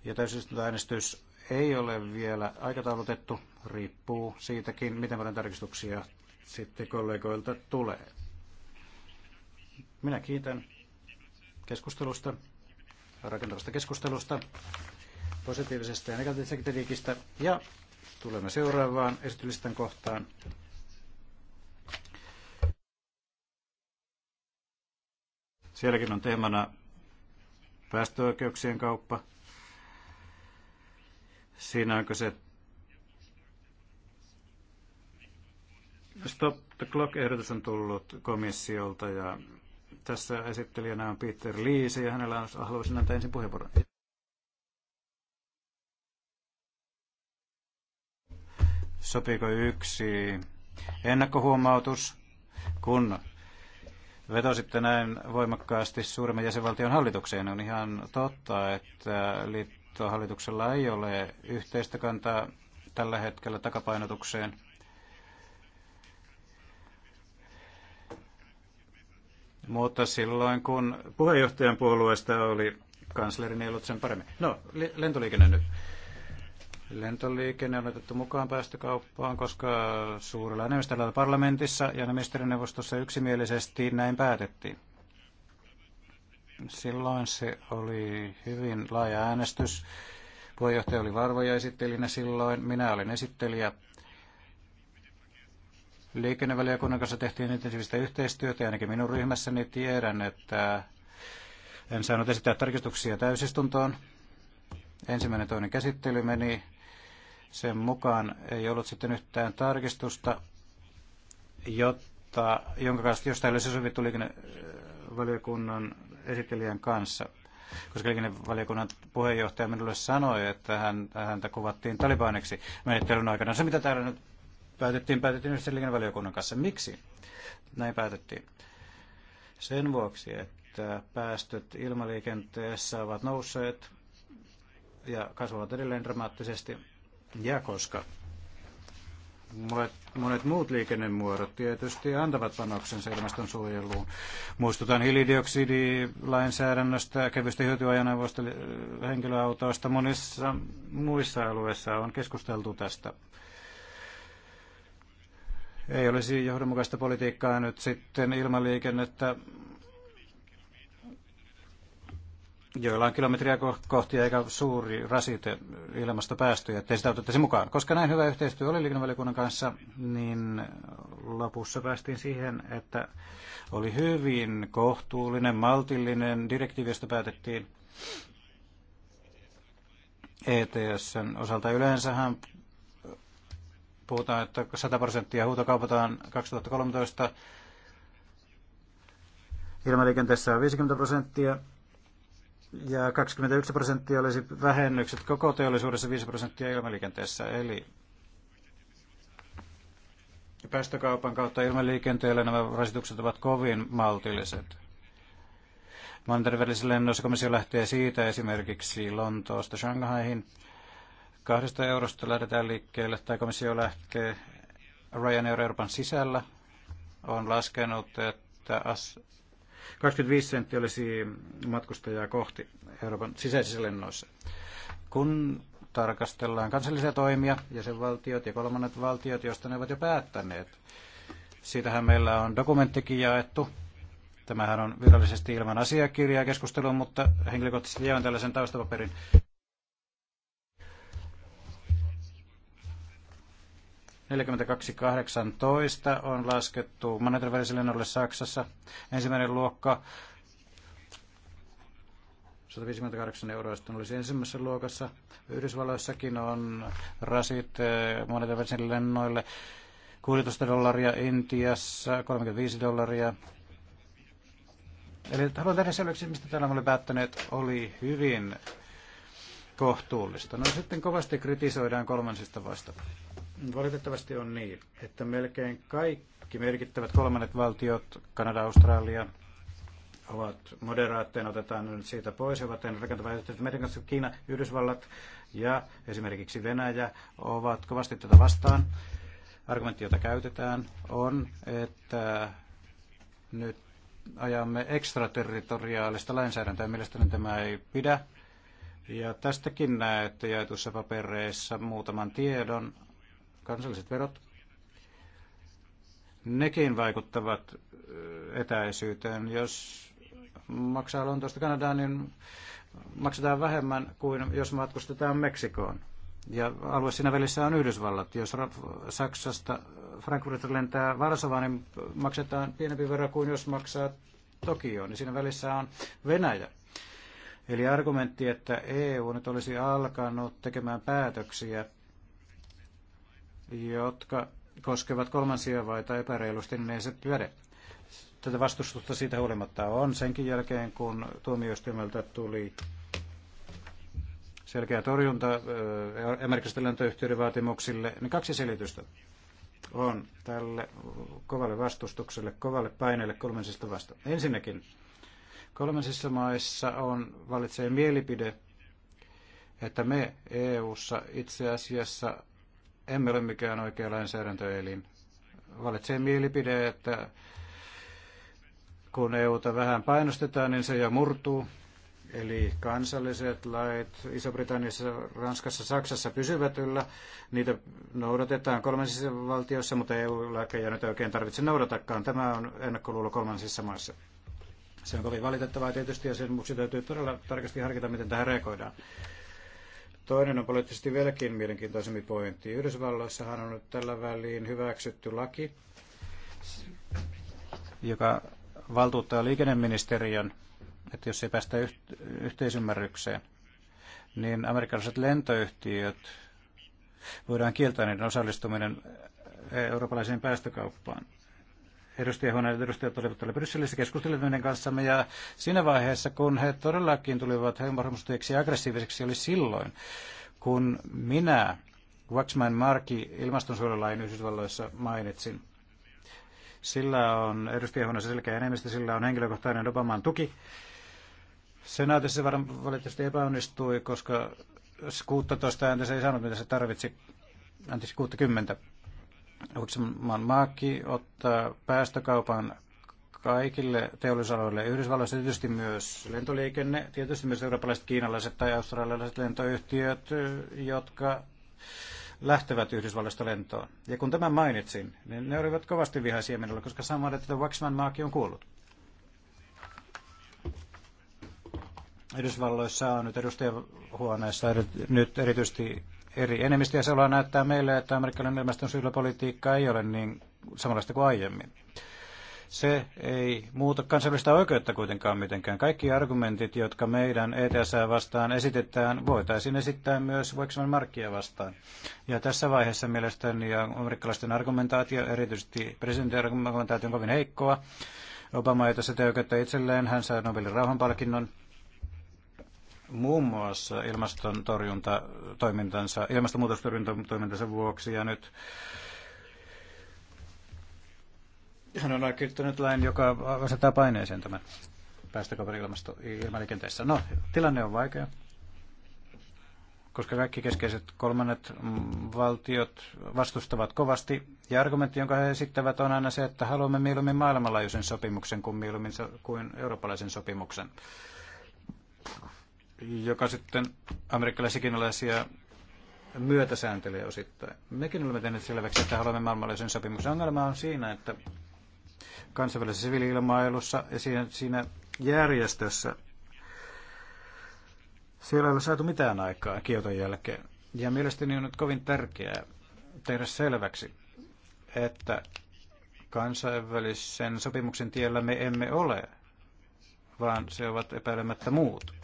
Ja täysistuntoäänestys ei ole vielä aikataulutettu, riippuu siitäkin, miten paljon tarkistuksia sitten kollegoilta tulee. Minä kiitän keskustelusta, rakentavasta keskustelusta positiivisesta ja negatiivisesta kritiikistä. Ja tulemme seuraavaan esitylistan kohtaan. Sielläkin on teemana päästöoikeuksien kauppa. Siinä onko se Stop the Clock-ehdotus on tullut komissiolta ja tässä esittelijänä on Peter Liisi ja hänellä haluaisin antaa ensin puheenvuoron. Sopiiko yksi ennakkohuomautus, kun vetositte näin voimakkaasti suuremman jäsenvaltion hallitukseen? On ihan totta, että liittohallituksella ei ole yhteistä kantaa tällä hetkellä takapainotukseen. Mutta silloin, kun puheenjohtajan puolueesta oli kansleri, niin ei ollut sen paremmin. No, lentoliikenne nyt. Lentoliikenne on otettu mukaan päästökauppaan, koska suurella enemmistöllä parlamentissa ja ministerineuvostossa yksimielisesti näin päätettiin. Silloin se oli hyvin laaja äänestys. Puheenjohtaja oli varvoja esittelinä silloin, minä olin esittelijä. Liikennevaliokunnan kanssa tehtiin intensiivistä yhteistyötä, ja ainakin minun ryhmässäni tiedän, että en saanut esittää tarkistuksia täysistuntoon. Ensimmäinen toinen käsittely meni sen mukaan ei ollut sitten yhtään tarkistusta, jotta, jonka kanssa jostain sovi tulikin valiokunnan esittelijän kanssa. Koska liikennevaliokunnan puheenjohtaja minulle sanoi, että hän, häntä kuvattiin talibaniksi menettelyn aikana. Se, mitä täällä nyt päätettiin, päätettiin yhdessä liikennevaliokunnan kanssa. Miksi näin päätettiin? Sen vuoksi, että päästöt ilmaliikenteessä ovat nousseet ja kasvavat edelleen dramaattisesti. Ja koska monet, monet muut liikennemuodot tietysti antavat ilmaston suojeluun. Muistutan hiilidioksidilainsäädännöstä, kevyistä hyötyajoneuvoista, henkilöautoista. Monissa muissa alueissa on keskusteltu tästä. Ei olisi johdonmukaista politiikkaa nyt sitten ilmaliikennettä joilla on kilometriä kohti eikä suuri rasite ilmastopäästöjä, ettei sitä otettaisi mukaan. Koska näin hyvä yhteistyö oli liikennevaliokunnan kanssa, niin lopussa päästiin siihen, että oli hyvin kohtuullinen, maltillinen direktiivi, josta päätettiin ETSn osalta. Yleensähän puhutaan, että 100 prosenttia kaupataan 2013, ilmaliikenteessä on 50 prosenttia, ja 21 prosenttia olisi vähennykset koko teollisuudessa, 5 prosenttia ilmaliikenteessä. Eli päästökaupan kautta ilmaliikenteelle nämä rasitukset ovat kovin maltilliset. Mantervälisellä lennossa komissio lähtee siitä esimerkiksi Lontoosta Shanghaihin. Kahdesta eurosta lähdetään liikkeelle, tai komissio lähtee Ryanair Euroopan sisällä. On laskenut, että 25 senttiä olisi matkustajaa kohti Euroopan sisäisissä lennoissa. Kun tarkastellaan kansallisia toimia, jäsenvaltiot ja kolmannet valtiot, joista ne ovat jo päättäneet, siitähän meillä on dokumenttikin jaettu. Tämähän on virallisesti ilman asiakirjaa keskustelua, mutta henkilökohtaisesti jaan tällaisen taustapaperin 42.18 on laskettu mannerväliselle lennolle Saksassa. Ensimmäinen luokka 158 sitten olisi ensimmäisessä luokassa. Yhdysvalloissakin on rasit eh, monenvälisille lennoille 16 dollaria, Intiassa 35 dollaria. Eli haluan tehdä selväksi, mistä täällä olemme päättäneet, oli hyvin kohtuullista. No sitten kovasti kritisoidaan kolmansista vastaan. Valitettavasti on niin, että melkein kaikki merkittävät kolmannet valtiot, Kanada, Australia, ovat moderaatteina, otetaan nyt siitä pois, ovat rakentavaa yhteistyötä meidän kanssa. Kiina, Yhdysvallat ja esimerkiksi Venäjä ovat kovasti tätä vastaan. Argumentti, jota käytetään, on, että nyt ajamme ekstraterritoriaalista lainsäädäntöä. Mielestäni tämä ei pidä. Ja tästäkin näette jaetussa papereissa muutaman tiedon kansalliset verot, nekin vaikuttavat etäisyyteen. Jos maksaa Lontoosta Kanadaan, niin maksetaan vähemmän kuin jos matkustetaan Meksikoon. Ja alue siinä välissä on Yhdysvallat. Jos Saksasta Frankfurt lentää Varsovaan, niin maksetaan pienempi vero kuin jos maksaa Tokioon. Niin siinä välissä on Venäjä. Eli argumentti, että EU nyt olisi alkanut tekemään päätöksiä jotka koskevat kolmansia vaita epäreilusti, niin ei se pyöde. Tätä vastustusta siitä huolimatta on senkin jälkeen, kun tuomioistuimelta tuli selkeä torjunta eh, amerikkalaisten lentoyhtiöiden vaatimuksille, niin kaksi selitystä on tälle kovalle vastustukselle, kovalle paineelle kolmansista vasta. Ensinnäkin kolmansissa maissa on, valitsee mielipide, että me EU-ssa itse asiassa emme ole mikään oikea lainsäädäntöelin. Valitsee mielipide, että kun EUta vähän painostetaan, niin se jo murtuu. Eli kansalliset lait Iso-Britanniassa, Ranskassa, Saksassa pysyvät yllä. Niitä noudatetaan kolmansissa valtioissa, mutta EU-lakeja nyt oikein tarvitse noudatakaan. Tämä on ennakkoluulo kolmansissa maissa. Se on kovin valitettavaa tietysti ja sen vuoksi täytyy todella tarkasti harkita, miten tähän reagoidaan. Toinen on poliittisesti vieläkin mielenkiintoisempi pointti. Yhdysvalloissahan on nyt tällä väliin hyväksytty laki, joka valtuuttaa liikenneministeriön, että jos ei päästä yhteisymmärrykseen, niin amerikkalaiset lentoyhtiöt voidaan kieltää niiden osallistuminen eurooppalaiseen päästökauppaan edustajahuoneen edustajat olivat täällä Brysselissä keskustelijoiden kanssamme ja siinä vaiheessa, kun he todellakin tulivat heimormusteiksi ja aggressiiviseksi, oli silloin, kun minä Waxman Marki ilmastonsuojelulain Yhdysvalloissa mainitsin. Sillä on edustajahuoneessa selkeä enemmistö, sillä on henkilökohtainen Obamaan tuki. Senaatissa varmaan valitettavasti epäonnistui, koska 16 ääntä se ei saanut, mitä se tarvitsi. Anteeksi, 60 Luxemburgin maakki ottaa päästökaupan kaikille teollisuusaloille Yhdysvalloissa, tietysti myös lentoliikenne, tietysti myös eurooppalaiset, kiinalaiset tai australialaiset lentoyhtiöt, jotka lähtevät Yhdysvalloista lentoon. Ja kun tämän mainitsin, niin ne olivat kovasti vihaisia minulle, koska samaan, että Waxman maaki on kuullut. Yhdysvalloissa on nyt edustajahuoneessa nyt erityisesti eri enemmistöjä. Se näyttää meille, että amerikkalainen ilmaston syyllä ei ole niin samanlaista kuin aiemmin. Se ei muuta kansainvälistä oikeutta kuitenkaan mitenkään. Kaikki argumentit, jotka meidän ETS vastaan esitetään, voitaisiin esittää myös Volkswagen Markkia vastaan. Ja tässä vaiheessa mielestäni ja amerikkalaisten argumentaatio, erityisesti presidentin argumentaatio on kovin heikkoa. Obama ei tässä teokäyttä itselleen, hän sai Nobelin rauhanpalkinnon muun muassa ilmastonmuutostorjuntatoimintansa vuoksi ja nyt hän on kirjoittanut lain, joka asettaa paineeseen tämän päästökaupan ilmasto, ilmaliikenteessä. No, tilanne on vaikea, koska kaikki keskeiset kolmannet mm, valtiot vastustavat kovasti. Ja argumentti, jonka he esittävät, on aina se, että haluamme mieluummin maailmanlaajuisen sopimuksen kuin mieluummin kuin eurooppalaisen sopimuksen joka sitten amerikkalaisia kiinalaisia myötä sääntelee osittain. Mekin olemme tehneet selväksi, että haluamme maailmanlaisen sopimuksen. Ongelma on siinä, että kansainvälisessä siviili-ilmailussa ja siinä, siinä järjestössä siellä ei ole saatu mitään aikaa Kioton jälkeen. Ja mielestäni on nyt kovin tärkeää tehdä selväksi, että kansainvälisen sopimuksen tiellä me emme ole, vaan se ovat epäilemättä muut.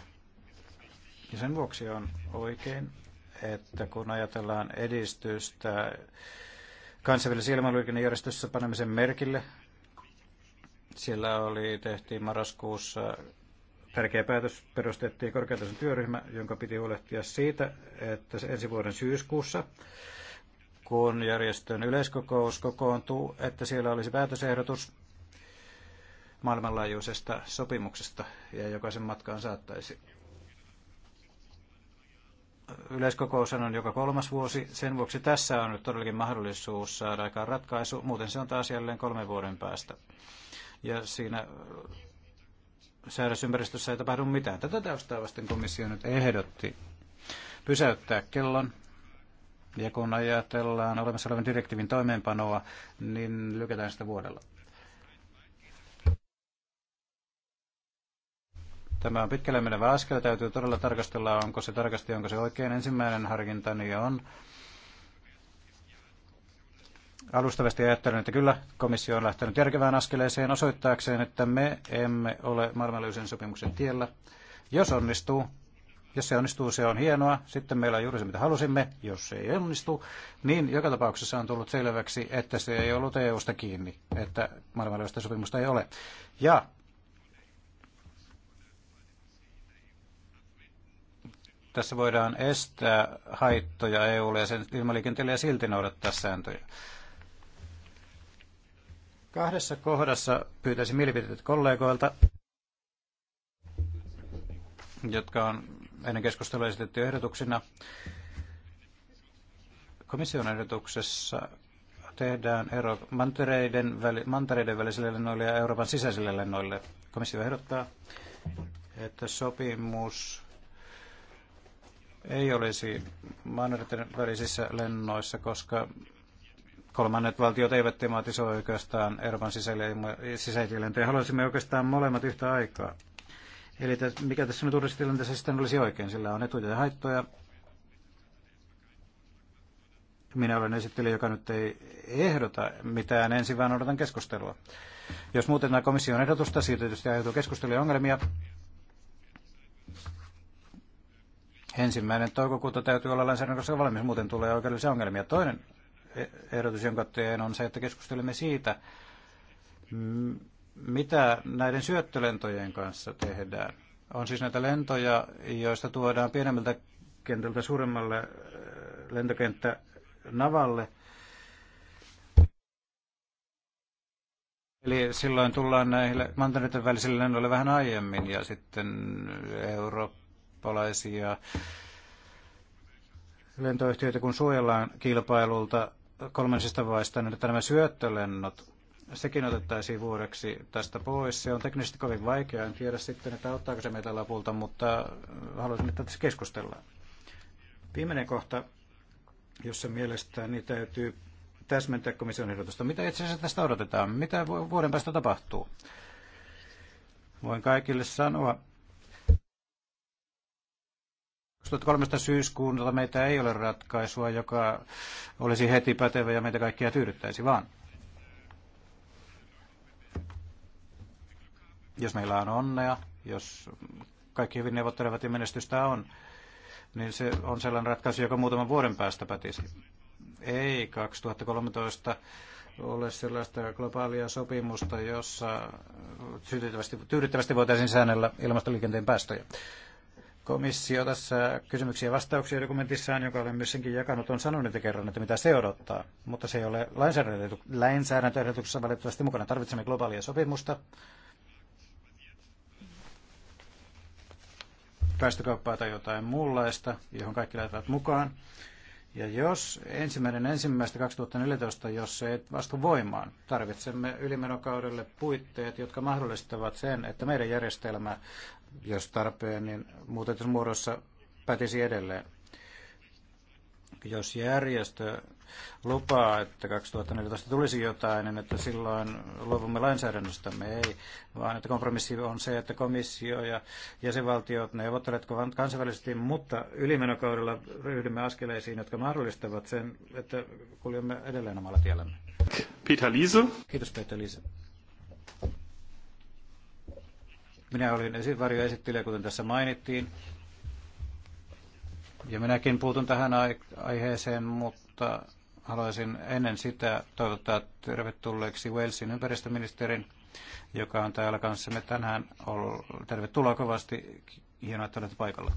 Ja sen vuoksi on oikein, että kun ajatellaan edistystä kansainvälisessä ilmailuliikennejärjestössä panemisen merkille, siellä oli, tehtiin marraskuussa tärkeä päätös, perustettiin korkeatason työryhmä, jonka piti huolehtia siitä, että ensi vuoden syyskuussa, kun järjestön yleiskokous kokoontuu, että siellä olisi päätösehdotus maailmanlaajuisesta sopimuksesta ja jokaisen matkaan saattaisi yleiskokous on joka kolmas vuosi. Sen vuoksi tässä on nyt todellakin mahdollisuus saada aikaan ratkaisu. Muuten se on taas jälleen kolmen vuoden päästä. Ja siinä äh, säädösympäristössä ei tapahdu mitään. Tätä taustaa vasten komissio nyt ehdotti pysäyttää kellon. Ja kun ajatellaan olemassa olevan direktiivin toimeenpanoa, niin lykätään sitä vuodella. Tämä on pitkälle menevä askel. Täytyy todella tarkastella, onko se tarkasti, onko se oikein. Ensimmäinen harkintani on alustavasti ajattelen, että kyllä komissio on lähtenyt järkevään askeleeseen osoittaakseen, että me emme ole maailmanlaajuisen sopimuksen tiellä. Jos onnistuu, jos se onnistuu, se on hienoa. Sitten meillä on juuri se, mitä halusimme. Jos se ei onnistu, niin joka tapauksessa on tullut selväksi, että se ei ollut EU-sta kiinni, että maailmanlaajuista sopimusta ei ole. Ja Tässä voidaan estää haittoja EUlle ja sen ilmaliikenteelle ja silti noudattaa sääntöjä. Kahdessa kohdassa pyytäisin mielipiteet kollegoilta, jotka on ennen keskustelua esitetty ehdotuksina. Komission ehdotuksessa tehdään ero mantereiden, väli, mantereiden välisille lennoille ja Euroopan sisäisille lennoille. Komissio ehdottaa, että sopimus ei olisi mannerten välisissä lennoissa, koska kolmannet valtiot eivät tematisoi oikeastaan Euroopan sisäilmalentoja. Haluaisimme oikeastaan molemmat yhtä aikaa. Eli mikä tässä nyt uudessa tilanteessa sitten olisi oikein? Sillä on etuja ja haittoja. Minä olen esittelijä, joka nyt ei ehdota mitään. Ensin vaan odotan keskustelua. Jos muutetaan komission ehdotusta, siitä tietysti aiheutuu keskusteluja ongelmia. Ensimmäinen toukokuuta täytyy olla lainsäädännössä valmis, muuten tulee oikeudellisia ongelmia. Toinen e- ehdotus, jonka teen, on se, että keskustelemme siitä, mitä näiden syöttölentojen kanssa tehdään. On siis näitä lentoja, joista tuodaan pienemmältä kentältä suuremmalle e- lentokenttä navalle. Eli silloin tullaan näille mantaneiden välisille lennoille vähän aiemmin ja sitten Eurooppa eurooppalaisia lentoyhtiöitä, kun suojellaan kilpailulta kolmansista vaista, niin että nämä syöttölennot, sekin otettaisiin vuodeksi tästä pois. Se on teknisesti kovin vaikeaa, en tiedä sitten, että auttaako se meitä lopulta, mutta haluaisin, että tässä keskustellaan. Viimeinen kohta, jossa mielestäni niin täytyy täsmentää komission ehdotusta. Mitä itse asiassa tästä odotetaan? Mitä vuoden päästä tapahtuu? Voin kaikille sanoa, 2013 syyskuun tuota meitä ei ole ratkaisua, joka olisi heti pätevä ja meitä kaikkia tyydyttäisi, vaan jos meillä on onnea, jos kaikki hyvin neuvottelevat ja menestystä on, niin se on sellainen ratkaisu, joka muutaman vuoden päästä pätisi. Ei 2013 ole sellaista globaalia sopimusta, jossa tyydyttävästi, tyydyttävästi voitaisiin säännellä ilmastoliikenteen päästöjä. Komissio tässä kysymyksiä ja vastauksia dokumentissaan, jonka olen myöskin jakanut, on sanonut ja kerran, että mitä se odottaa. Mutta se ei ole lainsäädäntöehdotuksessa valitettavasti mukana. Tarvitsemme globaalia sopimusta. päästökauppaa tai jotain muunlaista, johon kaikki lähtevät mukaan. Ja jos ensimmäinen ensimmäistä 2014, jos se ei vastu voimaan, tarvitsemme ylimenokaudelle puitteet, jotka mahdollistavat sen, että meidän järjestelmä, jos tarpeen, niin muutetussa muodossa pätisi edelleen. Jos järjestö lupaa, että 2014 tulisi jotain, niin että silloin luovumme lainsäädännöstämme. Ei, vaan että kompromissi on se, että komissio ja jäsenvaltiot neuvottelevat kansainvälisesti, mutta ylimenokaudella ryhdymme askeleisiin, jotka mahdollistavat sen, että kuljemme edelleen omalla tiellämme. Peter Liese. Kiitos Peter Liese. Minä olin varjoesittelijä, kuten tässä mainittiin. Ja minäkin puutun tähän aiheeseen, mutta haluaisin ennen sitä toivottaa tervetulleeksi Walesin ympäristöministerin, joka on täällä kanssamme tänään. Tervetuloa kovasti. Hienoa, että olette paikalla.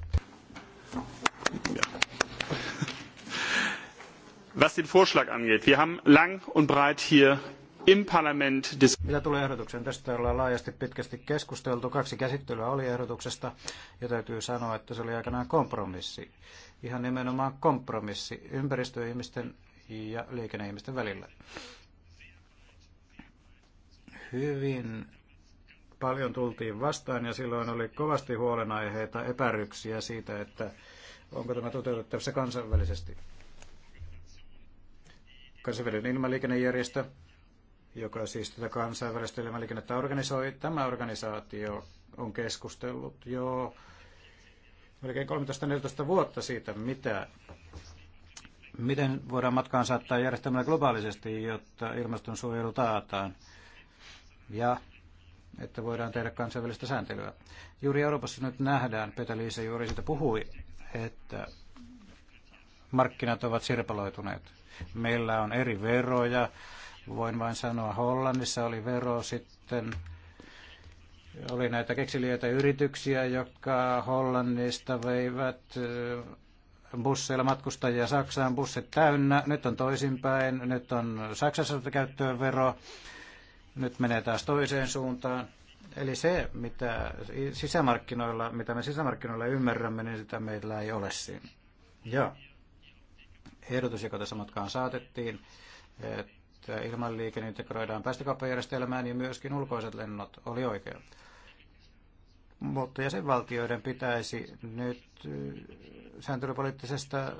Was den Vorschlag angeht, wir haben lang und breit hier im Parlament des Mitä tulee ehdotukseen? Tästä ollaan laajasti pitkästi keskusteltu. Kaksi käsittelyä oli ehdotuksesta ja täytyy sanoa, että se oli aikanaan kompromissi. Ihan nimenomaan kompromissi ympäristöihmisten ja liikenneihmisten välillä. Hyvin paljon tultiin vastaan ja silloin oli kovasti huolenaiheita, epäryksiä siitä, että onko tämä toteutettavissa kansainvälisesti. Kansainvälinen ilmaliikennejärjestö, joka siis tätä kansainvälistä ilmaliikennettä organisoi, tämä organisaatio on keskustellut jo melkein 13-14 vuotta siitä, mitä Miten voidaan matkaan saattaa järjestelmällä globaalisesti, jotta ilmastonsuojelu taataan ja että voidaan tehdä kansainvälistä sääntelyä? Juuri Euroopassa nyt nähdään, Petä-Liisa juuri siitä puhui, että markkinat ovat sirpaloituneet. Meillä on eri veroja. Voin vain sanoa, Hollannissa oli vero sitten oli näitä keksilijöitä yrityksiä, jotka Hollannista veivät busseilla matkustajia Saksaan, bussit täynnä, nyt on toisinpäin, nyt on Saksassa käyttöön vero, nyt menee taas toiseen suuntaan. Eli se, mitä sisämarkkinoilla, mitä me sisämarkkinoilla ymmärrämme, niin sitä meillä ei ole siinä. Ja ehdotus, joka tässä matkaan saatettiin, että ilmanliikenne integroidaan päästökauppajärjestelmään ja myöskin ulkoiset lennot, oli oikea mutta jäsenvaltioiden pitäisi nyt äh, sääntelypoliittisesta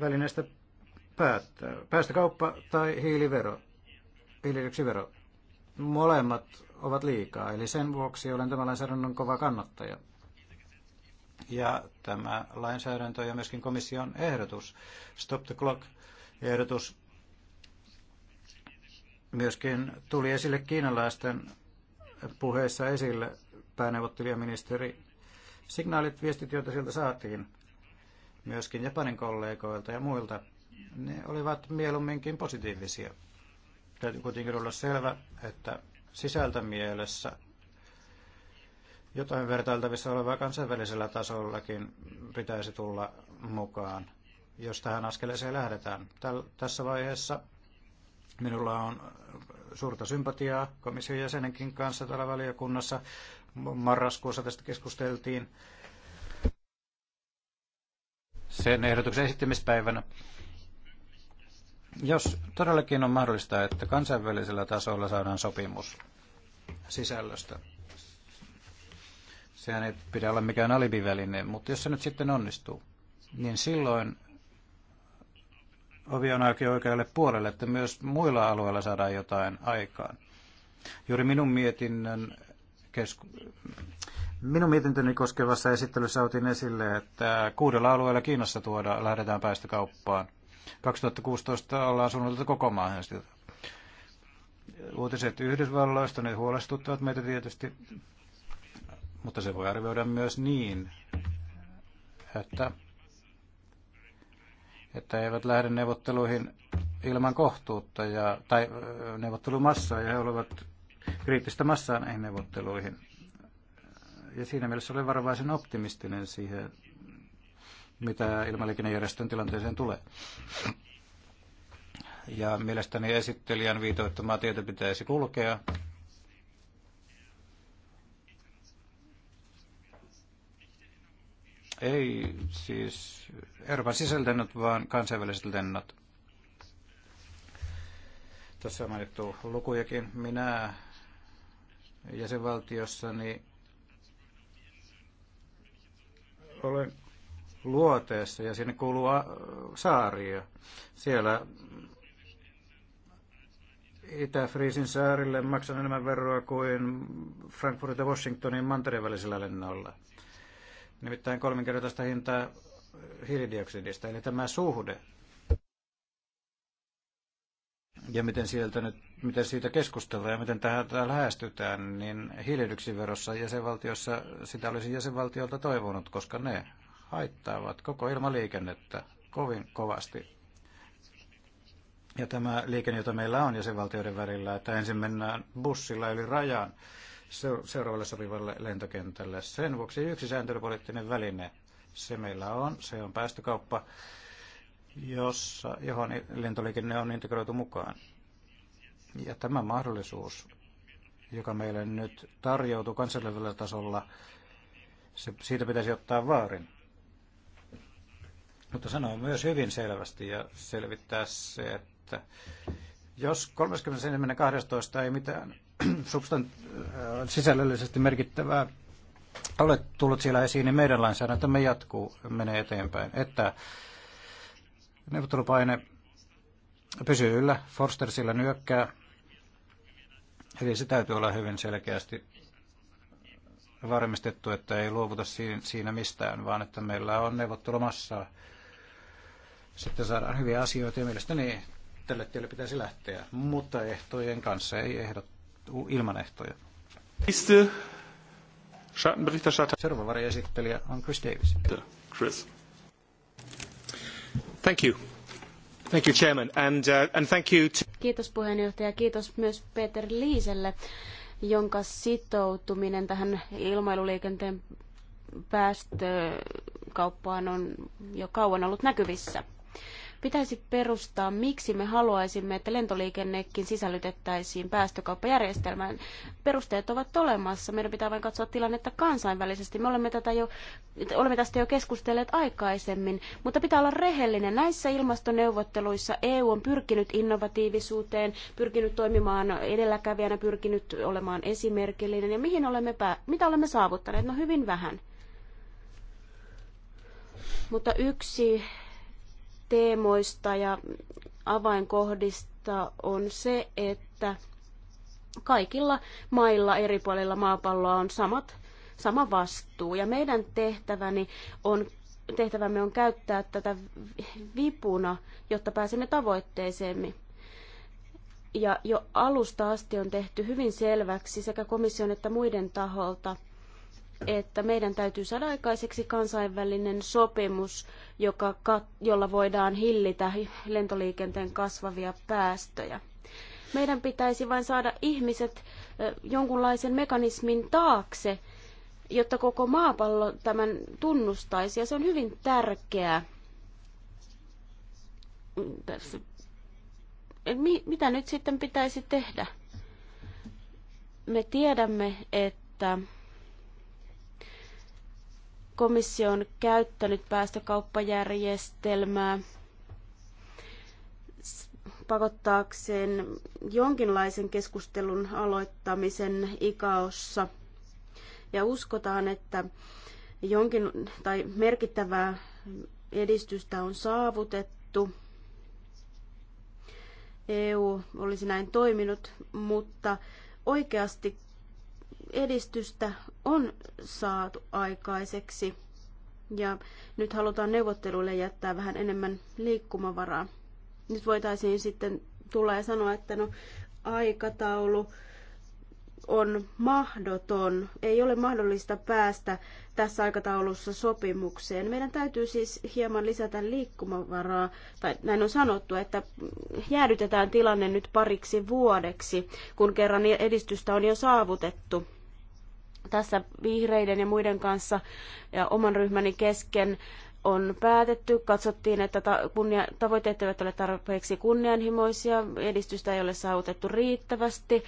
välineestä päättää. Päästökauppa tai hiilivero, hiilidioksivero, molemmat ovat liikaa, eli sen vuoksi olen tämän lainsäädännön kova kannattaja. Ja tämä lainsäädäntö ja myöskin komission ehdotus, Stop the Clock-ehdotus, myöskin tuli esille kiinalaisten puheissa esille Pääneuvottelijaministeri Signaalit, viestit, joita sieltä saatiin, myöskin Japanin kollegoilta ja muilta, ne olivat mieluumminkin positiivisia. Täytyy kuitenkin olla selvä, että mielessä jotain vertailtavissa olevaa kansainvälisellä tasollakin pitäisi tulla mukaan, jos tähän askeleeseen lähdetään. Täl, tässä vaiheessa minulla on suurta sympatiaa komission jäsenenkin kanssa täällä valiokunnassa, marraskuussa tästä keskusteltiin sen ehdotuksen esittämispäivänä. Jos todellakin on mahdollista, että kansainvälisellä tasolla saadaan sopimus sisällöstä, sehän ei pidä olla mikään alibiväline, mutta jos se nyt sitten onnistuu, niin silloin ovi on auki oikealle puolelle, että myös muilla alueilla saadaan jotain aikaan. Juuri minun mietinnön kesku... Minun mietintöni koskevassa esittelyssä otin esille, että kuudella alueella Kiinassa tuoda lähdetään päästökauppaan. 2016 ollaan suunniteltu koko maahan sitä. Uutiset Yhdysvalloista, ne huolestuttavat meitä tietysti, mutta se voi arvioida myös niin, että, että eivät lähde neuvotteluihin ilman kohtuutta ja, tai neuvottelumassaa ja he olivat kriittistä massaa näihin neuvotteluihin. Ja siinä mielessä olen varovaisen optimistinen siihen, mitä ilmaliikennejärjestön tilanteeseen tulee. Ja mielestäni esittelijän viitoittamaa tietä pitäisi kulkea. Ei siis Euroopan sisäiset lennot, vaan kansainväliset lennot. Tässä on mainittu lukujakin. Minä jäsenvaltiossa, niin olen luoteessa ja sinne kuuluu saaria. Siellä Itä-Friisin saarille maksan enemmän veroa kuin Frankfurtin ja Washingtonin mantereen välisellä lennolla. Nimittäin kolminkertaista hintaa hiilidioksidista. Eli tämä suhde ja miten, sieltä nyt, miten siitä keskustellaan ja miten tähän lähestytään, niin hiilidioksidiverossa jäsenvaltiossa sitä olisi jäsenvaltiolta toivonut, koska ne haittaavat koko ilmaliikennettä kovin kovasti. Ja tämä liikenne, jota meillä on jäsenvaltioiden välillä, että ensin mennään bussilla yli rajan seuraavalle sopivalle lentokentälle. Sen vuoksi yksi sääntelypoliittinen väline, se meillä on, se on päästökauppa jossa, johon lentoliikenne on integroitu mukaan. Ja tämä mahdollisuus, joka meille nyt tarjoutuu kansallisella tasolla, se, siitä pitäisi ottaa vaarin. Mutta sanoin myös hyvin selvästi ja selvittää se, että jos 31.12. ei mitään substan- äh, sisällöllisesti merkittävää ole tullut siellä esiin, niin meidän lainsäädäntömme jatkuu, menee eteenpäin. Että Neuvottelupaine pysyy yllä, Forster sillä nyökkää, eli se täytyy olla hyvin selkeästi varmistettu, että ei luovuta siinä mistään, vaan että meillä on neuvottelumassa Sitten saadaan hyviä asioita ja mielestäni tälle tielle pitäisi lähteä, mutta ehtojen kanssa ei ehdot, ilman ehtoja. Seuraava varjoesittelijä on Chris Davis. Chris. Thank puhemies, Kiitos puheenjohtaja. Kiitos myös Peter Liiselle, jonka sitoutuminen tähän ilmailuliikenteen päästökauppaan on jo kauan ollut näkyvissä pitäisi perustaa, miksi me haluaisimme, että lentoliikennekin sisällytettäisiin päästökauppajärjestelmään. Perusteet ovat olemassa. Meidän pitää vain katsoa tilannetta kansainvälisesti. Me olemme, tätä jo, olemme tästä jo keskustelleet aikaisemmin, mutta pitää olla rehellinen. Näissä ilmastoneuvotteluissa EU on pyrkinyt innovatiivisuuteen, pyrkinyt toimimaan edelläkävijänä, pyrkinyt olemaan esimerkillinen. Ja mihin olemme pää- mitä olemme saavuttaneet? No hyvin vähän mutta yksi teemoista ja avainkohdista on se, että kaikilla mailla eri puolilla maapalloa on samat, sama vastuu. Ja meidän tehtäväni on, tehtävämme on käyttää tätä vipuna, jotta pääsemme tavoitteeseemme. Ja jo alusta asti on tehty hyvin selväksi sekä komission että muiden taholta – että meidän täytyy saada aikaiseksi kansainvälinen sopimus, joka, jolla voidaan hillitä lentoliikenteen kasvavia päästöjä. Meidän pitäisi vain saada ihmiset jonkunlaisen mekanismin taakse, jotta koko maapallo tämän tunnustaisi, ja se on hyvin tärkeää. Mitä nyt sitten pitäisi tehdä? Me tiedämme, että komissio on käyttänyt päästökauppajärjestelmää pakottaakseen jonkinlaisen keskustelun aloittamisen ikaossa. Ja uskotaan, että jonkin, tai merkittävää edistystä on saavutettu. EU olisi näin toiminut, mutta oikeasti edistystä on saatu aikaiseksi ja nyt halutaan neuvotteluille jättää vähän enemmän liikkumavaraa. Nyt voitaisiin sitten tulla ja sanoa, että no aikataulu on mahdoton. Ei ole mahdollista päästä tässä aikataulussa sopimukseen. Meidän täytyy siis hieman lisätä liikkumavaraa, tai näin on sanottu, että jäädytetään tilanne nyt pariksi vuodeksi, kun kerran edistystä on jo saavutettu. Tässä vihreiden ja muiden kanssa ja oman ryhmäni kesken on päätetty. Katsottiin, että ta- kunnia- tavoitteet eivät ole tarpeeksi kunnianhimoisia, edistystä ei ole saavutettu riittävästi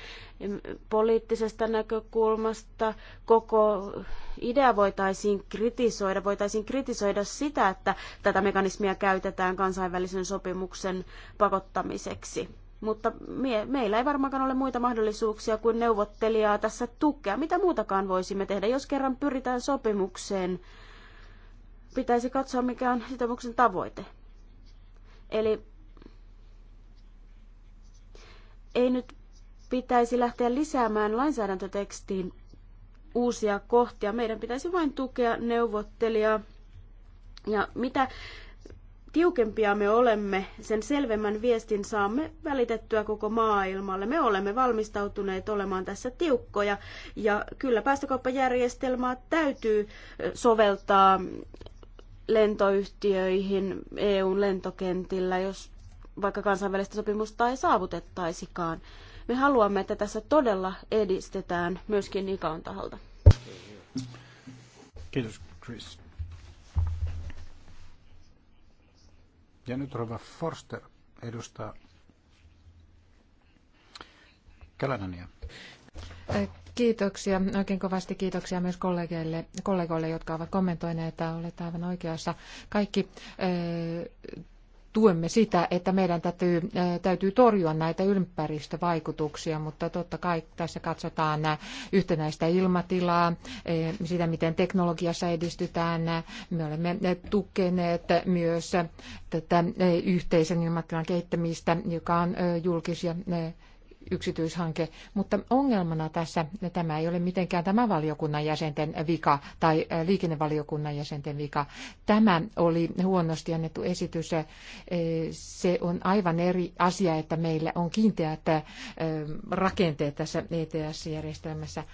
poliittisesta näkökulmasta. Koko idea voitaisiin kritisoida, voitaisiin kritisoida sitä, että tätä mekanismia käytetään kansainvälisen sopimuksen pakottamiseksi mutta me, meillä ei varmaankaan ole muita mahdollisuuksia kuin neuvottelijaa tässä tukea. Mitä muutakaan voisimme tehdä, jos kerran pyritään sopimukseen? Pitäisi katsoa, mikä on sitoumuksen tavoite. Eli ei nyt pitäisi lähteä lisäämään lainsäädäntötekstiin uusia kohtia. Meidän pitäisi vain tukea neuvottelijaa. Ja mitä tiukempia me olemme, sen selvemmän viestin saamme välitettyä koko maailmalle. Me olemme valmistautuneet olemaan tässä tiukkoja ja kyllä päästökauppajärjestelmää täytyy soveltaa lentoyhtiöihin EUn lentokentillä, jos vaikka kansainvälistä sopimusta ei saavutettaisikaan. Me haluamme, että tässä todella edistetään myöskin Nikaan taholta. Kiitos, Chris. Ja nyt Rova Forster edustaa Kalanania. Kiitoksia, oikein kovasti kiitoksia myös kollegoille, kollegoille jotka ovat kommentoineet, että olet aivan oikeassa. Kaikki eh, tuemme sitä, että meidän täytyy, täytyy torjua näitä ympäristövaikutuksia, mutta totta kai tässä katsotaan yhtenäistä ilmatilaa, sitä miten teknologiassa edistytään. Me olemme tukeneet myös tätä yhteisen ilmatilan kehittämistä, joka on julkisia yksityishanke, mutta ongelmana tässä, tämä ei ole mitenkään tämä valiokunnan jäsenten vika tai liikennevaliokunnan jäsenten vika. Tämä oli huonosti annettu esitys. Se on aivan eri asia, että meillä on kiinteät rakenteet tässä ETS-järjestelmässä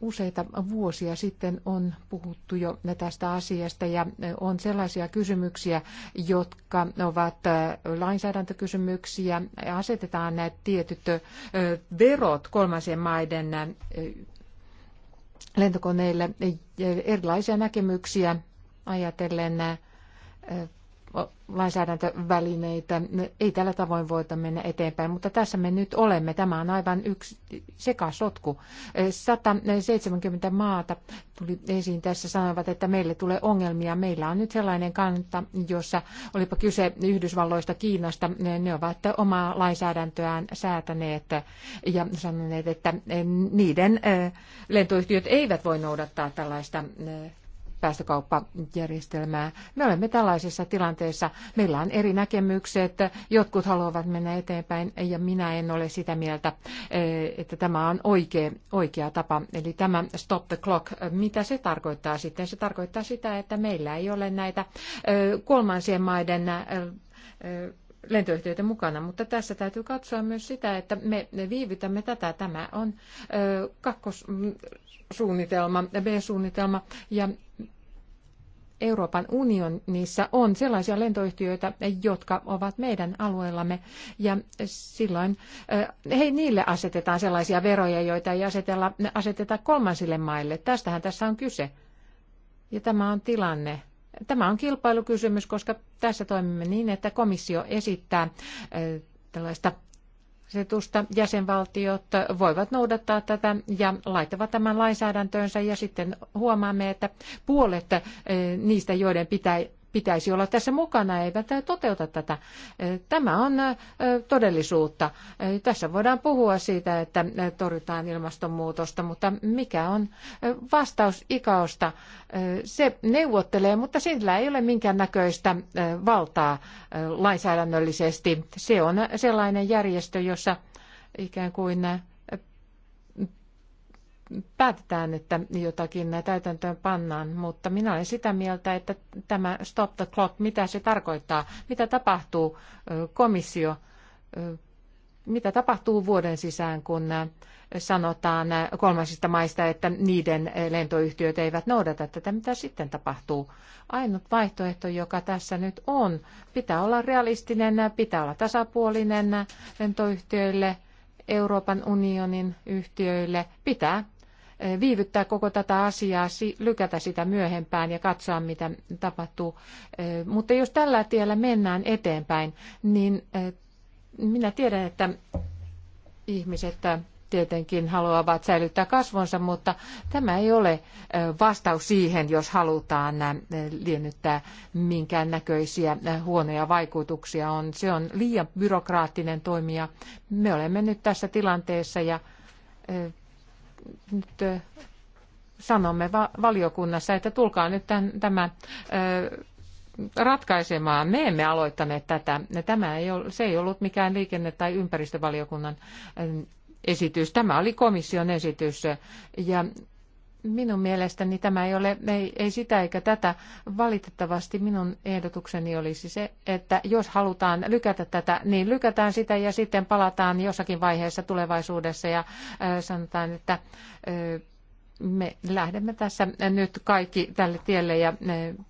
useita vuosia sitten on puhuttu jo tästä asiasta ja on sellaisia kysymyksiä, jotka ovat lainsäädäntökysymyksiä. Asetetaan nämä tietyt verot kolmansien maiden lentokoneille erilaisia näkemyksiä ajatellen lainsäädäntövälineitä. Ei tällä tavoin voita mennä eteenpäin, mutta tässä me nyt olemme. Tämä on aivan yksi sekasotku. 170 maata tuli esiin tässä, sanoivat, että meille tulee ongelmia. Meillä on nyt sellainen kanta, jossa olipa kyse Yhdysvalloista, Kiinasta, ne ovat omaa lainsäädäntöään säätäneet ja sanoneet, että niiden lentoyhtiöt eivät voi noudattaa tällaista päästökauppajärjestelmää. Me olemme tällaisessa tilanteessa. Meillä on eri näkemykset. Jotkut haluavat mennä eteenpäin ja minä en ole sitä mieltä, eh, että tämä on oikea, oikea tapa. Eli tämä stop the clock, mitä se tarkoittaa sitten? Se tarkoittaa sitä, että meillä ei ole näitä eh, kolmansien maiden eh, lentoyhtiöitä mukana, mutta tässä täytyy katsoa myös sitä, että me viivytämme tätä. Tämä on kakkos suunnitelma, B-suunnitelma ja Euroopan unionissa on sellaisia lentoyhtiöitä, jotka ovat meidän alueellamme ja silloin eh, hei, niille asetetaan sellaisia veroja, joita ei asetella, aseteta kolmansille maille. Tästähän tässä on kyse. Ja tämä on tilanne. Tämä on kilpailukysymys, koska tässä toimimme niin, että komissio esittää eh, tällaista asetusta. Jäsenvaltiot voivat noudattaa tätä ja laittavat tämän lainsäädäntöönsä ja sitten huomaamme, että puolet eh, niistä, joiden pitää pitäisi olla tässä mukana, eivät toteuta tätä. Tämä on todellisuutta. Tässä voidaan puhua siitä, että torjutaan ilmastonmuutosta, mutta mikä on vastaus ikaosta? Se neuvottelee, mutta sillä ei ole minkäännäköistä valtaa lainsäädännöllisesti. Se on sellainen järjestö, jossa ikään kuin päätetään, että jotakin täytäntöön pannaan, mutta minä olen sitä mieltä, että tämä stop the clock, mitä se tarkoittaa, mitä tapahtuu komissio, mitä tapahtuu vuoden sisään, kun sanotaan kolmansista maista, että niiden lentoyhtiöt eivät noudata tätä, mitä sitten tapahtuu. Ainut vaihtoehto, joka tässä nyt on, pitää olla realistinen, pitää olla tasapuolinen lentoyhtiöille, Euroopan unionin yhtiöille, pitää viivyttää koko tätä asiaa, lykätä sitä myöhempään ja katsoa, mitä tapahtuu. Mutta jos tällä tiellä mennään eteenpäin, niin minä tiedän, että ihmiset tietenkin haluavat säilyttää kasvonsa, mutta tämä ei ole vastaus siihen, jos halutaan liennyttää minkään näköisiä huonoja vaikutuksia. On, se on liian byrokraattinen toimija. Me olemme nyt tässä tilanteessa ja nyt sanomme valiokunnassa, että tulkaa nyt tämän, tämä ratkaisemaan. Me emme aloittaneet tätä. Tämä ei ole, se ei ollut mikään liikenne- tai ympäristövaliokunnan esitys. Tämä oli komission esitys ja Minun mielestäni tämä ei ole, ei, ei sitä eikä tätä. Valitettavasti minun ehdotukseni olisi se, että jos halutaan lykätä tätä, niin lykätään sitä ja sitten palataan jossakin vaiheessa tulevaisuudessa ja äh, sanotaan, että äh, me lähdemme tässä nyt kaikki tälle tielle ja äh,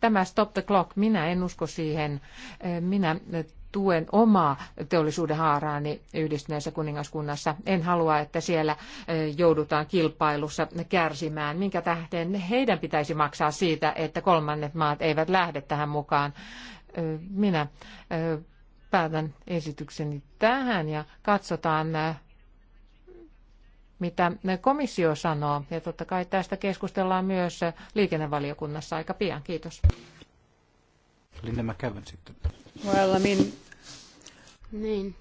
tämä stop the clock, minä en usko siihen. Minä tuen omaa teollisuuden haaraani yhdistyneessä kuningaskunnassa. En halua, että siellä joudutaan kilpailussa kärsimään, minkä tähden heidän pitäisi maksaa siitä, että kolmannet maat eivät lähde tähän mukaan. Minä päätän esitykseni tähän ja katsotaan, mitä komissio sanoo. Ja totta kai tästä keskustellaan myös liikennevaliokunnassa aika pian. Kiitos. Linda McCavan sitten. Well, I mean... Niin.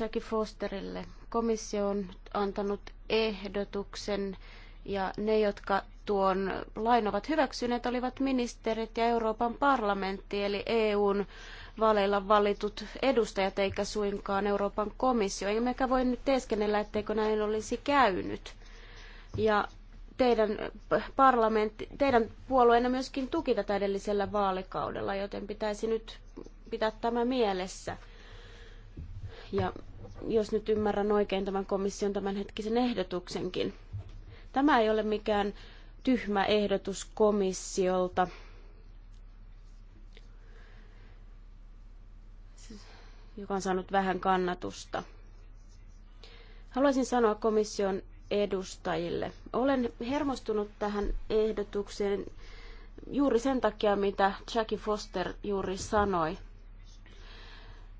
Jackie Fosterille. Komissio on antanut ehdotuksen ja ne, jotka tuon lain ovat hyväksyneet, olivat ministerit ja Euroopan parlamentti, eli EUn vaaleilla valitut edustajat, eikä suinkaan Euroopan komissio. Emmekä voi nyt teeskennellä, etteikö näin olisi käynyt. Ja teidän, parlamentti, teidän puolueenne myöskin tuki tätä edellisellä vaalikaudella, joten pitäisi nyt pitää tämä mielessä. Ja jos nyt ymmärrän oikein tämän komission tämänhetkisen ehdotuksenkin. Tämä ei ole mikään tyhmä ehdotus komissiolta. Siis, joka on saanut vähän kannatusta. Haluaisin sanoa komission edustajille. Olen hermostunut tähän ehdotukseen juuri sen takia, mitä Jackie Foster juuri sanoi.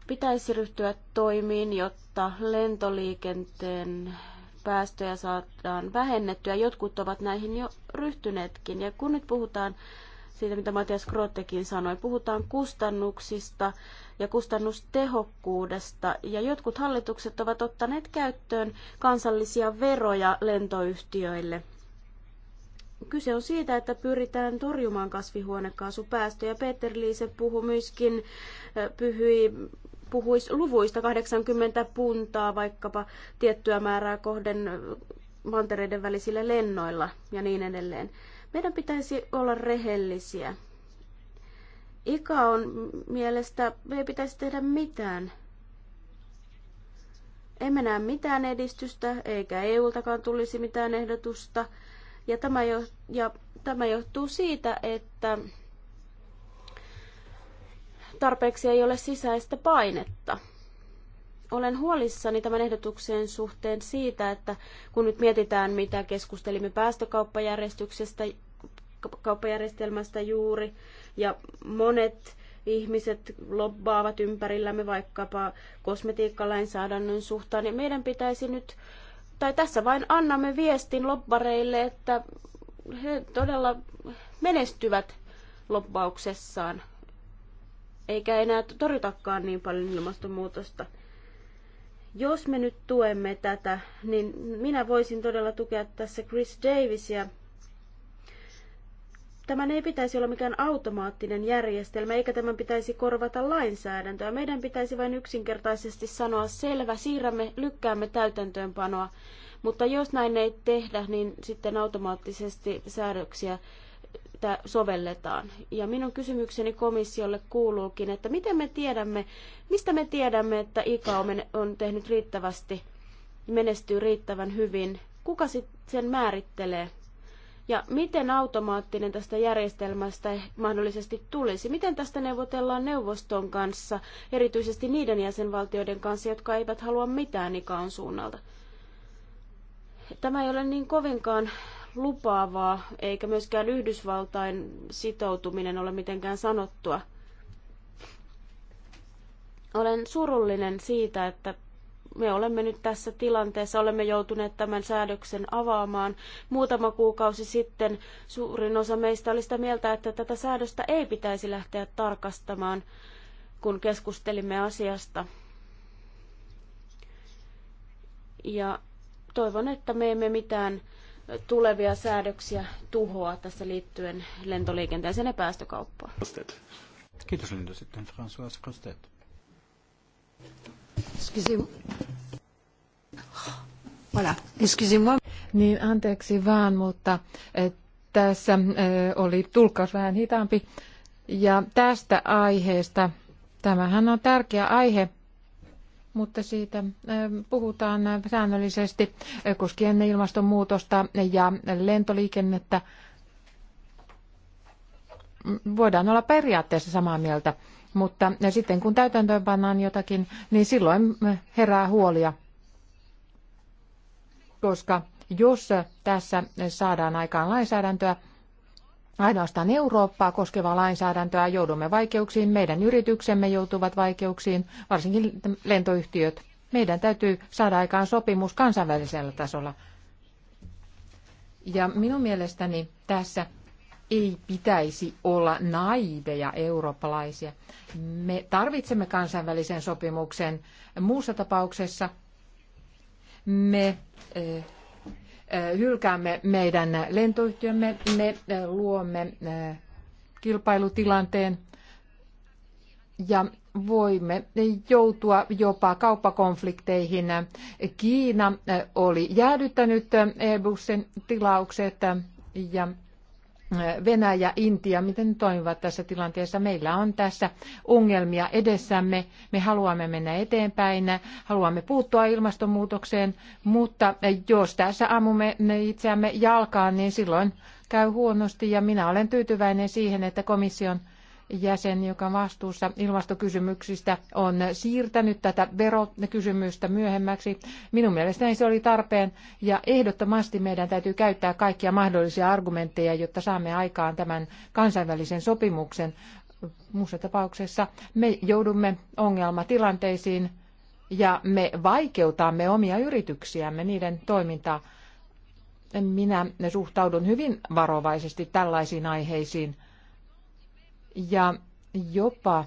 Pitäisi ryhtyä toimiin, jotta lentoliikenteen päästöjä saadaan vähennettyä. Jotkut ovat näihin jo ryhtyneetkin. Ja kun nyt puhutaan siitä, mitä Matias Grottekin sanoi. Puhutaan kustannuksista ja kustannustehokkuudesta. Ja jotkut hallitukset ovat ottaneet käyttöön kansallisia veroja lentoyhtiöille. Kyse on siitä, että pyritään torjumaan kasvihuonekaasupäästöjä. Peter Liise puhui myöskin pyhyi, puhui luvuista 80 puntaa vaikkapa tiettyä määrää kohden mantereiden välisillä lennoilla ja niin edelleen. Meidän pitäisi olla rehellisiä. Ika on mielestä, me ei pitäisi tehdä mitään. Emme näe mitään edistystä, eikä eu EU-takaan tulisi mitään ehdotusta. Ja tämä, jo, ja tämä johtuu siitä, että tarpeeksi ei ole sisäistä painetta. Olen huolissani tämän ehdotuksen suhteen siitä, että kun nyt mietitään, mitä keskustelimme päästökauppajärjestyksestä päästökauppajärjestelmästä juuri ja monet ihmiset lobbaavat ympärillämme vaikkapa kosmetiikkalainsäädännön suhtaan, niin meidän pitäisi nyt, tai tässä vain annamme viestin lobbareille, että he todella menestyvät lobbauksessaan, eikä enää torjutakaan niin paljon ilmastonmuutosta. Jos me nyt tuemme tätä, niin minä voisin todella tukea tässä Chris Davisia, Tämän ei pitäisi olla mikään automaattinen järjestelmä, eikä tämän pitäisi korvata lainsäädäntöä. Meidän pitäisi vain yksinkertaisesti sanoa selvä, siirrämme, lykkäämme täytäntöönpanoa. Mutta jos näin ei tehdä, niin sitten automaattisesti säädöksiä sovelletaan. Ja minun kysymykseni komissiolle kuuluukin, että miten me tiedämme, mistä me tiedämme, että IKA on tehnyt riittävästi, menestyy riittävän hyvin, kuka sit sen määrittelee? Ja miten automaattinen tästä järjestelmästä mahdollisesti tulisi? Miten tästä neuvotellaan neuvoston kanssa, erityisesti niiden jäsenvaltioiden kanssa, jotka eivät halua mitään ikaan suunnalta? Tämä ei ole niin kovinkaan lupaavaa, eikä myöskään Yhdysvaltain sitoutuminen ole mitenkään sanottua. Olen surullinen siitä, että me olemme nyt tässä tilanteessa, olemme joutuneet tämän säädöksen avaamaan. Muutama kuukausi sitten suurin osa meistä oli sitä mieltä, että tätä säädöstä ei pitäisi lähteä tarkastamaan, kun keskustelimme asiasta. Ja toivon, että me emme mitään tulevia säädöksiä tuhoa tässä liittyen lentoliikenteeseen ja päästökauppaan. Kiitos Linda. Sitten François Costet. Niin anteeksi vaan, mutta eh, tässä eh, oli tulkkaus vähän hitaampi. Ja tästä aiheesta, tämähän on tärkeä aihe, mutta siitä eh, puhutaan säännöllisesti koskien ilmastonmuutosta ja lentoliikennettä. Voidaan olla periaatteessa samaa mieltä mutta sitten kun täytäntöön pannaan jotakin, niin silloin herää huolia, koska jos tässä saadaan aikaan lainsäädäntöä, ainoastaan Eurooppaa koskevaa lainsäädäntöä, joudumme vaikeuksiin, meidän yrityksemme joutuvat vaikeuksiin, varsinkin lentoyhtiöt. Meidän täytyy saada aikaan sopimus kansainvälisellä tasolla. Ja minun mielestäni tässä ei pitäisi olla naiveja eurooppalaisia. Me tarvitsemme kansainvälisen sopimuksen. Muussa tapauksessa me eh, eh, hylkäämme meidän lentoyhtiömme, me eh, luomme kilpailutilanteen ja voimme joutua jopa kauppakonflikteihin. Kiina oli jäädyttänyt e-bussin tilaukset ja Venäjä, Intia, miten ne toimivat tässä tilanteessa. Meillä on tässä ongelmia edessämme. Me haluamme mennä eteenpäin, haluamme puuttua ilmastonmuutokseen, mutta jos tässä ammumme itseämme jalkaan, niin silloin käy huonosti ja minä olen tyytyväinen siihen, että komission jäsen, joka on vastuussa ilmastokysymyksistä, on siirtänyt tätä verokysymystä myöhemmäksi. Minun mielestäni se oli tarpeen ja ehdottomasti meidän täytyy käyttää kaikkia mahdollisia argumentteja, jotta saamme aikaan tämän kansainvälisen sopimuksen. Muussa tapauksessa me joudumme ongelmatilanteisiin ja me vaikeutamme omia yrityksiämme, niiden toimintaa. Minä suhtaudun hyvin varovaisesti tällaisiin aiheisiin ja jopa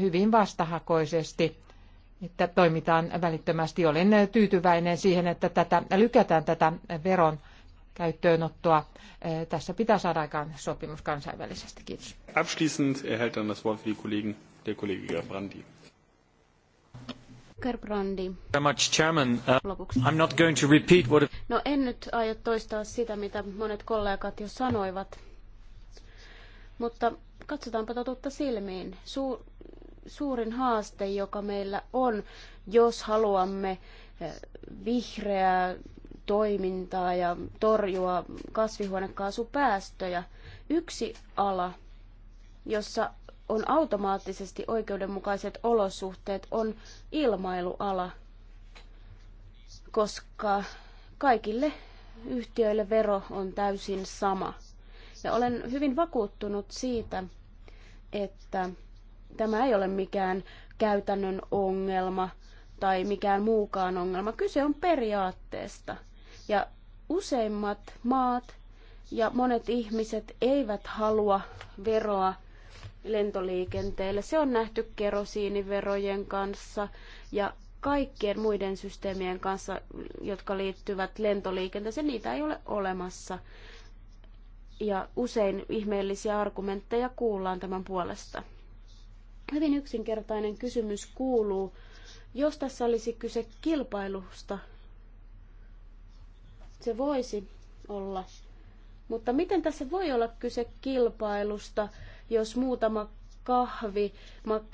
hyvin vastahakoisesti, että toimitaan välittömästi. Olen tyytyväinen siihen, että tätä, lykätään tätä veron käyttöönottoa. Tässä pitää saada aikaan sopimus kansainvälisesti. Kiitos. Abschließend erhält dann das Wort für die Kollegen der Kollege Gerbrandi. Gerbrandi. Uh, I'm not going to repeat what... No en nyt aio toistaa sitä, mitä monet kollegat jo sanoivat, mutta Katsotaanpa totuutta silmiin. Suur, suurin haaste, joka meillä on, jos haluamme eh, vihreää toimintaa ja torjua kasvihuonekaasupäästöjä. Yksi ala, jossa on automaattisesti oikeudenmukaiset olosuhteet, on ilmailuala, koska kaikille yhtiöille vero on täysin sama. Ja olen hyvin vakuuttunut siitä, että tämä ei ole mikään käytännön ongelma tai mikään muukaan ongelma. Kyse on periaatteesta. Ja useimmat maat ja monet ihmiset eivät halua veroa lentoliikenteelle. Se on nähty kerosiiniverojen kanssa ja kaikkien muiden systeemien kanssa, jotka liittyvät lentoliikenteeseen. Niitä ei ole olemassa ja usein ihmeellisiä argumentteja kuullaan tämän puolesta. Hyvin yksinkertainen kysymys kuuluu, jos tässä olisi kyse kilpailusta, se voisi olla. Mutta miten tässä voi olla kyse kilpailusta, jos muutama kahvi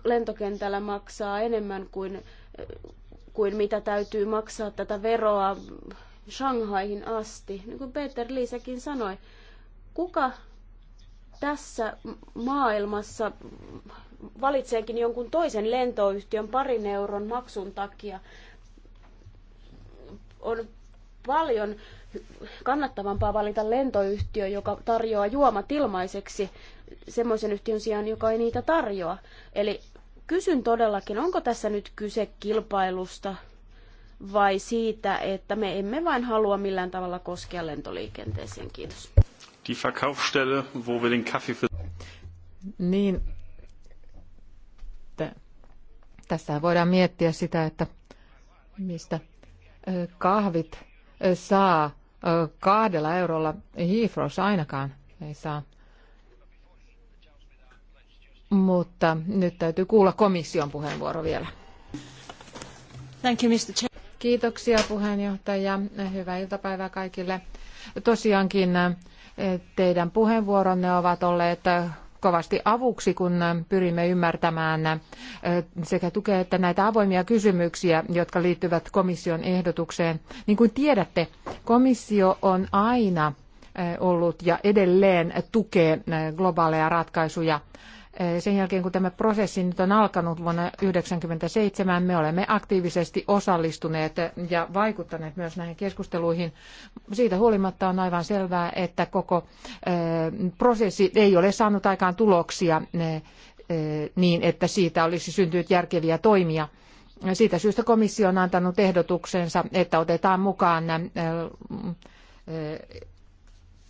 lentokentällä maksaa enemmän kuin, kuin mitä täytyy maksaa tätä veroa Shanghaihin asti? Niin kuin Peter Liisekin sanoi, kuka tässä maailmassa valitseekin jonkun toisen lentoyhtiön parin euron maksun takia, on paljon kannattavampaa valita lentoyhtiö, joka tarjoaa juomat ilmaiseksi semmoisen yhtiön sijaan, joka ei niitä tarjoa. Eli kysyn todellakin, onko tässä nyt kyse kilpailusta vai siitä, että me emme vain halua millään tavalla koskea lentoliikenteeseen. Kiitos die Verkaufsstelle, wo wir den Kaffee für... Niin, tässä voidaan miettiä sitä, että mistä kahvit saa kahdella eurolla. Heathrows ainakaan ei saa. Mutta nyt täytyy kuulla komission puheenvuoro vielä. Thank you, Mr. Chair. Kiitoksia puheenjohtaja. Hyvää iltapäivää kaikille. Tosiaankin Teidän puheenvuoronne ovat olleet kovasti avuksi, kun pyrimme ymmärtämään sekä tukea että näitä avoimia kysymyksiä, jotka liittyvät komission ehdotukseen. Niin kuin tiedätte, komissio on aina ollut ja edelleen tukee globaaleja ratkaisuja Eh, sen jälkeen, kun tämä prosessi nyt on alkanut vuonna 1997, me olemme aktiivisesti osallistuneet ja vaikuttaneet myös näihin keskusteluihin. Siitä huolimatta on aivan selvää, että koko eh, prosessi ei ole saanut aikaan tuloksia eh, niin, että siitä olisi syntynyt järkeviä toimia. Siitä syystä komissio on antanut ehdotuksensa, että otetaan mukaan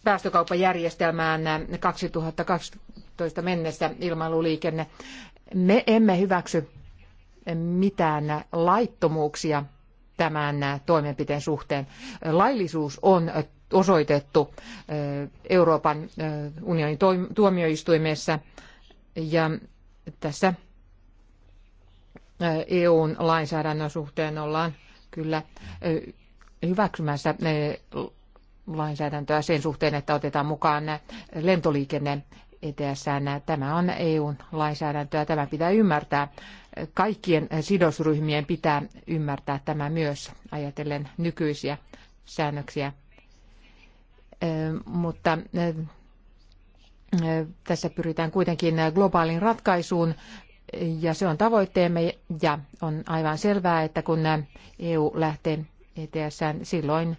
päästökauppajärjestelmään 2012 mennessä ilmailuliikenne. Me emme hyväksy mitään laittomuuksia tämän toimenpiteen suhteen. Laillisuus on osoitettu eh, Euroopan eh, unionin tuomioistuimessa ja tässä EUn eh, e lainsäädännön suhteen ollaan kyllä hyväksymässä lainsäädäntöä sen suhteen, että otetaan mukaan lentoliikenne ETSään. Tämä on eu lainsäädäntöä, tämä pitää ymmärtää. Kaikkien sidosryhmien pitää ymmärtää tämä myös, ajatellen nykyisiä säännöksiä. Mutta tässä pyritään kuitenkin globaalin ratkaisuun ja se on tavoitteemme ja on aivan selvää, että kun EU lähtee ETSään, silloin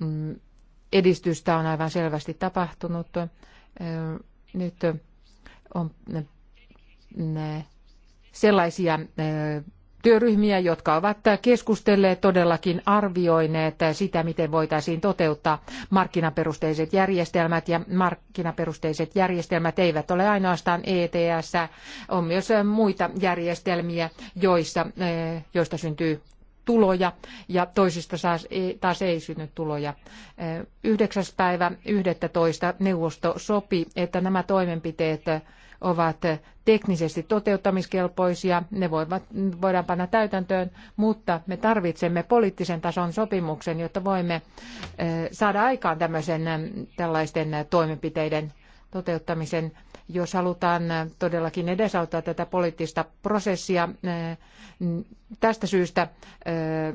Mm, edistystä on aivan selvästi tapahtunut. Nyt on sellaisia työryhmiä, jotka ovat keskustelleet todellakin arvioineet sitä, miten voitaisiin toteuttaa markkinaperusteiset järjestelmät. Ja markkinaperusteiset järjestelmät eivät ole ainoastaan ETS, on myös muita järjestelmiä, joista syntyy tuloja ja toisista e- taas ei synny tuloja. 9. päivä 11. neuvosto sopi, että nämä toimenpiteet ovat teknisesti toteuttamiskelpoisia, ne voivat, voidaan panna täytäntöön, mutta me tarvitsemme poliittisen tason sopimuksen, jotta voimme saada aikaan tämmöisen, tällaisten toimenpiteiden toteuttamisen jos halutaan todellakin edesauttaa tätä poliittista prosessia. Tästä syystä eh,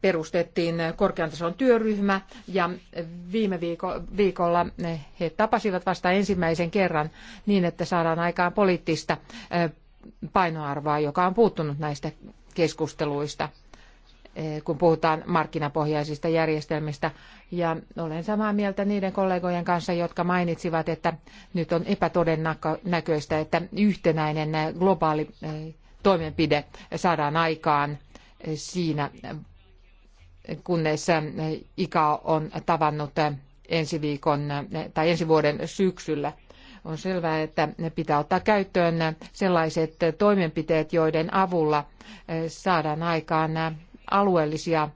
perustettiin korkean tason työryhmä ja viime viikolla he tapasivat vasta ensimmäisen kerran niin, että saadaan aikaan poliittista eh, painoarvoa, joka on puuttunut näistä keskusteluista. Eh, kun puhutaan markkinapohjaisista järjestelmistä. Ja olen samaa mieltä niiden kollegojen kanssa, jotka mainitsivat, että nyt on epätodennäköistä, että yhtenäinen globaali eh, toimenpide saadaan aikaan eh, siinä, kunnes ICAO on tavannut ensi, viikon, tai ensi vuoden syksyllä on selvää, että pitää ottaa käyttöön sellaiset toimenpiteet, joiden avulla saadaan aikaan alueellisia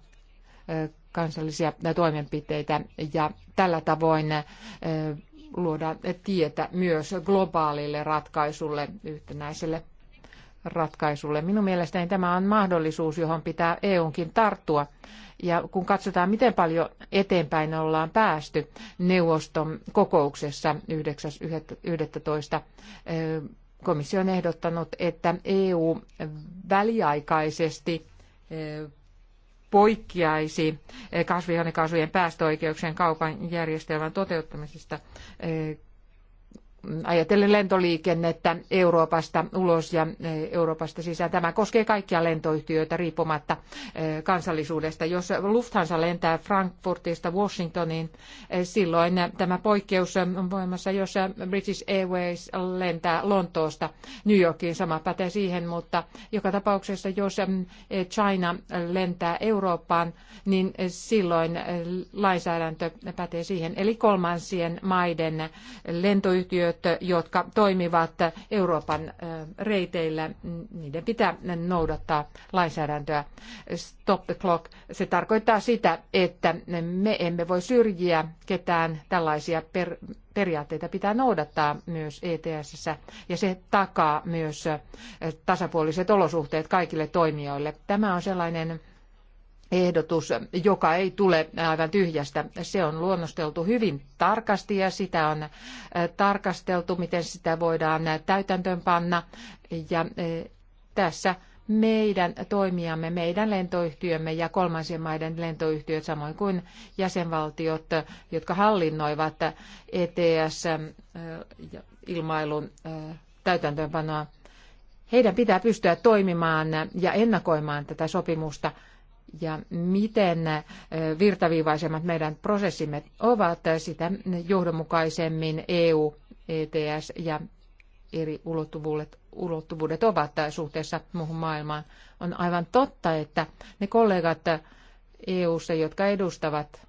kansallisia toimenpiteitä ja tällä tavoin luoda tietä myös globaalille ratkaisulle, yhtenäiselle ratkaisulle. Minun mielestäni tämä on mahdollisuus, johon pitää EUnkin tarttua. Ja kun katsotaan, miten paljon eteenpäin ollaan päästy neuvoston kokouksessa 9.11. Komissio on ehdottanut, että EU väliaikaisesti poikkeaisi eh, kasvihuonekaasujen päästöoikeuksien kaupan järjestelmän toteuttamisesta eh, ajatellen lentoliikennettä Euroopasta ulos ja e, Euroopasta sisään. Tämä koskee kaikkia lentoyhtiöitä riippumatta e, kansallisuudesta. Jos Lufthansa lentää Frankfurtista Washingtoniin, e, silloin tämä poikkeus on voimassa, jos British Airways lentää Lontoosta New Yorkiin. Sama pätee siihen, mutta joka tapauksessa, jos China lentää Eurooppaan, niin silloin lainsäädäntö pätee siihen. Eli kolmansien maiden lentoyhtiöt henkilöt, jotka toimivat Euroopan reiteillä, niiden pitää noudattaa lainsäädäntöä. Stop the clock. Se tarkoittaa sitä, että me emme voi syrjiä ketään. Tällaisia per- periaatteita pitää noudattaa myös ETS, ja se takaa myös tasapuoliset olosuhteet kaikille toimijoille. Tämä on sellainen ehdotus, joka ei tule aivan tyhjästä. Se on luonnosteltu hyvin tarkasti ja sitä on äh, tarkasteltu, miten sitä voidaan äh, täytäntöönpanna. Ja äh, tässä meidän toimijamme, meidän lentoyhtiömme ja kolmansien maiden lentoyhtiöt, samoin kuin jäsenvaltiot, jotka hallinnoivat ETS-ilmailun täytäntöönpanoa, heidän pitää pystyä toimimaan ja ennakoimaan tätä sopimusta – ja miten virtaviivaisemmat meidän prosessimme ovat, sitä johdonmukaisemmin EU, ETS ja eri ulottuvuudet, ulottuvuudet ovat suhteessa muuhun maailmaan. On aivan totta, että ne kollegat EU:ssa, jotka edustavat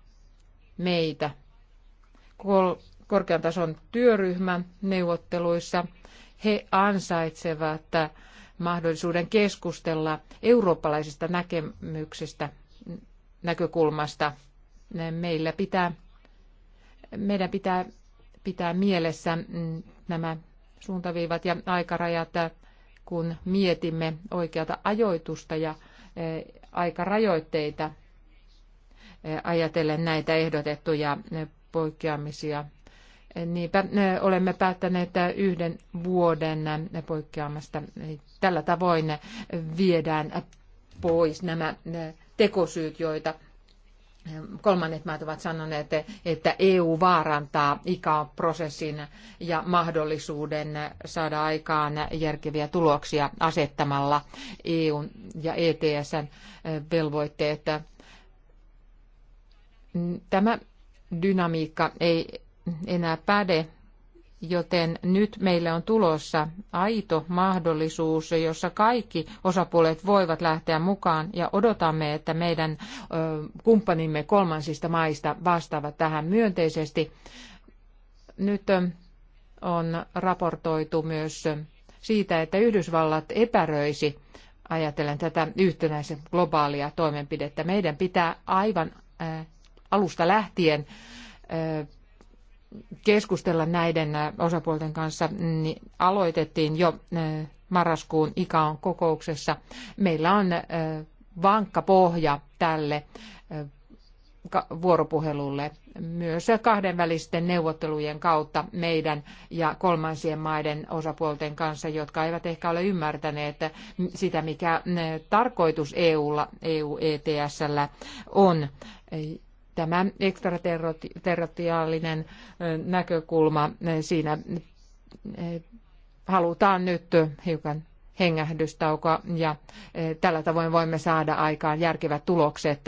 meitä korkean tason työryhmän neuvotteluissa, he ansaitsevat mahdollisuuden keskustella eurooppalaisista näkemyksistä, näkökulmasta. Meillä pitää, meidän pitää pitää mielessä nämä suuntaviivat ja aikarajat, kun mietimme oikeata ajoitusta ja eh, aikarajoitteita eh, ajatellen näitä ehdotettuja poikkeamisia Niinpä olemme päättäneet yhden vuoden poikkeamasta. Tällä tavoin viedään pois nämä tekosyyt, joita kolmannet maat ovat sanoneet, että EU vaarantaa ICAO-prosessin ja mahdollisuuden saada aikaan järkeviä tuloksia asettamalla EUn ja ETSn velvoitteet. Tämä dynamiikka ei enää päde, joten nyt meille on tulossa aito mahdollisuus, jossa kaikki osapuolet voivat lähteä mukaan ja odotamme, että meidän kumppanimme kolmansista maista vastaavat tähän myönteisesti. Nyt on raportoitu myös siitä, että Yhdysvallat epäröisi ajatellen tätä yhtenäisen globaalia toimenpidettä. Meidän pitää aivan alusta lähtien keskustella näiden äh, osapuolten kanssa, niin aloitettiin jo äh, marraskuun ikaon kokouksessa. Meillä on äh, vankka pohja tälle vuoropuhelulle myös kahdenvälisten neuvottelujen kautta meidän ja kolmansien maiden osapuolten kanssa, jotka eivät ehkä ole ymmärtäneet sitä, mikä tarkoitus EUlla, EU-ETSllä on Tämä ekstraterritoriaalinen näkökulma, siinä halutaan nyt hiukan hengähdystaukoa ja tällä tavoin voimme saada aikaan järkevät tulokset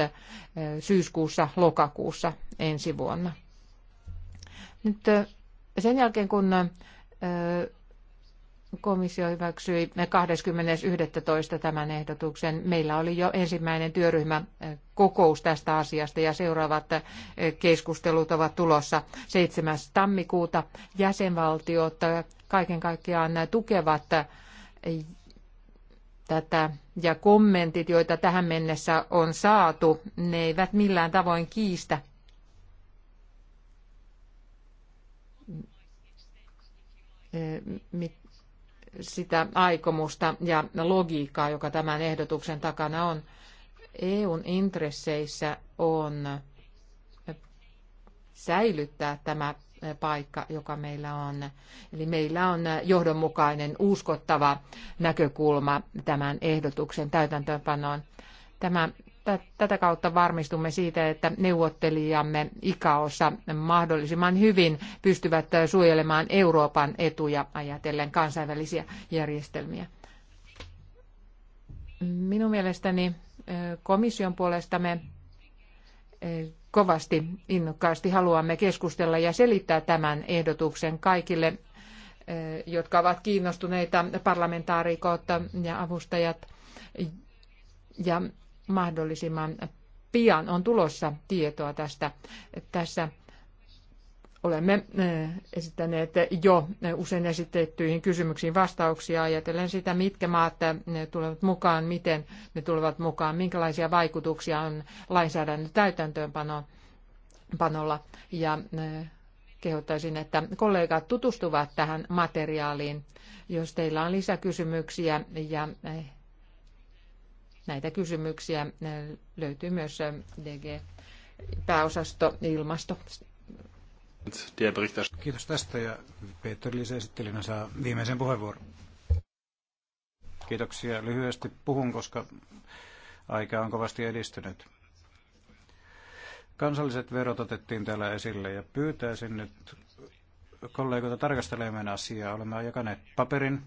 syyskuussa, lokakuussa ensi vuonna. Nyt sen jälkeen kun komissio hyväksyi 20.11. tämän ehdotuksen. Meillä oli jo ensimmäinen työryhmä eh, kokous tästä asiasta ja seuraavat eh, keskustelut ovat tulossa 7. tammikuuta. Jäsenvaltiot eh, kaiken kaikkiaan tukevat tätä ja kommentit, joita tähän mennessä on saatu, ne eivät millään tavoin kiistä sitä aikomusta ja logiikkaa, joka tämän ehdotuksen takana on. EUn intresseissä on säilyttää tämä paikka, joka meillä on. Eli meillä on johdonmukainen, uskottava näkökulma tämän ehdotuksen täytäntöönpanoon. Tämä tätä kautta varmistumme siitä, että neuvottelijamme ikaossa mahdollisimman hyvin pystyvät suojelemaan Euroopan etuja ajatellen kansainvälisiä järjestelmiä. Minun mielestäni komission puolesta me kovasti innokkaasti haluamme keskustella ja selittää tämän ehdotuksen kaikille, jotka ovat kiinnostuneita parlamentaarikot ja avustajat. Ja mahdollisimman pian on tulossa tietoa tästä. Tässä olemme esittäneet jo usein esitettyihin kysymyksiin vastauksia ajatellen sitä, mitkä maat tulevat mukaan, miten ne tulevat mukaan, minkälaisia vaikutuksia on lainsäädännön täytäntöönpanolla. Ja kehottaisin, että kollegat tutustuvat tähän materiaaliin, jos teillä on lisäkysymyksiä ja Näitä kysymyksiä äh, löytyy myös äh, DG pääosasto ilmasto. Kiitos tästä ja Peter Liisa esittelijänä saa viimeisen puheenvuoron. Kiitoksia. Lyhyesti puhun, koska aika on kovasti edistynyt. Kansalliset verot otettiin täällä esille ja pyytäisin nyt kollegoita tarkastelemaan asiaa. Olemme jakaneet paperin.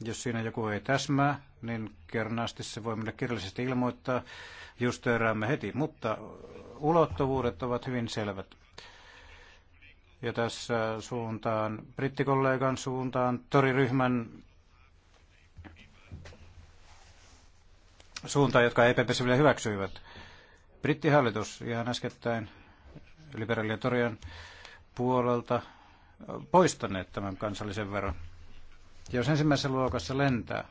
Jos siinä joku ei täsmää, niin kernaasti se voi meille kirjallisesti ilmoittaa, just töräämme heti, mutta ulottuvuudet ovat hyvin selvät. Ja tässä suuntaan, brittikollegan suuntaan, toriryhmän suuntaan, jotka EPPssä vielä hyväksyivät. Brittihallitus ihan äskettäin liberaalien torjan puolelta poistaneet tämän kansallisen veron. Jos ensimmäisessä luokassa lentää,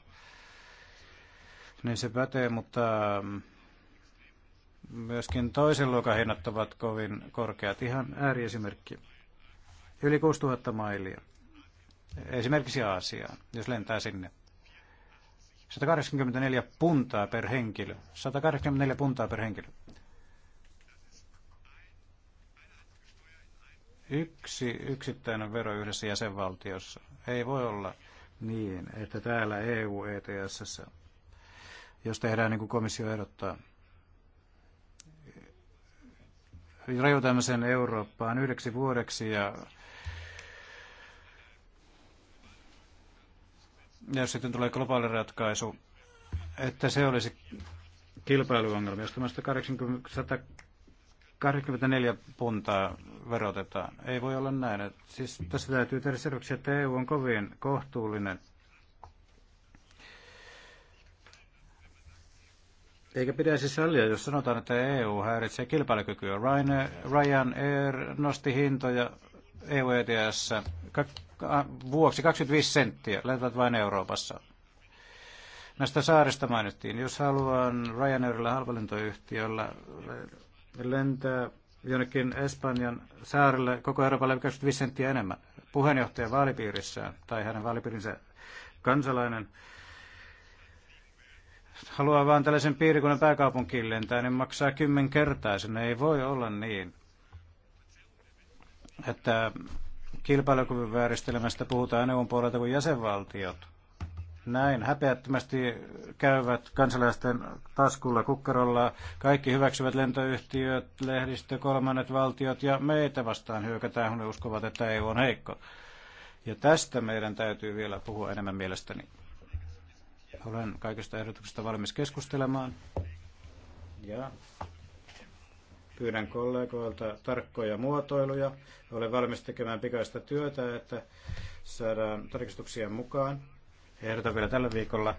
niin se pätee, mutta mm, myöskin toisen luokan hinnat ovat kovin korkeat. Ihan ääriesimerkki. Yli 6000 mailia. Esimerkiksi Aasiaan, jos lentää sinne. 184 puntaa per henkilö. 184 puntaa per henkilö. Yksi yksittäinen vero yhdessä jäsenvaltiossa. Ei voi olla niin, että täällä EU ets jos tehdään niin kuin komissio ehdottaa. Rajoitamme sen Eurooppaan yhdeksi vuodeksi ja jos sitten tulee globaali ratkaisu, että se olisi kilpailuongelma. Jos tämmöistä 84 puntaa verotetaan, ei voi olla näin. siis tässä täytyy tehdä selväksi, että EU on kovin kohtuullinen – Eikä pitäisi siis sallia, jos sanotaan, että EU häiritsee kilpailukykyä. Ryanair nosti hintoja EU ETS vuoksi 25 senttiä, lentävät vain Euroopassa. Näistä saarista mainittiin. Jos haluan Ryanairilla halvalentoyhtiöllä lentää jonnekin Espanjan saarelle koko Euroopalle 25 senttiä enemmän puheenjohtajan vaalipiirissään tai hänen vaalipiirinsä kansalainen – haluaa vain tällaisen piirikunnan pääkaupunkiin lentää, niin maksaa kymmenkertaisen. Ei voi olla niin, että kilpailukyvyn vääristelemästä puhutaan EUn puolelta kuin jäsenvaltiot. Näin häpeättömästi käyvät kansalaisten taskulla kukkarolla. Kaikki hyväksyvät lentoyhtiöt, lehdistö, kolmannet valtiot ja meitä vastaan hyökätään, kun ne uskovat, että EU on heikko. Ja tästä meidän täytyy vielä puhua enemmän mielestäni. Olen kaikista ehdotuksista valmis keskustelemaan. Ja pyydän kollegoilta tarkkoja muotoiluja. Olen valmis tekemään pikaista työtä, että saadaan tarkistuksia mukaan. Ehdotan vielä tällä viikolla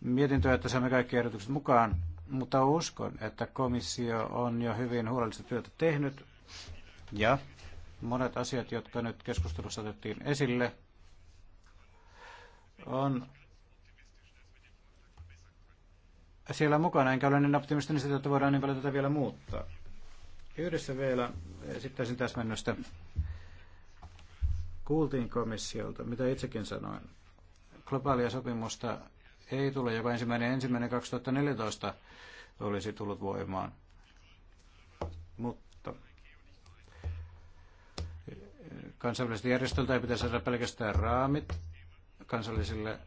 mietintöä, että saamme kaikki ehdotukset mukaan, mutta uskon, että komissio on jo hyvin huolellista työtä tehnyt ja monet asiat, jotka nyt keskustelussa otettiin esille, on siellä mukana, enkä ole niin optimistinen sitä, että voidaan niin paljon tätä vielä muuttaa. Yhdessä vielä esittäisin täsmennystä. Kuultiin komissiolta, mitä itsekin sanoin. Globaalia sopimusta ei tule, joka ensimmäinen ensimmäinen 2014 olisi tullut voimaan. Mutta kansainväliseltä järjestöltä ei pitäisi saada pelkästään raamit, kansallisille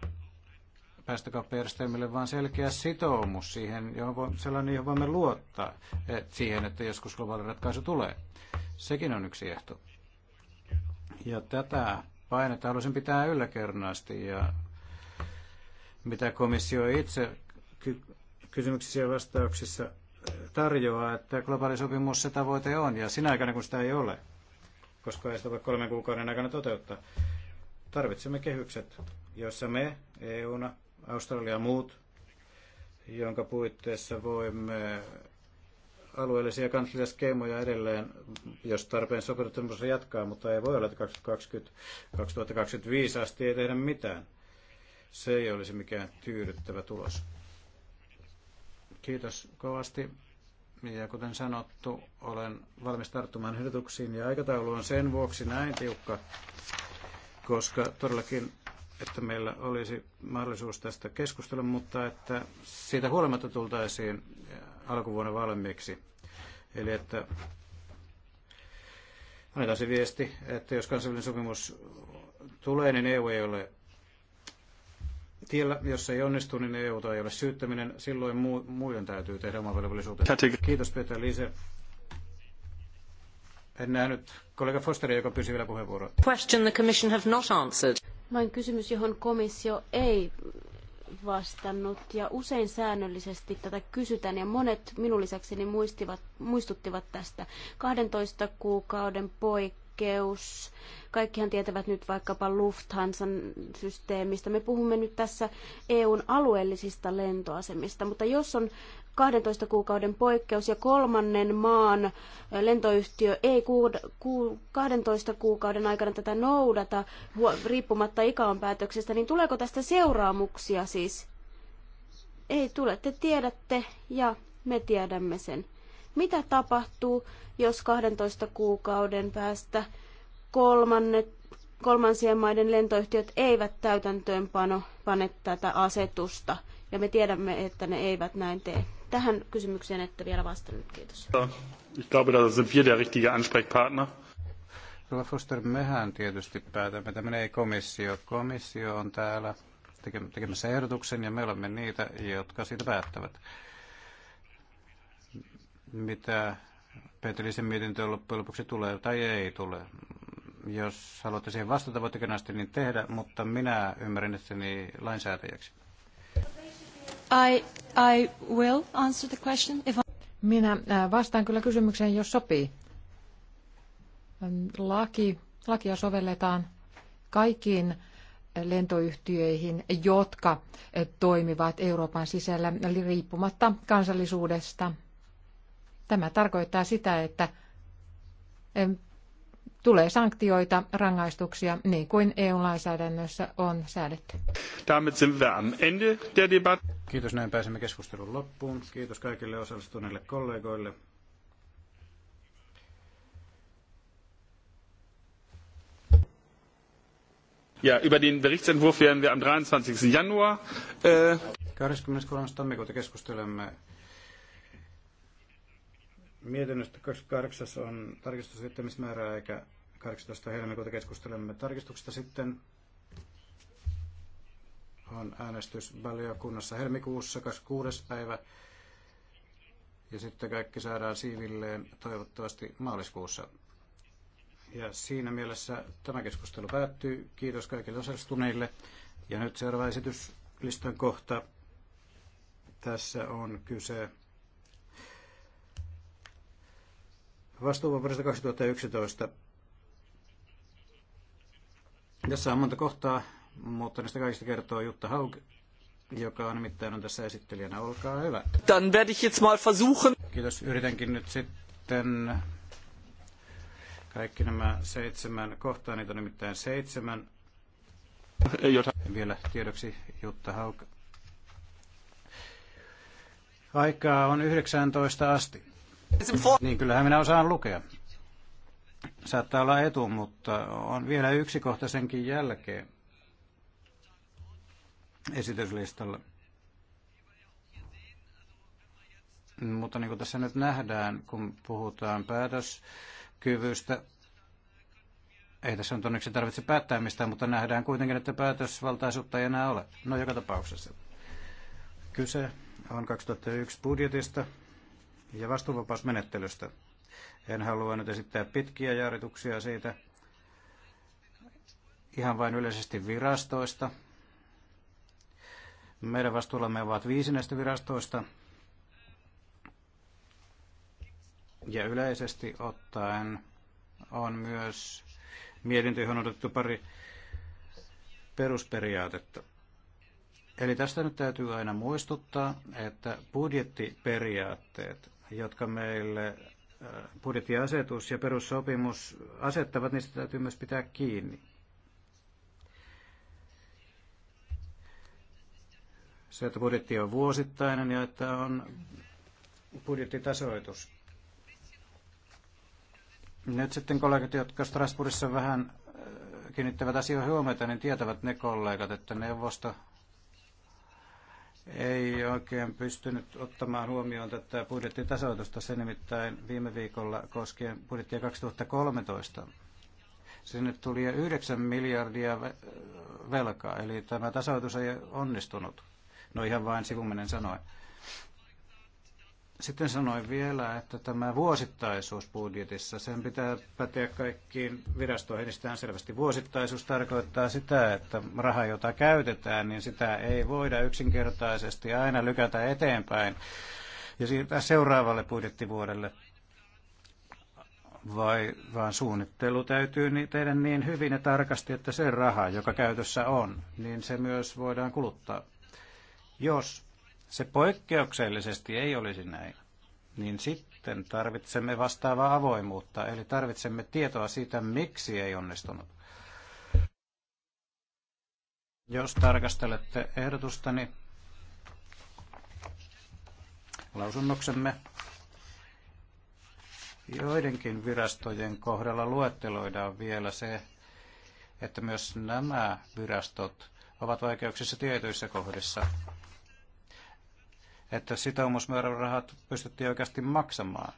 päästökauppajärjestelmille, vaan selkeä sitoumus siihen, johon voi, sellainen, johon voimme luottaa et siihen, että joskus globaali ratkaisu tulee. Sekin on yksi ehto. Ja tätä painetta haluaisin pitää yllä ja mitä komissio itse ky- kysymyksissä ja vastauksissa eh, tarjoaa, että globaali sopimus se tavoite on ja sinä aikana kun sitä ei ole, koska ei sitä voi kolmen kuukauden aikana toteuttaa, Tarvitsemme kehykset, joissa me, EUna, Australia ja muut, jonka puitteissa voimme alueellisia kansalliskeemoja edelleen, jos tarpeen sopimuksessa jatkaa, mutta ei voi olla, että 2020, 2025 asti ei tehdä mitään. Se ei olisi mikään tyydyttävä tulos. Kiitos kovasti. Ja kuten sanottu, olen valmis tarttumaan ehdotuksiin ja aikataulu on sen vuoksi näin tiukka, koska todellakin, että meillä olisi mahdollisuus tästä keskustella, mutta että siitä huolimatta tultaisiin eh, alkuvuonna valmiiksi. Eli että annetaan se viesti, että jos kansainvälinen sopimus tulee, niin EU ei ole tiellä, jos ei onnistu, niin EU ei ole syyttäminen. Silloin mu- muiden täytyy tehdä oma velvollisuutensa. Kiitos Peter Liise en nähnyt kollega Fosteria, joka pyysi vielä puheenvuoroa. Question the commission have not answered. Vain kysymys, johon komissio ei vastannut ja usein säännöllisesti tätä kysytään ja monet minun lisäkseni muistivat, muistuttivat tästä 12 kuukauden poikkeus. Kaikkihan tietävät nyt vaikkapa Lufthansan systeemistä. Me puhumme nyt tässä EUn alueellisista lentoasemista, mutta jos on 12 kuukauden poikkeus ja kolmannen maan lentoyhtiö ei 12 kuukauden aikana tätä noudata riippumatta ikaon päätöksestä, niin tuleeko tästä seuraamuksia siis? Ei tule, te tiedätte ja me tiedämme sen. Mitä tapahtuu, jos 12 kuukauden päästä kolmannet, kolmansien maiden lentoyhtiöt eivät täytäntöönpano pane tätä asetusta ja me tiedämme, että ne eivät näin tee tähän kysymykseen ette vielä vastannut. Kiitos. Ich glaube, da sind wir der richtige Ansprechpartner. Rova Foster, mehän tietysti päätämme. Tämä ei komissio. Komissio on täällä tekemässä ehdotuksen ja me olemme niitä, jotka siitä päättävät. Mitä Petrisen mietintö loppujen lopuksi tulee tai ei tule. Jos haluatte siihen vastata, voitte niin tehdä, mutta minä ymmärrän että niin lainsäätäjäksi. I, will answer the question if I... Minä äh, vastaan kyllä kysymykseen, jos sopii. Ähm, laki, lakia sovelletaan kaikkiin äh, lentoyhtiöihin, jotka äh, toimivat Euroopan sisällä riippumatta kansallisuudesta. Tämä tarkoittaa sitä, että ähm, tulee sanktioita, rangaistuksia, niin kuin EU-lainsäädännössä on säädetty. Kiitos, näin pääsemme keskustelun loppuun. Kiitos kaikille osallistuneille kollegoille. Ja, über den Berichtsentwurf werden wir am 23. Januar. Äh... 23. tammikuuta keskustelemme mietinnöstä 28 on tarkistusjättämismäärää eikä 18. helmikuuta keskustelemme tarkistuksesta sitten on äänestys valiokunnassa helmikuussa 26. päivä ja sitten kaikki saadaan siivilleen toivottavasti maaliskuussa. Ja siinä mielessä tämä keskustelu päättyy. Kiitos kaikille osallistuneille. Ja nyt seuraava esityslistan kohta. Tässä on kyse vastuuvapaudesta 2011, Tässä on monta kohtaa, mutta näistä kaikista kertoo Jutta Haug, joka on nimittäin on tässä esittelijänä. Olkaa hyvä. Dann werde ich jetzt mal versuchen. Kiitos. Yritänkin nyt sitten kaikki nämä seitsemän kohtaa, niitä on nimittäin seitsemän. Ei jota. Vielä tiedoksi Jutta Haug. Aikaa on 19 asti. Niin, kyllähän minä osaan lukea. Saattaa olla etu, mutta on vielä yksi kohta senkin jälkeen esityslistalla. Mutta niin kuin tässä nyt nähdään, kun puhutaan päätöskyvystä, ei tässä on onneksi tarvitse päättää mistään, mutta nähdään kuitenkin, että päätösvaltaisuutta ei enää ole. No joka tapauksessa. Kyse on 2001 budjetista, ja vastuuvapausmenettelystä. En halua nyt esittää pitkiä jaarituksia siitä, ihan vain yleisesti virastoista. Meidän vastuullamme ovat viisi näistä virastoista. Ja yleisesti ottaen on myös mietintö, johon on otettu pari perusperiaatetta. Eli tästä nyt täytyy aina muistuttaa, että budjettiperiaatteet jotka meille äh, budjettiasetus ja perussopimus asettavat, niistä täytyy myös pitää kiinni. Se, että budjetti on vuosittainen ja että on budjettitasoitus. Nyt sitten kollegat, jotka Strasbourgissa vähän äh, kiinnittävät asioihin huomiota, niin tietävät ne kollegat, että neuvosto ei oikein pystynyt ottamaan huomioon tätä budjettitasoitusta. Se nimittäin viime viikolla koskien budjettia 2013. Sinne tuli 9 miljardia velkaa, eli tämä tasoitus ei onnistunut. No ihan vain sivuminen sanoi. Sitten sanoin vielä, että tämä vuosittaisuus budjetissa, sen pitää päteä kaikkiin virastoihin, niin sitä selvästi. Vuosittaisuus tarkoittaa sitä, että raha, jota käytetään, niin sitä ei voida yksinkertaisesti aina lykätä eteenpäin ja siirtää seuraavalle budjettivuodelle. Vai, vaan suunnittelu täytyy tehdä niin hyvin ja tarkasti, että se raha, joka käytössä on, niin se myös voidaan kuluttaa. Jos se poikkeuksellisesti ei olisi näin, niin sitten tarvitsemme vastaavaa avoimuutta, eli tarvitsemme tietoa siitä, miksi ei onnistunut. Jos tarkastelette ehdotustani lausunnoksemme, joidenkin virastojen kohdalla luetteloidaan vielä se, että myös nämä virastot ovat vaikeuksissa tietyissä kohdissa että sitoumusmäärärahat pystyttiin oikeasti maksamaan,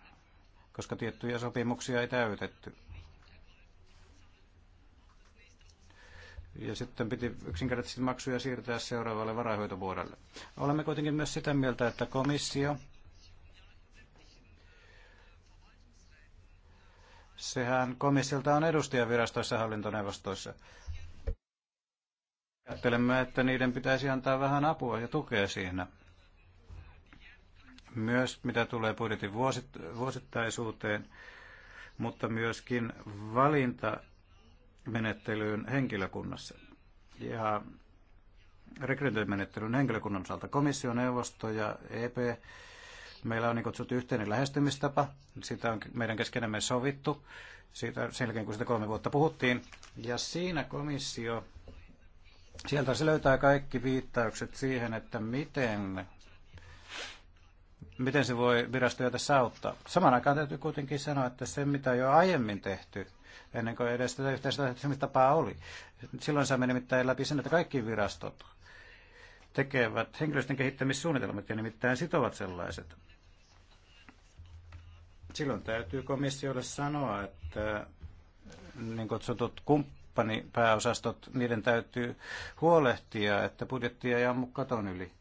koska tiettyjä sopimuksia ei täytetty. ja sitten piti yksinkertaisesti maksuja siirtää seuraavalle varahoitovuodelle. Olemme kuitenkin myös sitä mieltä, että komissio, sehän komissiolta on edustajavirastoissa ja hallintoneuvostoissa. Ajattelemme, että niiden pitäisi antaa vähän apua ja tukea siinä myös mitä tulee budjetin vuosit, vuosittaisuuteen, mutta myöskin valintamenettelyyn henkilökunnassa. Ja rekrytointimenettelyn henkilökunnan osalta komissioneuvosto ja EP. Meillä on niin kutsuttu yhteinen lähestymistapa. Sitä on meidän keskenämme sovittu siitä, sen jälkeen, kun sitä kolme vuotta puhuttiin. Ja siinä komissio, sieltä se löytää kaikki viittaukset siihen, että miten miten se voi virastoja tässä auttaa. Saman aikaan täytyy kuitenkin sanoa, että se mitä jo aiemmin tehty, ennen kuin edes tätä yhteistyötä tapaa oli, silloin saamme nimittäin läpi sen, että kaikki virastot tekevät henkilöstön kehittämissuunnitelmat ja nimittäin sitovat sellaiset. Silloin täytyy komissiolle sanoa, että niin kutsutut kumppanipääosastot, niiden täytyy huolehtia, että budjettia ei ammu katon yli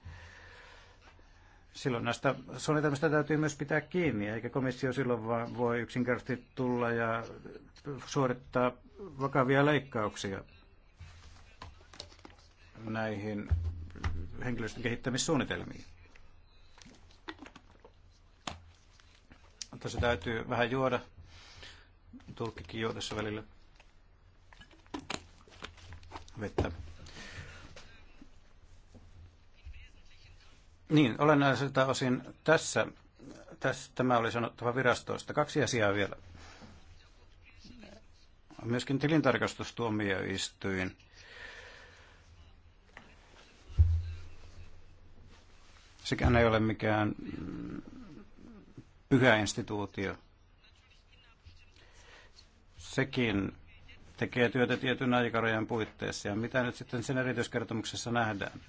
silloin näistä suunnitelmista täytyy myös pitää kiinni, eikä komissio silloin vaan voi yksinkertaisesti tulla ja suorittaa vakavia leikkauksia näihin henkilöstön kehittämissuunnitelmiin. Tässä täytyy vähän juoda. Tulkkikin juo tässä välillä vettä. Niin, olennaisilta osin tässä, tässä tämä oli sanottava virastoista. Kaksi asiaa vielä. Myöskin tilintarkastustuomioistuin. Sekään ei ole mikään pyhä instituutio. Sekin tekee työtä tietyn aikarajan puitteissa. Ja mitä nyt sitten sen erityiskertomuksessa nähdään?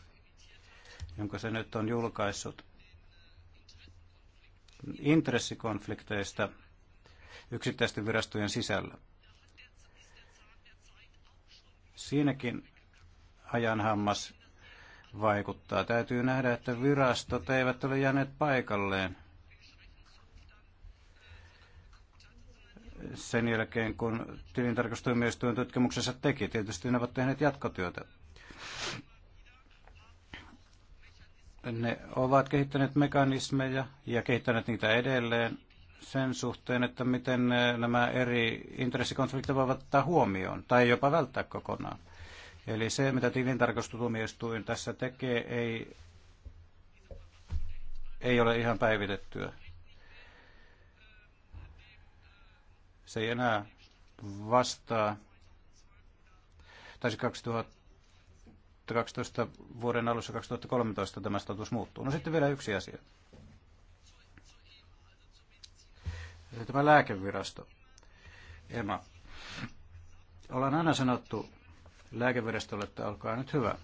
jonka se nyt on julkaissut intressikonflikteista yksittäisten virastojen sisällä. Siinäkin ajanhammas vaikuttaa. Täytyy nähdä, että virastot eivät ole jääneet paikalleen sen jälkeen, kun tilintarkastustuomioistuin tutkimuksessa teki. Tietysti ne ovat tehneet jatkotyötä. ne ovat kehittäneet mekanismeja ja kehittäneet niitä edelleen sen suhteen, että miten nämä eri intressikonfliktit voivat ottaa huomioon tai jopa välttää kokonaan. Eli se, mitä tilintarkastutumiestuin tässä tekee, ei, ei ole ihan päivitettyä. Se ei enää vastaa, tai 2000 2012 vuoden alussa 2013 tämä status muuttuu. No sitten vielä yksi asia. Tämä lääkevirasto, Emma, Ollaan aina sanottu lääkevirastolle, että olkaa nyt hyvä.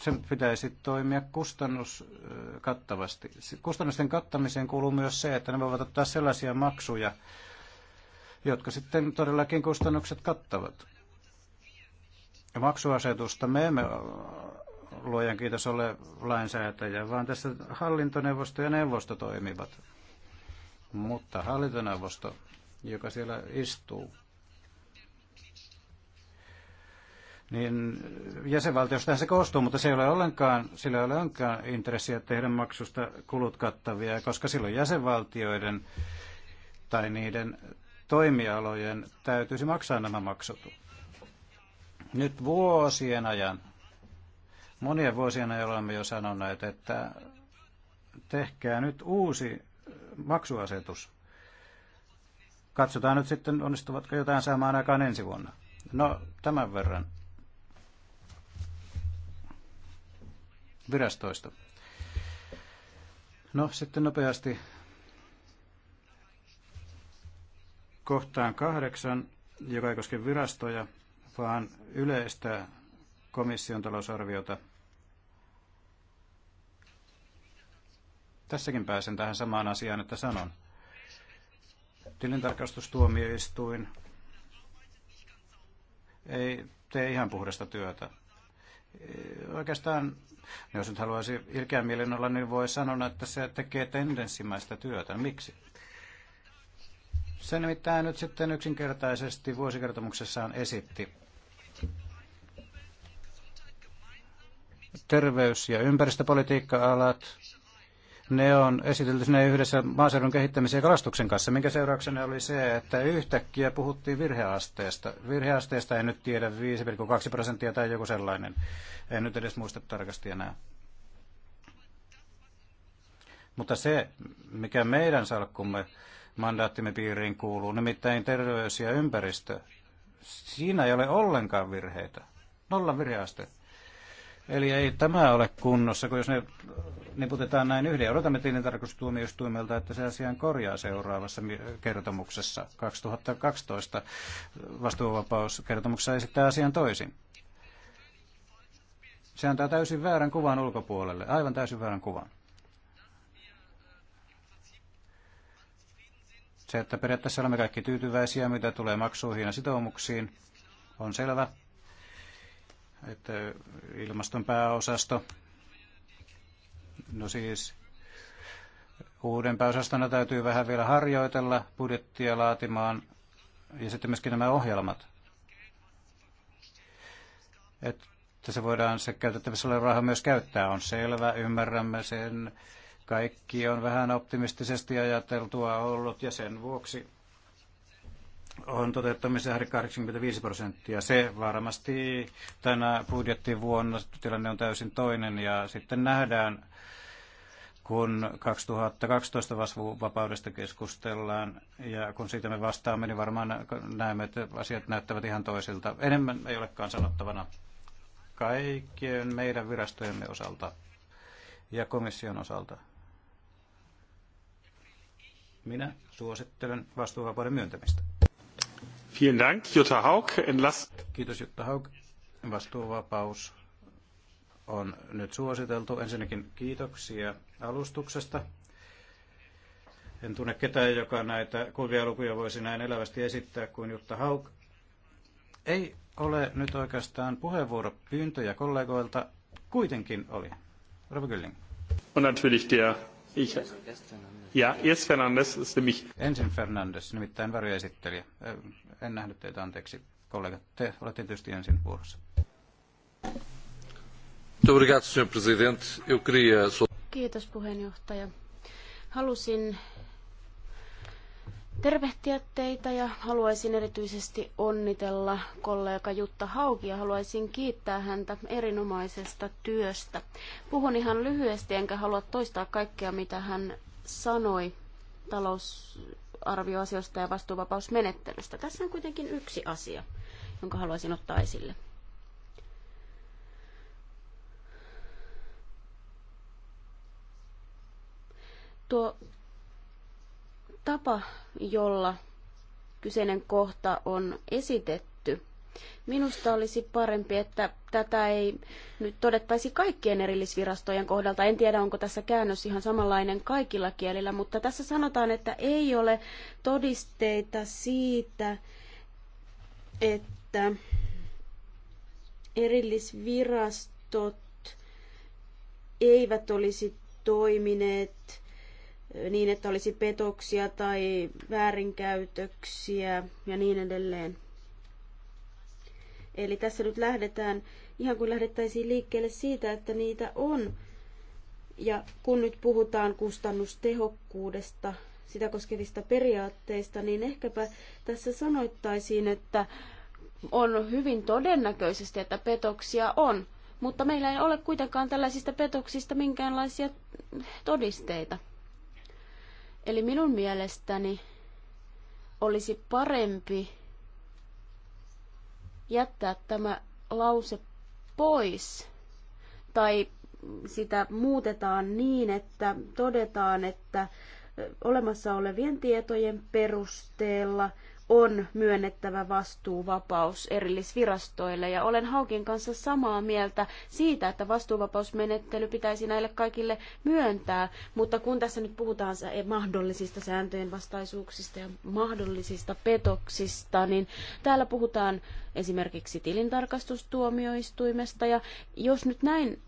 Sen pitäisi toimia kustannuskattavasti. Kustannusten kattamiseen kuuluu myös se, että ne voivat ottaa sellaisia maksuja, jotka sitten todellakin kustannukset kattavat maksuasetusta me emme luojan kiitos ole lainsäätäjä, vaan tässä hallintoneuvosto ja neuvosto toimivat. Mutta hallintoneuvosto, joka siellä istuu, niin jäsenvaltiostahan se koostuu, mutta se ei ole ollenkaan, sillä ei ole ollenkaan intressiä tehdä maksusta kulut kattavia, koska silloin jäsenvaltioiden tai niiden toimialojen täytyisi maksaa nämä maksut. Nyt vuosien ajan, monien vuosien ajan olemme jo sanoneet, että tehkää nyt uusi maksuasetus. Katsotaan nyt sitten, onnistuvatko jotain saamaan aikaan ensi vuonna. No, tämän verran virastoista. No, sitten nopeasti kohtaan kahdeksan, joka ei koske virastoja vaan yleistä komission talousarviota. Tässäkin pääsen tähän samaan asiaan, että sanon. Tilintarkastustuomioistuin ei tee ihan puhdasta työtä. Oikeastaan, no jos nyt haluaisi ilkeän mielen olla, niin voi sanoa, että se tekee tendenssimäistä työtä. Miksi? Se nimittäin nyt sitten yksinkertaisesti vuosikertomuksessaan esitti terveys- ja ympäristöpolitiikka-alat, ne on esitelty sinne yhdessä maaseudun kehittämisen ja kalastuksen kanssa, minkä seurauksena oli se, että yhtäkkiä puhuttiin virheasteesta. Virheasteesta en nyt tiedä, 5,2 prosenttia tai joku sellainen. En nyt edes muista tarkasti enää. Mutta se, mikä meidän salkkumme mandaattimme piiriin kuuluu, nimittäin terveys ja ympäristö, siinä ei ole ollenkaan virheitä. Nolla virheaste. Eli ei tämä ole kunnossa, kun jos ne niputetaan näin yhden. Odotamme tilintarkastustuomioistuimelta, että se asian korjaa seuraavassa kertomuksessa 2012 vastuuvapauskertomuksessa esittää asian toisin. Se antaa täysin väärän kuvan ulkopuolelle, aivan täysin väärän kuvan. Se, että periaatteessa olemme kaikki tyytyväisiä, mitä tulee maksuihin ja sitoumuksiin, on selvä että ilmaston pääosasto, no siis uuden pääosastona täytyy vähän vielä harjoitella budjettia laatimaan ja sitten myöskin nämä ohjelmat. Että se voidaan se käytettävissä oleva raha myös käyttää, on selvä, ymmärrämme sen. Kaikki on vähän optimistisesti ajateltua ollut ja sen vuoksi on toteuttamisen ääri 85 prosenttia. Se varmasti tänä budjettivuonna tilanne on täysin toinen ja sitten nähdään, kun 2012 vastuuvapaudesta keskustellaan ja kun siitä me vastaamme, niin varmaan näemme, että asiat näyttävät ihan toisilta. Enemmän ei olekaan sanottavana kaikkien meidän virastojemme osalta ja komission osalta. Minä suosittelen vastuuvapauden myöntämistä. Vielen Dank, Jutta Haug. Kiitos Jutta Haug. Vastuuvapaus on nyt suositeltu. Ensinnäkin kiitoksia alustuksesta. En tunne ketään, joka näitä kuvia lukuja voisi näin elävästi esittää kuin Jutta Haug. Ei ole nyt oikeastaan puheenvuoropyyntöjä kollegoilta. Kuitenkin oli. Rova Gylling. Und natürlich der Ich, ja, Jes Fernandes, nämlich... Ensin Fernandes, nimittäin varjoesittelijä. En nähnyt teitä, anteeksi kollega. Te olette tietysti ensin vuorossa. Kiitos puheenjohtaja. Halusin tervehtiä teitä ja haluaisin erityisesti onnitella kollega Jutta Haukia. Haluaisin kiittää häntä erinomaisesta työstä. Puhun ihan lyhyesti enkä halua toistaa kaikkea, mitä hän sanoi talousarvioasioista ja vastuuvapausmenettelystä. Tässä on kuitenkin yksi asia, jonka haluaisin ottaa esille. Tuo tapa, jolla kyseinen kohta on esitetty. Minusta olisi parempi, että tätä ei nyt todettaisi kaikkien erillisvirastojen kohdalta. En tiedä, onko tässä käännös ihan samanlainen kaikilla kielillä, mutta tässä sanotaan, että ei ole todisteita siitä, että erillisvirastot eivät olisi toimineet niin, että olisi petoksia tai väärinkäytöksiä ja niin edelleen. Eli tässä nyt lähdetään, ihan kuin lähdettäisiin liikkeelle siitä, että niitä on. Ja kun nyt puhutaan kustannustehokkuudesta, sitä koskevista periaatteista, niin ehkäpä tässä sanoittaisiin, että on hyvin todennäköisesti, että petoksia on, mutta meillä ei ole kuitenkaan tällaisista petoksista minkäänlaisia todisteita. Eli minun mielestäni olisi parempi jättää tämä lause pois tai sitä muutetaan niin, että todetaan, että olemassa olevien tietojen perusteella on myönnettävä vastuuvapaus erillisvirastoille ja olen Haukin kanssa samaa mieltä siitä, että vastuuvapausmenettely pitäisi näille kaikille myöntää, mutta kun tässä nyt puhutaan mahdollisista sääntöjen vastaisuuksista ja mahdollisista petoksista, niin täällä puhutaan esimerkiksi tilintarkastustuomioistuimesta ja jos nyt näin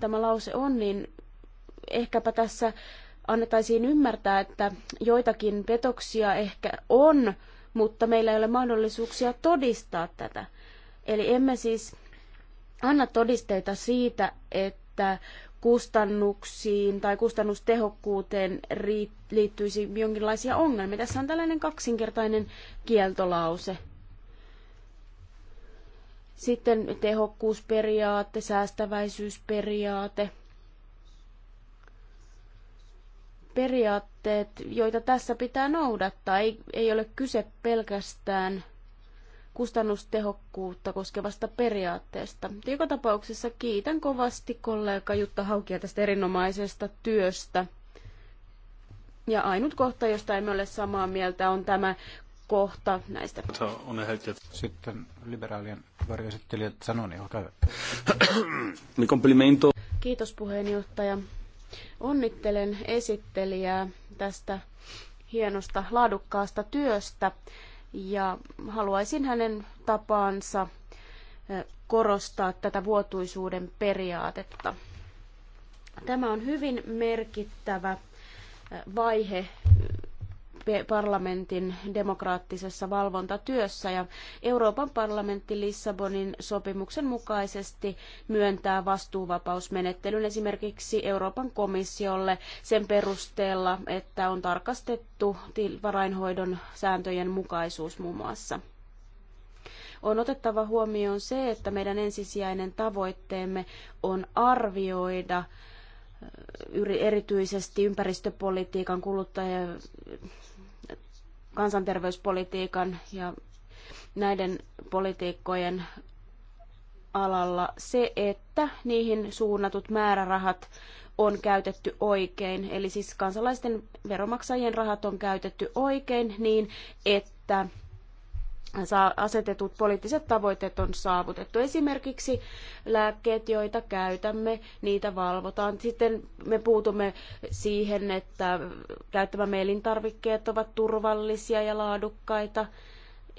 tämä lause on, niin ehkäpä tässä annettaisiin ymmärtää, että joitakin petoksia ehkä on mutta meillä ei ole mahdollisuuksia todistaa tätä. Eli emme siis anna todisteita siitä, että kustannuksiin tai kustannustehokkuuteen liittyisi jonkinlaisia ongelmia. Tässä on tällainen kaksinkertainen kieltolause. Sitten tehokkuusperiaate, säästäväisyysperiaate – periaatteet, joita tässä pitää noudattaa. Ei, ei ole kyse pelkästään kustannustehokkuutta koskevasta periaatteesta. Joka tapauksessa kiitän kovasti kollega Jutta Haukia tästä erinomaisesta työstä. Ja ainut kohta, josta emme ole samaa mieltä, on tämä kohta näistä. Sitten liberaalien varjoesittelijät sanoi, niin olkaa hyvä. Niin, Kiitos puheenjohtaja. Onnittelen esittelijää tästä hienosta laadukkaasta työstä ja haluaisin hänen tapaansa korostaa tätä vuotuisuuden periaatetta. Tämä on hyvin merkittävä vaihe parlamentin demokraattisessa valvontatyössä ja Euroopan parlamentti Lissabonin sopimuksen mukaisesti myöntää vastuuvapausmenettelyn esimerkiksi Euroopan komissiolle sen perusteella, että on tarkastettu varainhoidon sääntöjen mukaisuus muun muassa. On otettava huomioon se, että meidän ensisijainen tavoitteemme on arvioida erityisesti ympäristöpolitiikan kuluttaja kansanterveyspolitiikan ja näiden politiikkojen alalla se, että niihin suunnatut määrärahat on käytetty oikein. Eli siis kansalaisten veromaksajien rahat on käytetty oikein niin, että asetetut poliittiset tavoitteet on saavutettu. Esimerkiksi lääkkeet, joita käytämme, niitä valvotaan. Sitten me puutumme siihen, että käyttämämme elintarvikkeet ovat turvallisia ja laadukkaita.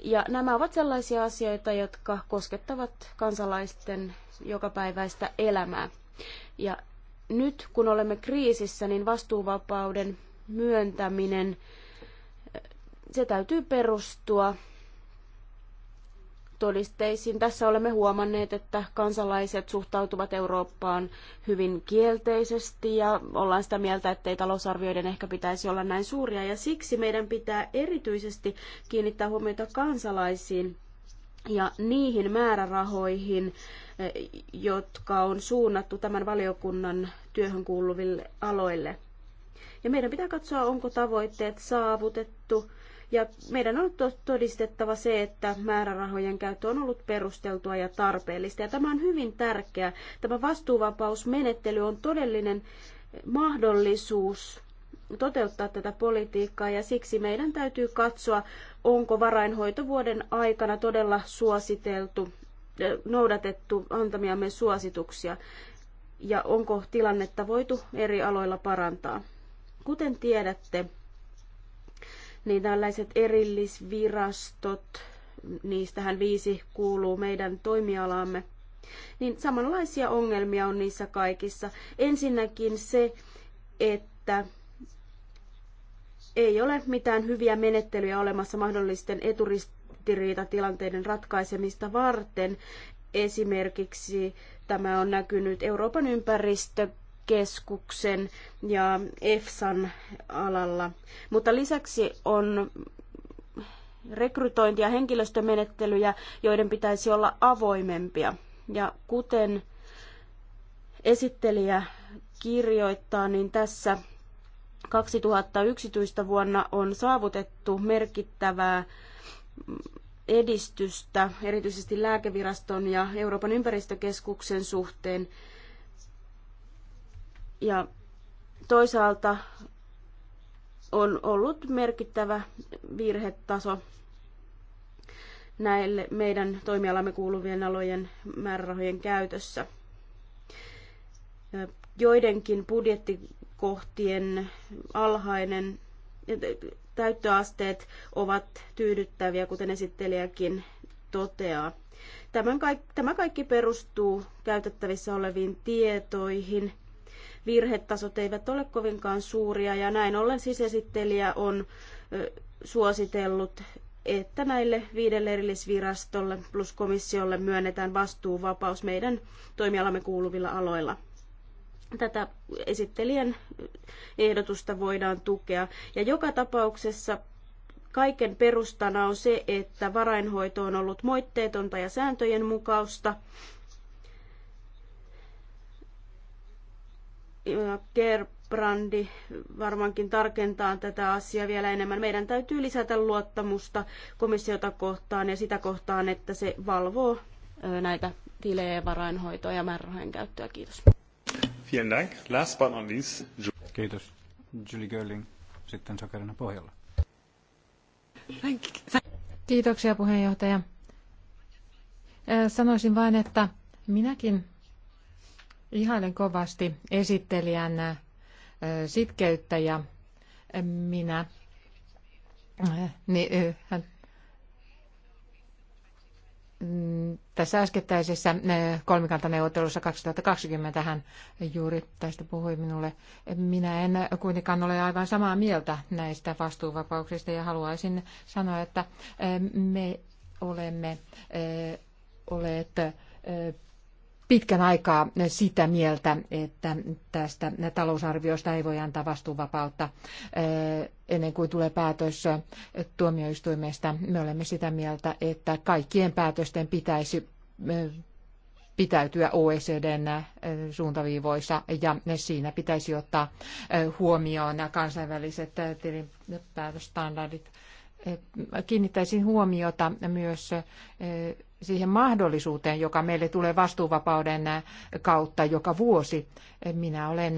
Ja nämä ovat sellaisia asioita, jotka koskettavat kansalaisten jokapäiväistä elämää. Ja nyt kun olemme kriisissä, niin vastuuvapauden myöntäminen, se täytyy perustua todisteisiin. Tässä olemme huomanneet, että kansalaiset suhtautuvat Eurooppaan hyvin kielteisesti ja ollaan sitä mieltä, ettei talousarvioiden ehkä pitäisi olla näin suuria. Ja siksi meidän pitää erityisesti kiinnittää huomiota kansalaisiin ja niihin määrärahoihin, eh, jotka on suunnattu tämän valiokunnan työhön kuuluville aloille. Ja meidän pitää katsoa, onko tavoitteet saavutettu ja meidän on todistettava se, että määrärahojen käyttö on ollut perusteltua ja tarpeellista. Ja tämä on hyvin tärkeää. Tämä vastuuvapausmenettely on todellinen mahdollisuus toteuttaa tätä politiikkaa ja siksi meidän täytyy katsoa, onko varainhoitovuoden aikana todella suositeltu, noudatettu antamiamme suosituksia ja onko tilannetta voitu eri aloilla parantaa. Kuten tiedätte, niin tällaiset erillisvirastot, niistähän viisi kuuluu meidän toimialaamme, niin samanlaisia ongelmia on niissä kaikissa. Ensinnäkin se, että ei ole mitään hyviä menettelyjä olemassa mahdollisten eturistiriitatilanteiden ratkaisemista varten. Esimerkiksi tämä on näkynyt Euroopan ympäristö keskuksen ja EFSAn alalla. Mutta lisäksi on rekrytointi- ja henkilöstömenettelyjä, joiden pitäisi olla avoimempia. Ja kuten esittelijä kirjoittaa, niin tässä 2011 vuonna on saavutettu merkittävää edistystä, erityisesti lääkeviraston ja Euroopan ympäristökeskuksen suhteen, ja toisaalta on ollut merkittävä virhetaso näille meidän toimialamme kuuluvien alojen määrärahojen käytössä. Joidenkin budjettikohtien alhainen täyttöasteet ovat tyydyttäviä, kuten esittelijäkin toteaa. Tämän kaikki, tämä kaikki perustuu käytettävissä oleviin tietoihin virhetasot eivät ole kovinkaan suuria ja näin ollen siis esittelijä on suositellut, että näille viidelle erillisvirastolle plus komissiolle myönnetään vastuuvapaus meidän toimialamme kuuluvilla aloilla tätä esittelijän ehdotusta voidaan tukea. Ja joka tapauksessa kaiken perustana on se, että varainhoito on ollut moitteetonta ja sääntöjen mukausta, kerbrandi varmaankin tarkentaa tätä asiaa vielä enemmän. Meidän täytyy lisätä luottamusta komissiota kohtaan ja sitä kohtaan, että se valvoo näitä tilejä varainhoitoa ja määrärahojen käyttöä. Kiitos. Kiitos. Julie Görling sitten sokerina pohjalla. Kiitoksia puheenjohtaja. Sanoisin vain, että minäkin Ihailen kovasti esittelijän sitkeyttä ja minä niin, hän, mm, tässä äskettäisessä kolmikantaneuvottelussa 2020 hän juuri tästä puhui minulle. Minä en kuitenkaan ole aivan samaa mieltä näistä vastuuvapauksista ja haluaisin sanoa, että me olemme olleet pitkän aikaa sitä mieltä, että tästä talousarviosta ei voi antaa vastuuvapautta eh, ennen kuin tulee päätös tuomioistuimesta. Me olemme sitä mieltä, että kaikkien päätösten pitäisi eh, pitäytyä OECDn eh, suuntaviivoissa ja siinä pitäisi ottaa huomioon kansainväliset tilinpäätöstandardit. Kiinnittäisin huomiota myös siihen mahdollisuuteen, joka meille tulee vastuuvapauden kautta joka vuosi. Minä olen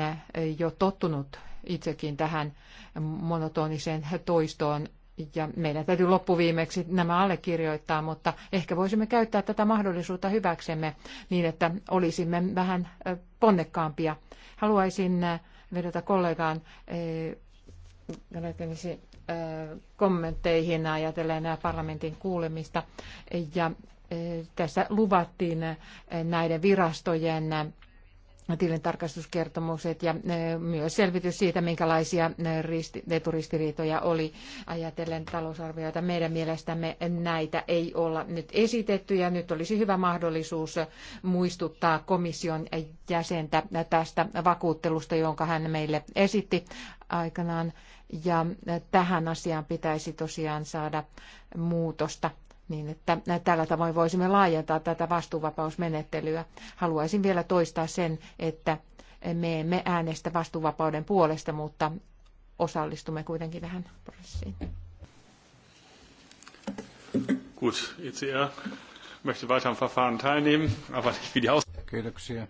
jo tottunut itsekin tähän monotoniseen toistoon ja meidän täytyy loppuviimeksi nämä allekirjoittaa, mutta ehkä voisimme käyttää tätä mahdollisuutta hyväksemme niin, että olisimme vähän ponnekkaampia. Haluaisin vedota kollegaan eh, eh, kommentteihin ajatellen parlamentin kuulemista ja tässä luvattiin näiden virastojen tilintarkastuskertomukset ja myös selvitys siitä, minkälaisia eturistiriitoja oli ajatellen talousarvioita. Meidän mielestämme näitä ei olla nyt esitetty ja nyt olisi hyvä mahdollisuus muistuttaa komission jäsentä tästä vakuuttelusta, jonka hän meille esitti aikanaan. Ja tähän asiaan pitäisi tosiaan saada muutosta niin että tällä tavoin voisimme laajentaa tätä vastuuvapausmenettelyä. Haluaisin vielä toistaa sen, että me emme äänestä vastuuvapauden puolesta, mutta osallistumme kuitenkin tähän prosessiin. Gut, ECR möchte weiter am Verfahren teilnehmen, aber nicht wie die Haus Kiitoksia.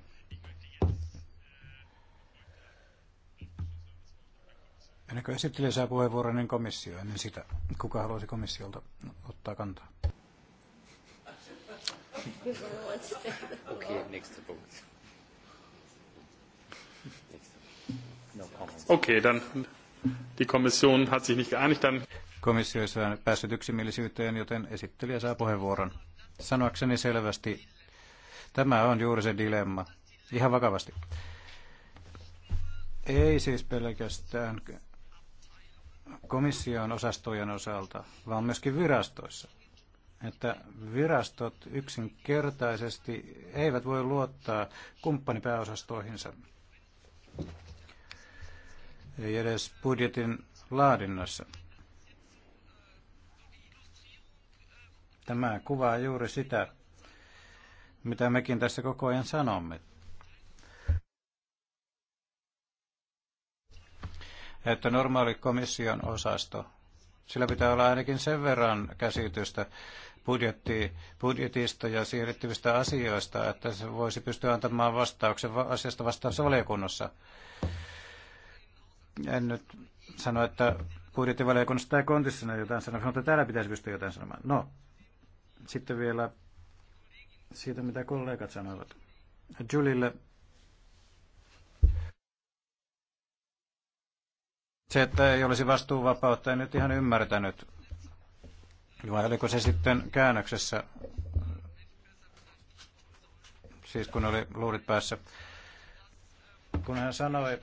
Ennen kuin esittelijä saa puheenvuoron, niin komissio ennen sitä. Kuka haluaisi komissiolta ottaa kantaa? okay, next Okei, dann die Kommission hat sich nicht geeinigt, dann... Komissio ei saa päässyt yksimielisyyteen, joten esittelijä saa puheenvuoron. Sanoakseni selvästi, tämä on juuri se dilemma. Ihan vakavasti. Ei siis pelkästään komission osastojen osalta, vaan myöskin virastoissa. Että virastot yksinkertaisesti eivät voi luottaa kumppanipääosastoihinsa. Ei edes budjetin laadinnassa. Tämä kuvaa juuri sitä, mitä mekin tässä koko ajan sanomme. että normaali komission osasto, sillä pitää olla ainakin sen verran käsitystä budjetti, budjetista ja siihen liittyvistä asioista, että se voisi pystyä antamaan vastauksen asiasta vastaavassa valiokunnassa. En nyt sano, että budjettivaliokunnassa tai kontissa jotain sanoa, mutta täällä pitäisi pystyä jotain sanomaan. No, sitten vielä siitä, mitä kollegat sanoivat. Julille Se, että ei olisi vastuuvapautta, en nyt ihan ymmärtänyt. Vai oliko se sitten käännöksessä, siis kun oli luurit päässä, kun hän sanoi,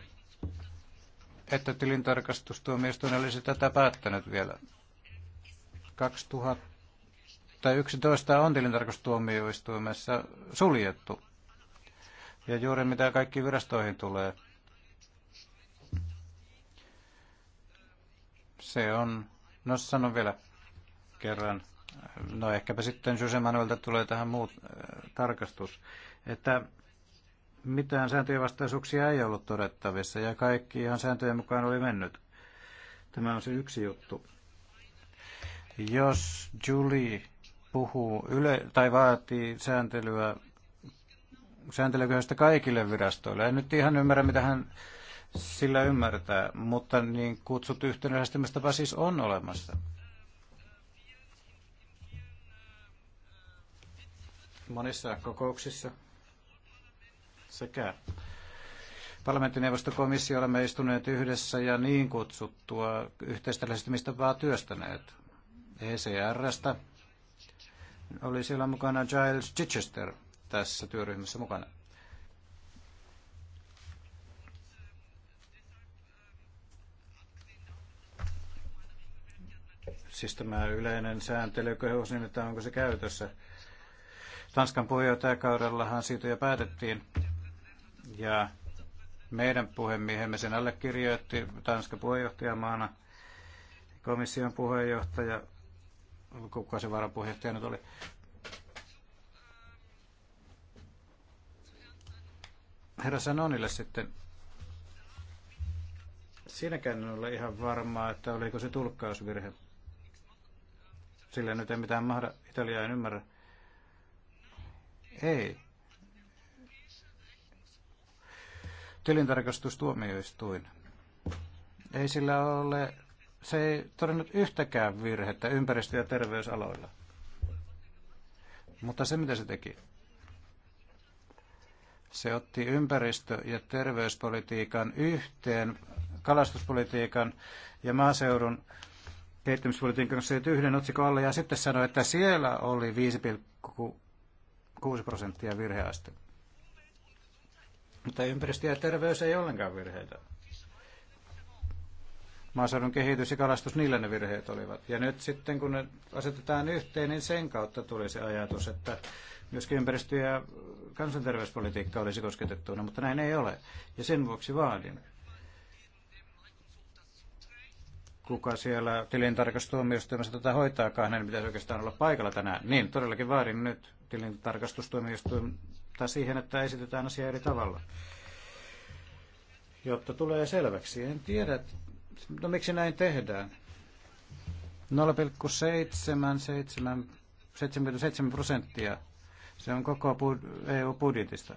että tilintarkastustuomioistuin olisi tätä päättänyt vielä. 2011 on tilintarkastustuomioistuimessa suljettu. Ja juuri mitä kaikki virastoihin tulee – Se on, no sanon vielä kerran, no ehkäpä sitten Jose Manuelta tulee tähän muu äh, tarkastus, että mitään sääntöjen vastaisuuksia ei ollut todettavissa ja kaikki ihan sääntöjen mukaan oli mennyt. Tämä on se yksi juttu. Jos Julie puhuu yle, tai vaatii sääntelyä sääntelyköhöstä kaikille virastoille. En nyt ihan ymmärrä, mitä hän sillä ymmärtää, mutta niin kutsut yhtenäistämistäpä siis on olemassa. Monissa kokouksissa sekä parlamenttineuvostokomissio olemme istuneet yhdessä ja niin kutsuttua yhteistä lähestymistapaa työstäneet. ECRstä oli siellä mukana Giles Chichester tässä työryhmässä mukana. Siis tämä yleinen sääntely, niin että onko se käytössä. Tanskan puheenjohtajakaudellahan siitä jo päätettiin. Ja meidän puhemiehemme sen allekirjoitti Tanskan puheenjohtajamaana. Komission puheenjohtaja, kuka se varapuheenjohtaja nyt oli, herra Sanonille sitten, siinäkään en ole ihan varmaa, että oliko se tulkkausvirhe sillä nyt ei mitään mahda, Italiaa en ymmärrä. Ei. Tilintarkastustuomioistuin. Ei sillä ole, se ei todennut yhtäkään virhettä ympäristö- ja terveysaloilla. Mutta se mitä se teki, se otti ympäristö- ja terveyspolitiikan yhteen kalastuspolitiikan ja maaseudun kehittymispolitiikan kanssa yhden otsikon alle ja sitten sanoi, että siellä oli 5,6 prosenttia virheaste. Mutta ympäristö ja terveys ei ollenkaan virheitä. Maaseudun kehitys ja kalastus, niillä ne virheet olivat. Ja nyt sitten kun ne asetetaan yhteen, niin sen kautta tuli se ajatus, että myöskin ympäristö- ja kansanterveyspolitiikka olisi kosketettuna, mutta näin ei ole. Ja sen vuoksi vaadin, kuka siellä tilintarkastustuomioistuimessa tätä hoitaakaan, hänen pitäisi oikeastaan olla paikalla tänään. Niin, todellakin vaadin nyt tilintarkastustuomioistuimta siihen, että esitetään asia eri tavalla, jotta tulee selväksi. En tiedä, no miksi näin tehdään. 0,77 prosenttia. Se on koko EU-budjetista.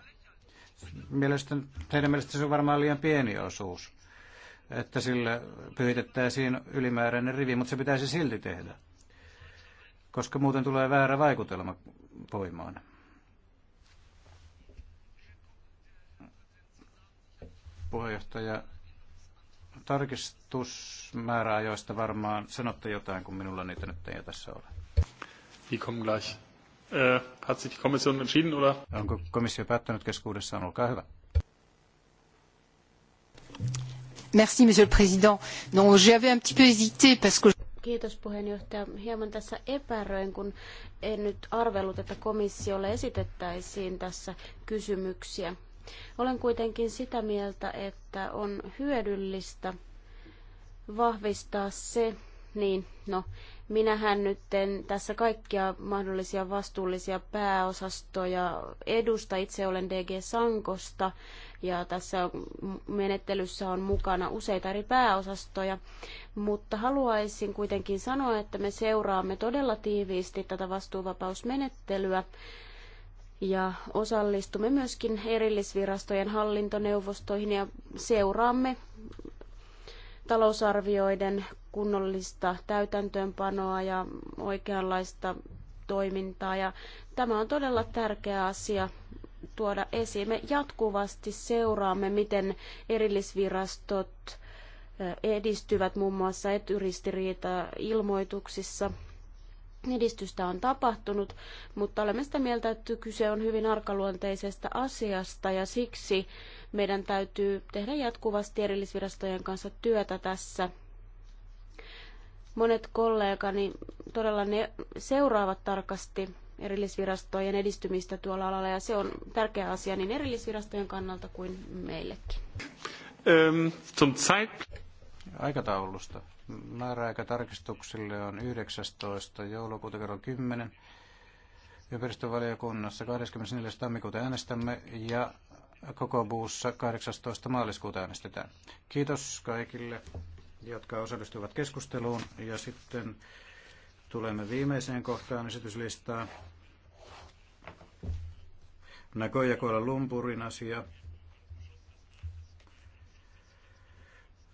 Mielestäni, teidän mielestä se on varmaan liian pieni osuus että sillä pyhitettäisiin ylimääräinen rivi, mutta se pitäisi silti tehdä, koska muuten tulee väärä vaikutelma voimaan. Puheenjohtaja, tarkistusmääräajoista varmaan sanotte jotain, kun minulla niitä nyt ei tässä ole. Die kommen gleich. Äh, hat sich die Kommission entschieden, oder? Onko komissio päättänyt keskuudessaan? Olkaa hyvä. Merci, monsieur le président. Non, j'avais un petit peu hésité parce que... Kiitos puheenjohtaja. Hieman tässä epäröin, kun en nyt arvellut, että komissiolle esitettäisiin tässä kysymyksiä. Olen kuitenkin sitä mieltä, että on hyödyllistä vahvistaa se, niin, no, minähän nyt en tässä kaikkia mahdollisia vastuullisia pääosastoja edusta. Itse olen DG Sankosta ja tässä menettelyssä on mukana useita eri pääosastoja, mutta haluaisin kuitenkin sanoa, että me seuraamme todella tiiviisti tätä vastuuvapausmenettelyä ja osallistumme myöskin erillisvirastojen hallintoneuvostoihin ja seuraamme talousarvioiden kunnollista täytäntöönpanoa ja oikeanlaista toimintaa. Ja tämä on todella tärkeä asia tuoda esiin. Me jatkuvasti seuraamme, miten erillisvirastot edistyvät muun muassa etyristiriita-ilmoituksissa. Edistystä on tapahtunut, mutta olemme sitä mieltä, että kyse on hyvin arkaluonteisesta asiasta ja siksi meidän täytyy tehdä jatkuvasti erillisvirastojen kanssa työtä tässä. Monet kollegani todella ne seuraavat tarkasti erillisvirastojen edistymistä tuolla alalla ja se on tärkeä asia niin erillisvirastojen kannalta kuin meillekin. Ähm, zum Zeit... Aikataulusta. Määräaika tarkistuksille on 19. joulukuuta kello 10. Ympäristövaliokunnassa 24. tammikuuta äänestämme ja koko buussa 18. maaliskuuta äänestetään. Kiitos kaikille, jotka osallistuivat keskusteluun. Ja sitten tulemme viimeiseen kohtaan esityslistaa. Nagoya Kuala Lumpurin asia.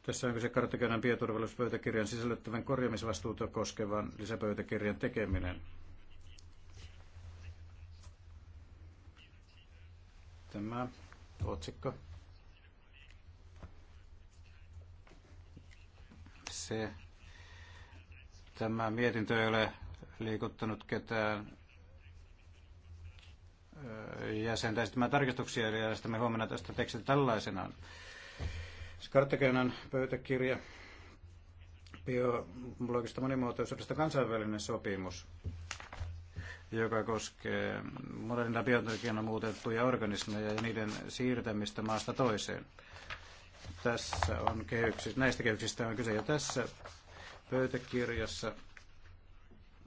Tässä on kyse karttakäynnän bioturvallisuuspöytäkirjan sisällyttävän korjaamisvastuuta koskevan lisäpöytäkirjan tekeminen. Tämä otsikko. Se, tämä mietintö ei ole liikuttanut ketään jäsentä esittämään tarkistuksia, eli me huomenna tästä tekstistä tällaisenaan. Skarttaköynän pöytäkirja biologista monimuotoisuudesta kansainvälinen sopimus joka koskee modernilla biotekniikalla muutettuja organismeja ja niiden siirtämistä maasta toiseen. Tässä on kehyksistä, näistä kehyksistä on kyse jo tässä pöytäkirjassa.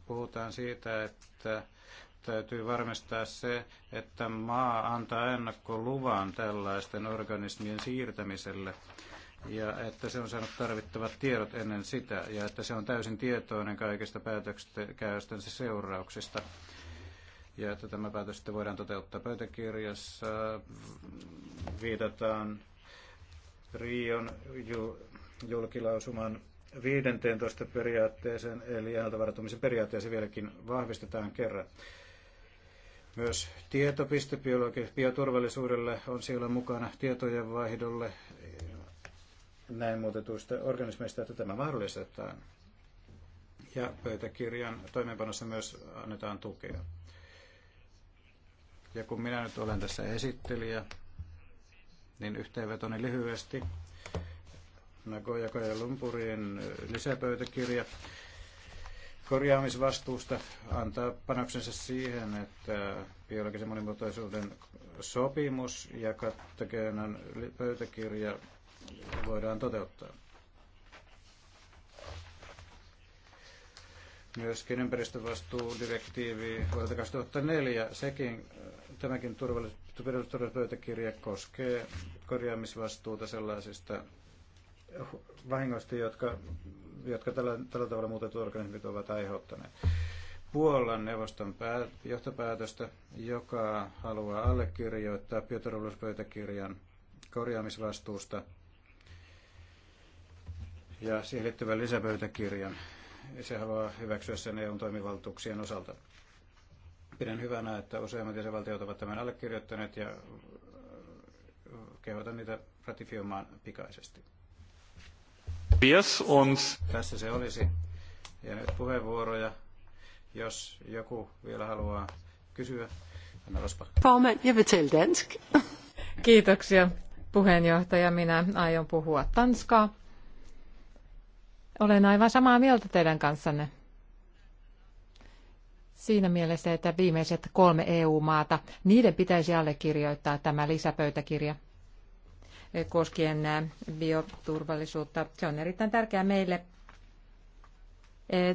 Puhutaan siitä, että täytyy varmistaa se, että maa antaa ennakkoluvan tällaisten organismien siirtämiselle ja että se on saanut tarvittavat tiedot ennen sitä ja että se on täysin tietoinen kaikista päätöksistensä seurauksista ja että tämä päätös sitten voidaan toteuttaa pöytäkirjassa. Viitataan Rion julkilausuman 15 periaatteeseen, eli ääntävarautumisen periaatteeseen vieläkin vahvistetaan kerran. Myös tietopiste bioturvallisuudelle on siellä mukana tietojen vaihdolle näin muutetuista organismeista, että tämä mahdollistetaan. Ja pöytäkirjan toimeenpanossa myös annetaan tukea. Ja kun minä nyt olen tässä esittelijä, niin yhteenvetoni lyhyesti. Nagoya ja Lumpurin lisäpöytäkirja korjaamisvastuusta antaa panoksensa siihen, että biologisen monimuotoisuuden sopimus ja kattakeenan pöytäkirja voidaan toteuttaa. Myöskin ympäristövastuudirektiivi vuodelta 2004, sekin, äh, tämäkin turvallisuuspöytäkirja koskee korjaamisvastuuta sellaisista vahingoista, jotka, jotka tällä, tällä tavalla muutetut organismit ovat aiheuttaneet. Puolan neuvoston pää, johtopäätöstä, joka haluaa allekirjoittaa bioturvallisuuspöytäkirjan korjaamisvastuusta ja siihen liittyvän lisäpöytäkirjan. Se haluaa hyväksyä sen EUn toimivaltuuksien osalta. Pidän hyvänä, että useimmat jäsenvaltiot ovat tämän allekirjoittaneet ja äh, kehotan niitä ratifioimaan pikaisesti. Yes, und... Tässä se olisi. Ja nyt puheenvuoroja, jos joku vielä haluaa kysyä. Anna Rospa. Kiitoksia puheenjohtaja. Minä aion puhua tanskaa. Olen aivan samaa mieltä teidän kanssanne. Siinä mielessä, että viimeiset kolme EU-maata, niiden pitäisi allekirjoittaa tämä lisäpöytäkirja koskien bioturvallisuutta. Se on erittäin tärkeää meille.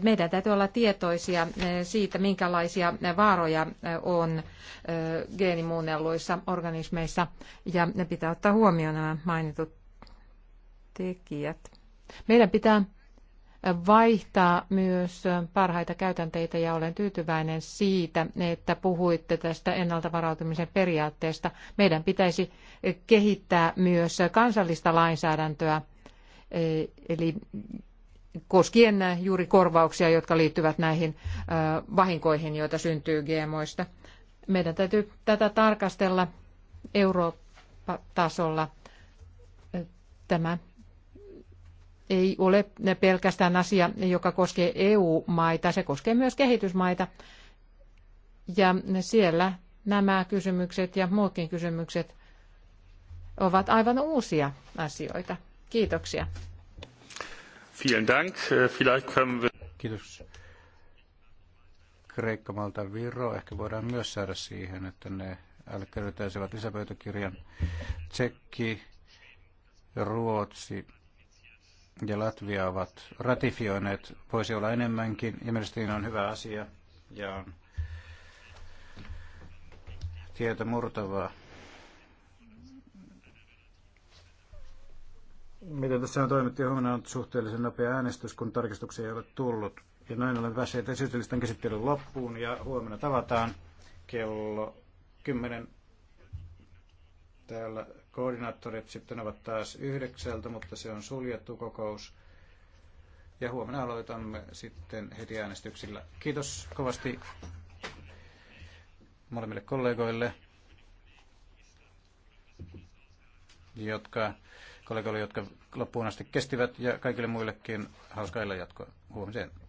Meidän täytyy olla tietoisia siitä, minkälaisia vaaroja on geenimuunnelluissa organismeissa, ja ne pitää ottaa huomioon nämä mainitut tekijät. Meidän pitää vaihtaa myös parhaita käytänteitä ja olen tyytyväinen siitä, että puhuitte tästä ennalta varautumisen periaatteesta. Meidän pitäisi kehittää myös kansallista lainsäädäntöä, eli koskien juuri korvauksia, jotka liittyvät näihin vahinkoihin, joita syntyy GMOista. Meidän täytyy tätä tarkastella Eurooppa-tasolla. Tämä ei ole pelkästään asia, joka koskee EU-maita, se koskee myös kehitysmaita. Ja siellä nämä kysymykset ja muutkin kysymykset ovat aivan uusia asioita. Kiitoksia. Vielen Dank. Vielleicht können wir... Kiitos. Kreikka, Malta, Viro. Ehkä voidaan myös saada siihen, että ne allekirjoittaisivat lisäpöytäkirjan. Tsekki, Ruotsi, ja Latvia ovat ratifioineet. Voisi olla enemmänkin ja mielestäni on hyvä asia ja on tietä murtavaa. Miten tässä on toimittu, huomenna on suhteellisen nopea äänestys, kun tarkistuksia ei ole tullut. Ja näin olen päässeet esitellisten käsittelyn loppuun ja huomenna tavataan kello 10 täällä Koordinaattorit sitten ovat taas yhdeksältä, mutta se on suljettu kokous. Ja huomenna aloitamme sitten heti äänestyksillä. Kiitos kovasti molemmille kollegoille, jotka, kollegoille, jotka loppuun asti kestivät ja kaikille muillekin hauskaa jatkoa huomiseen.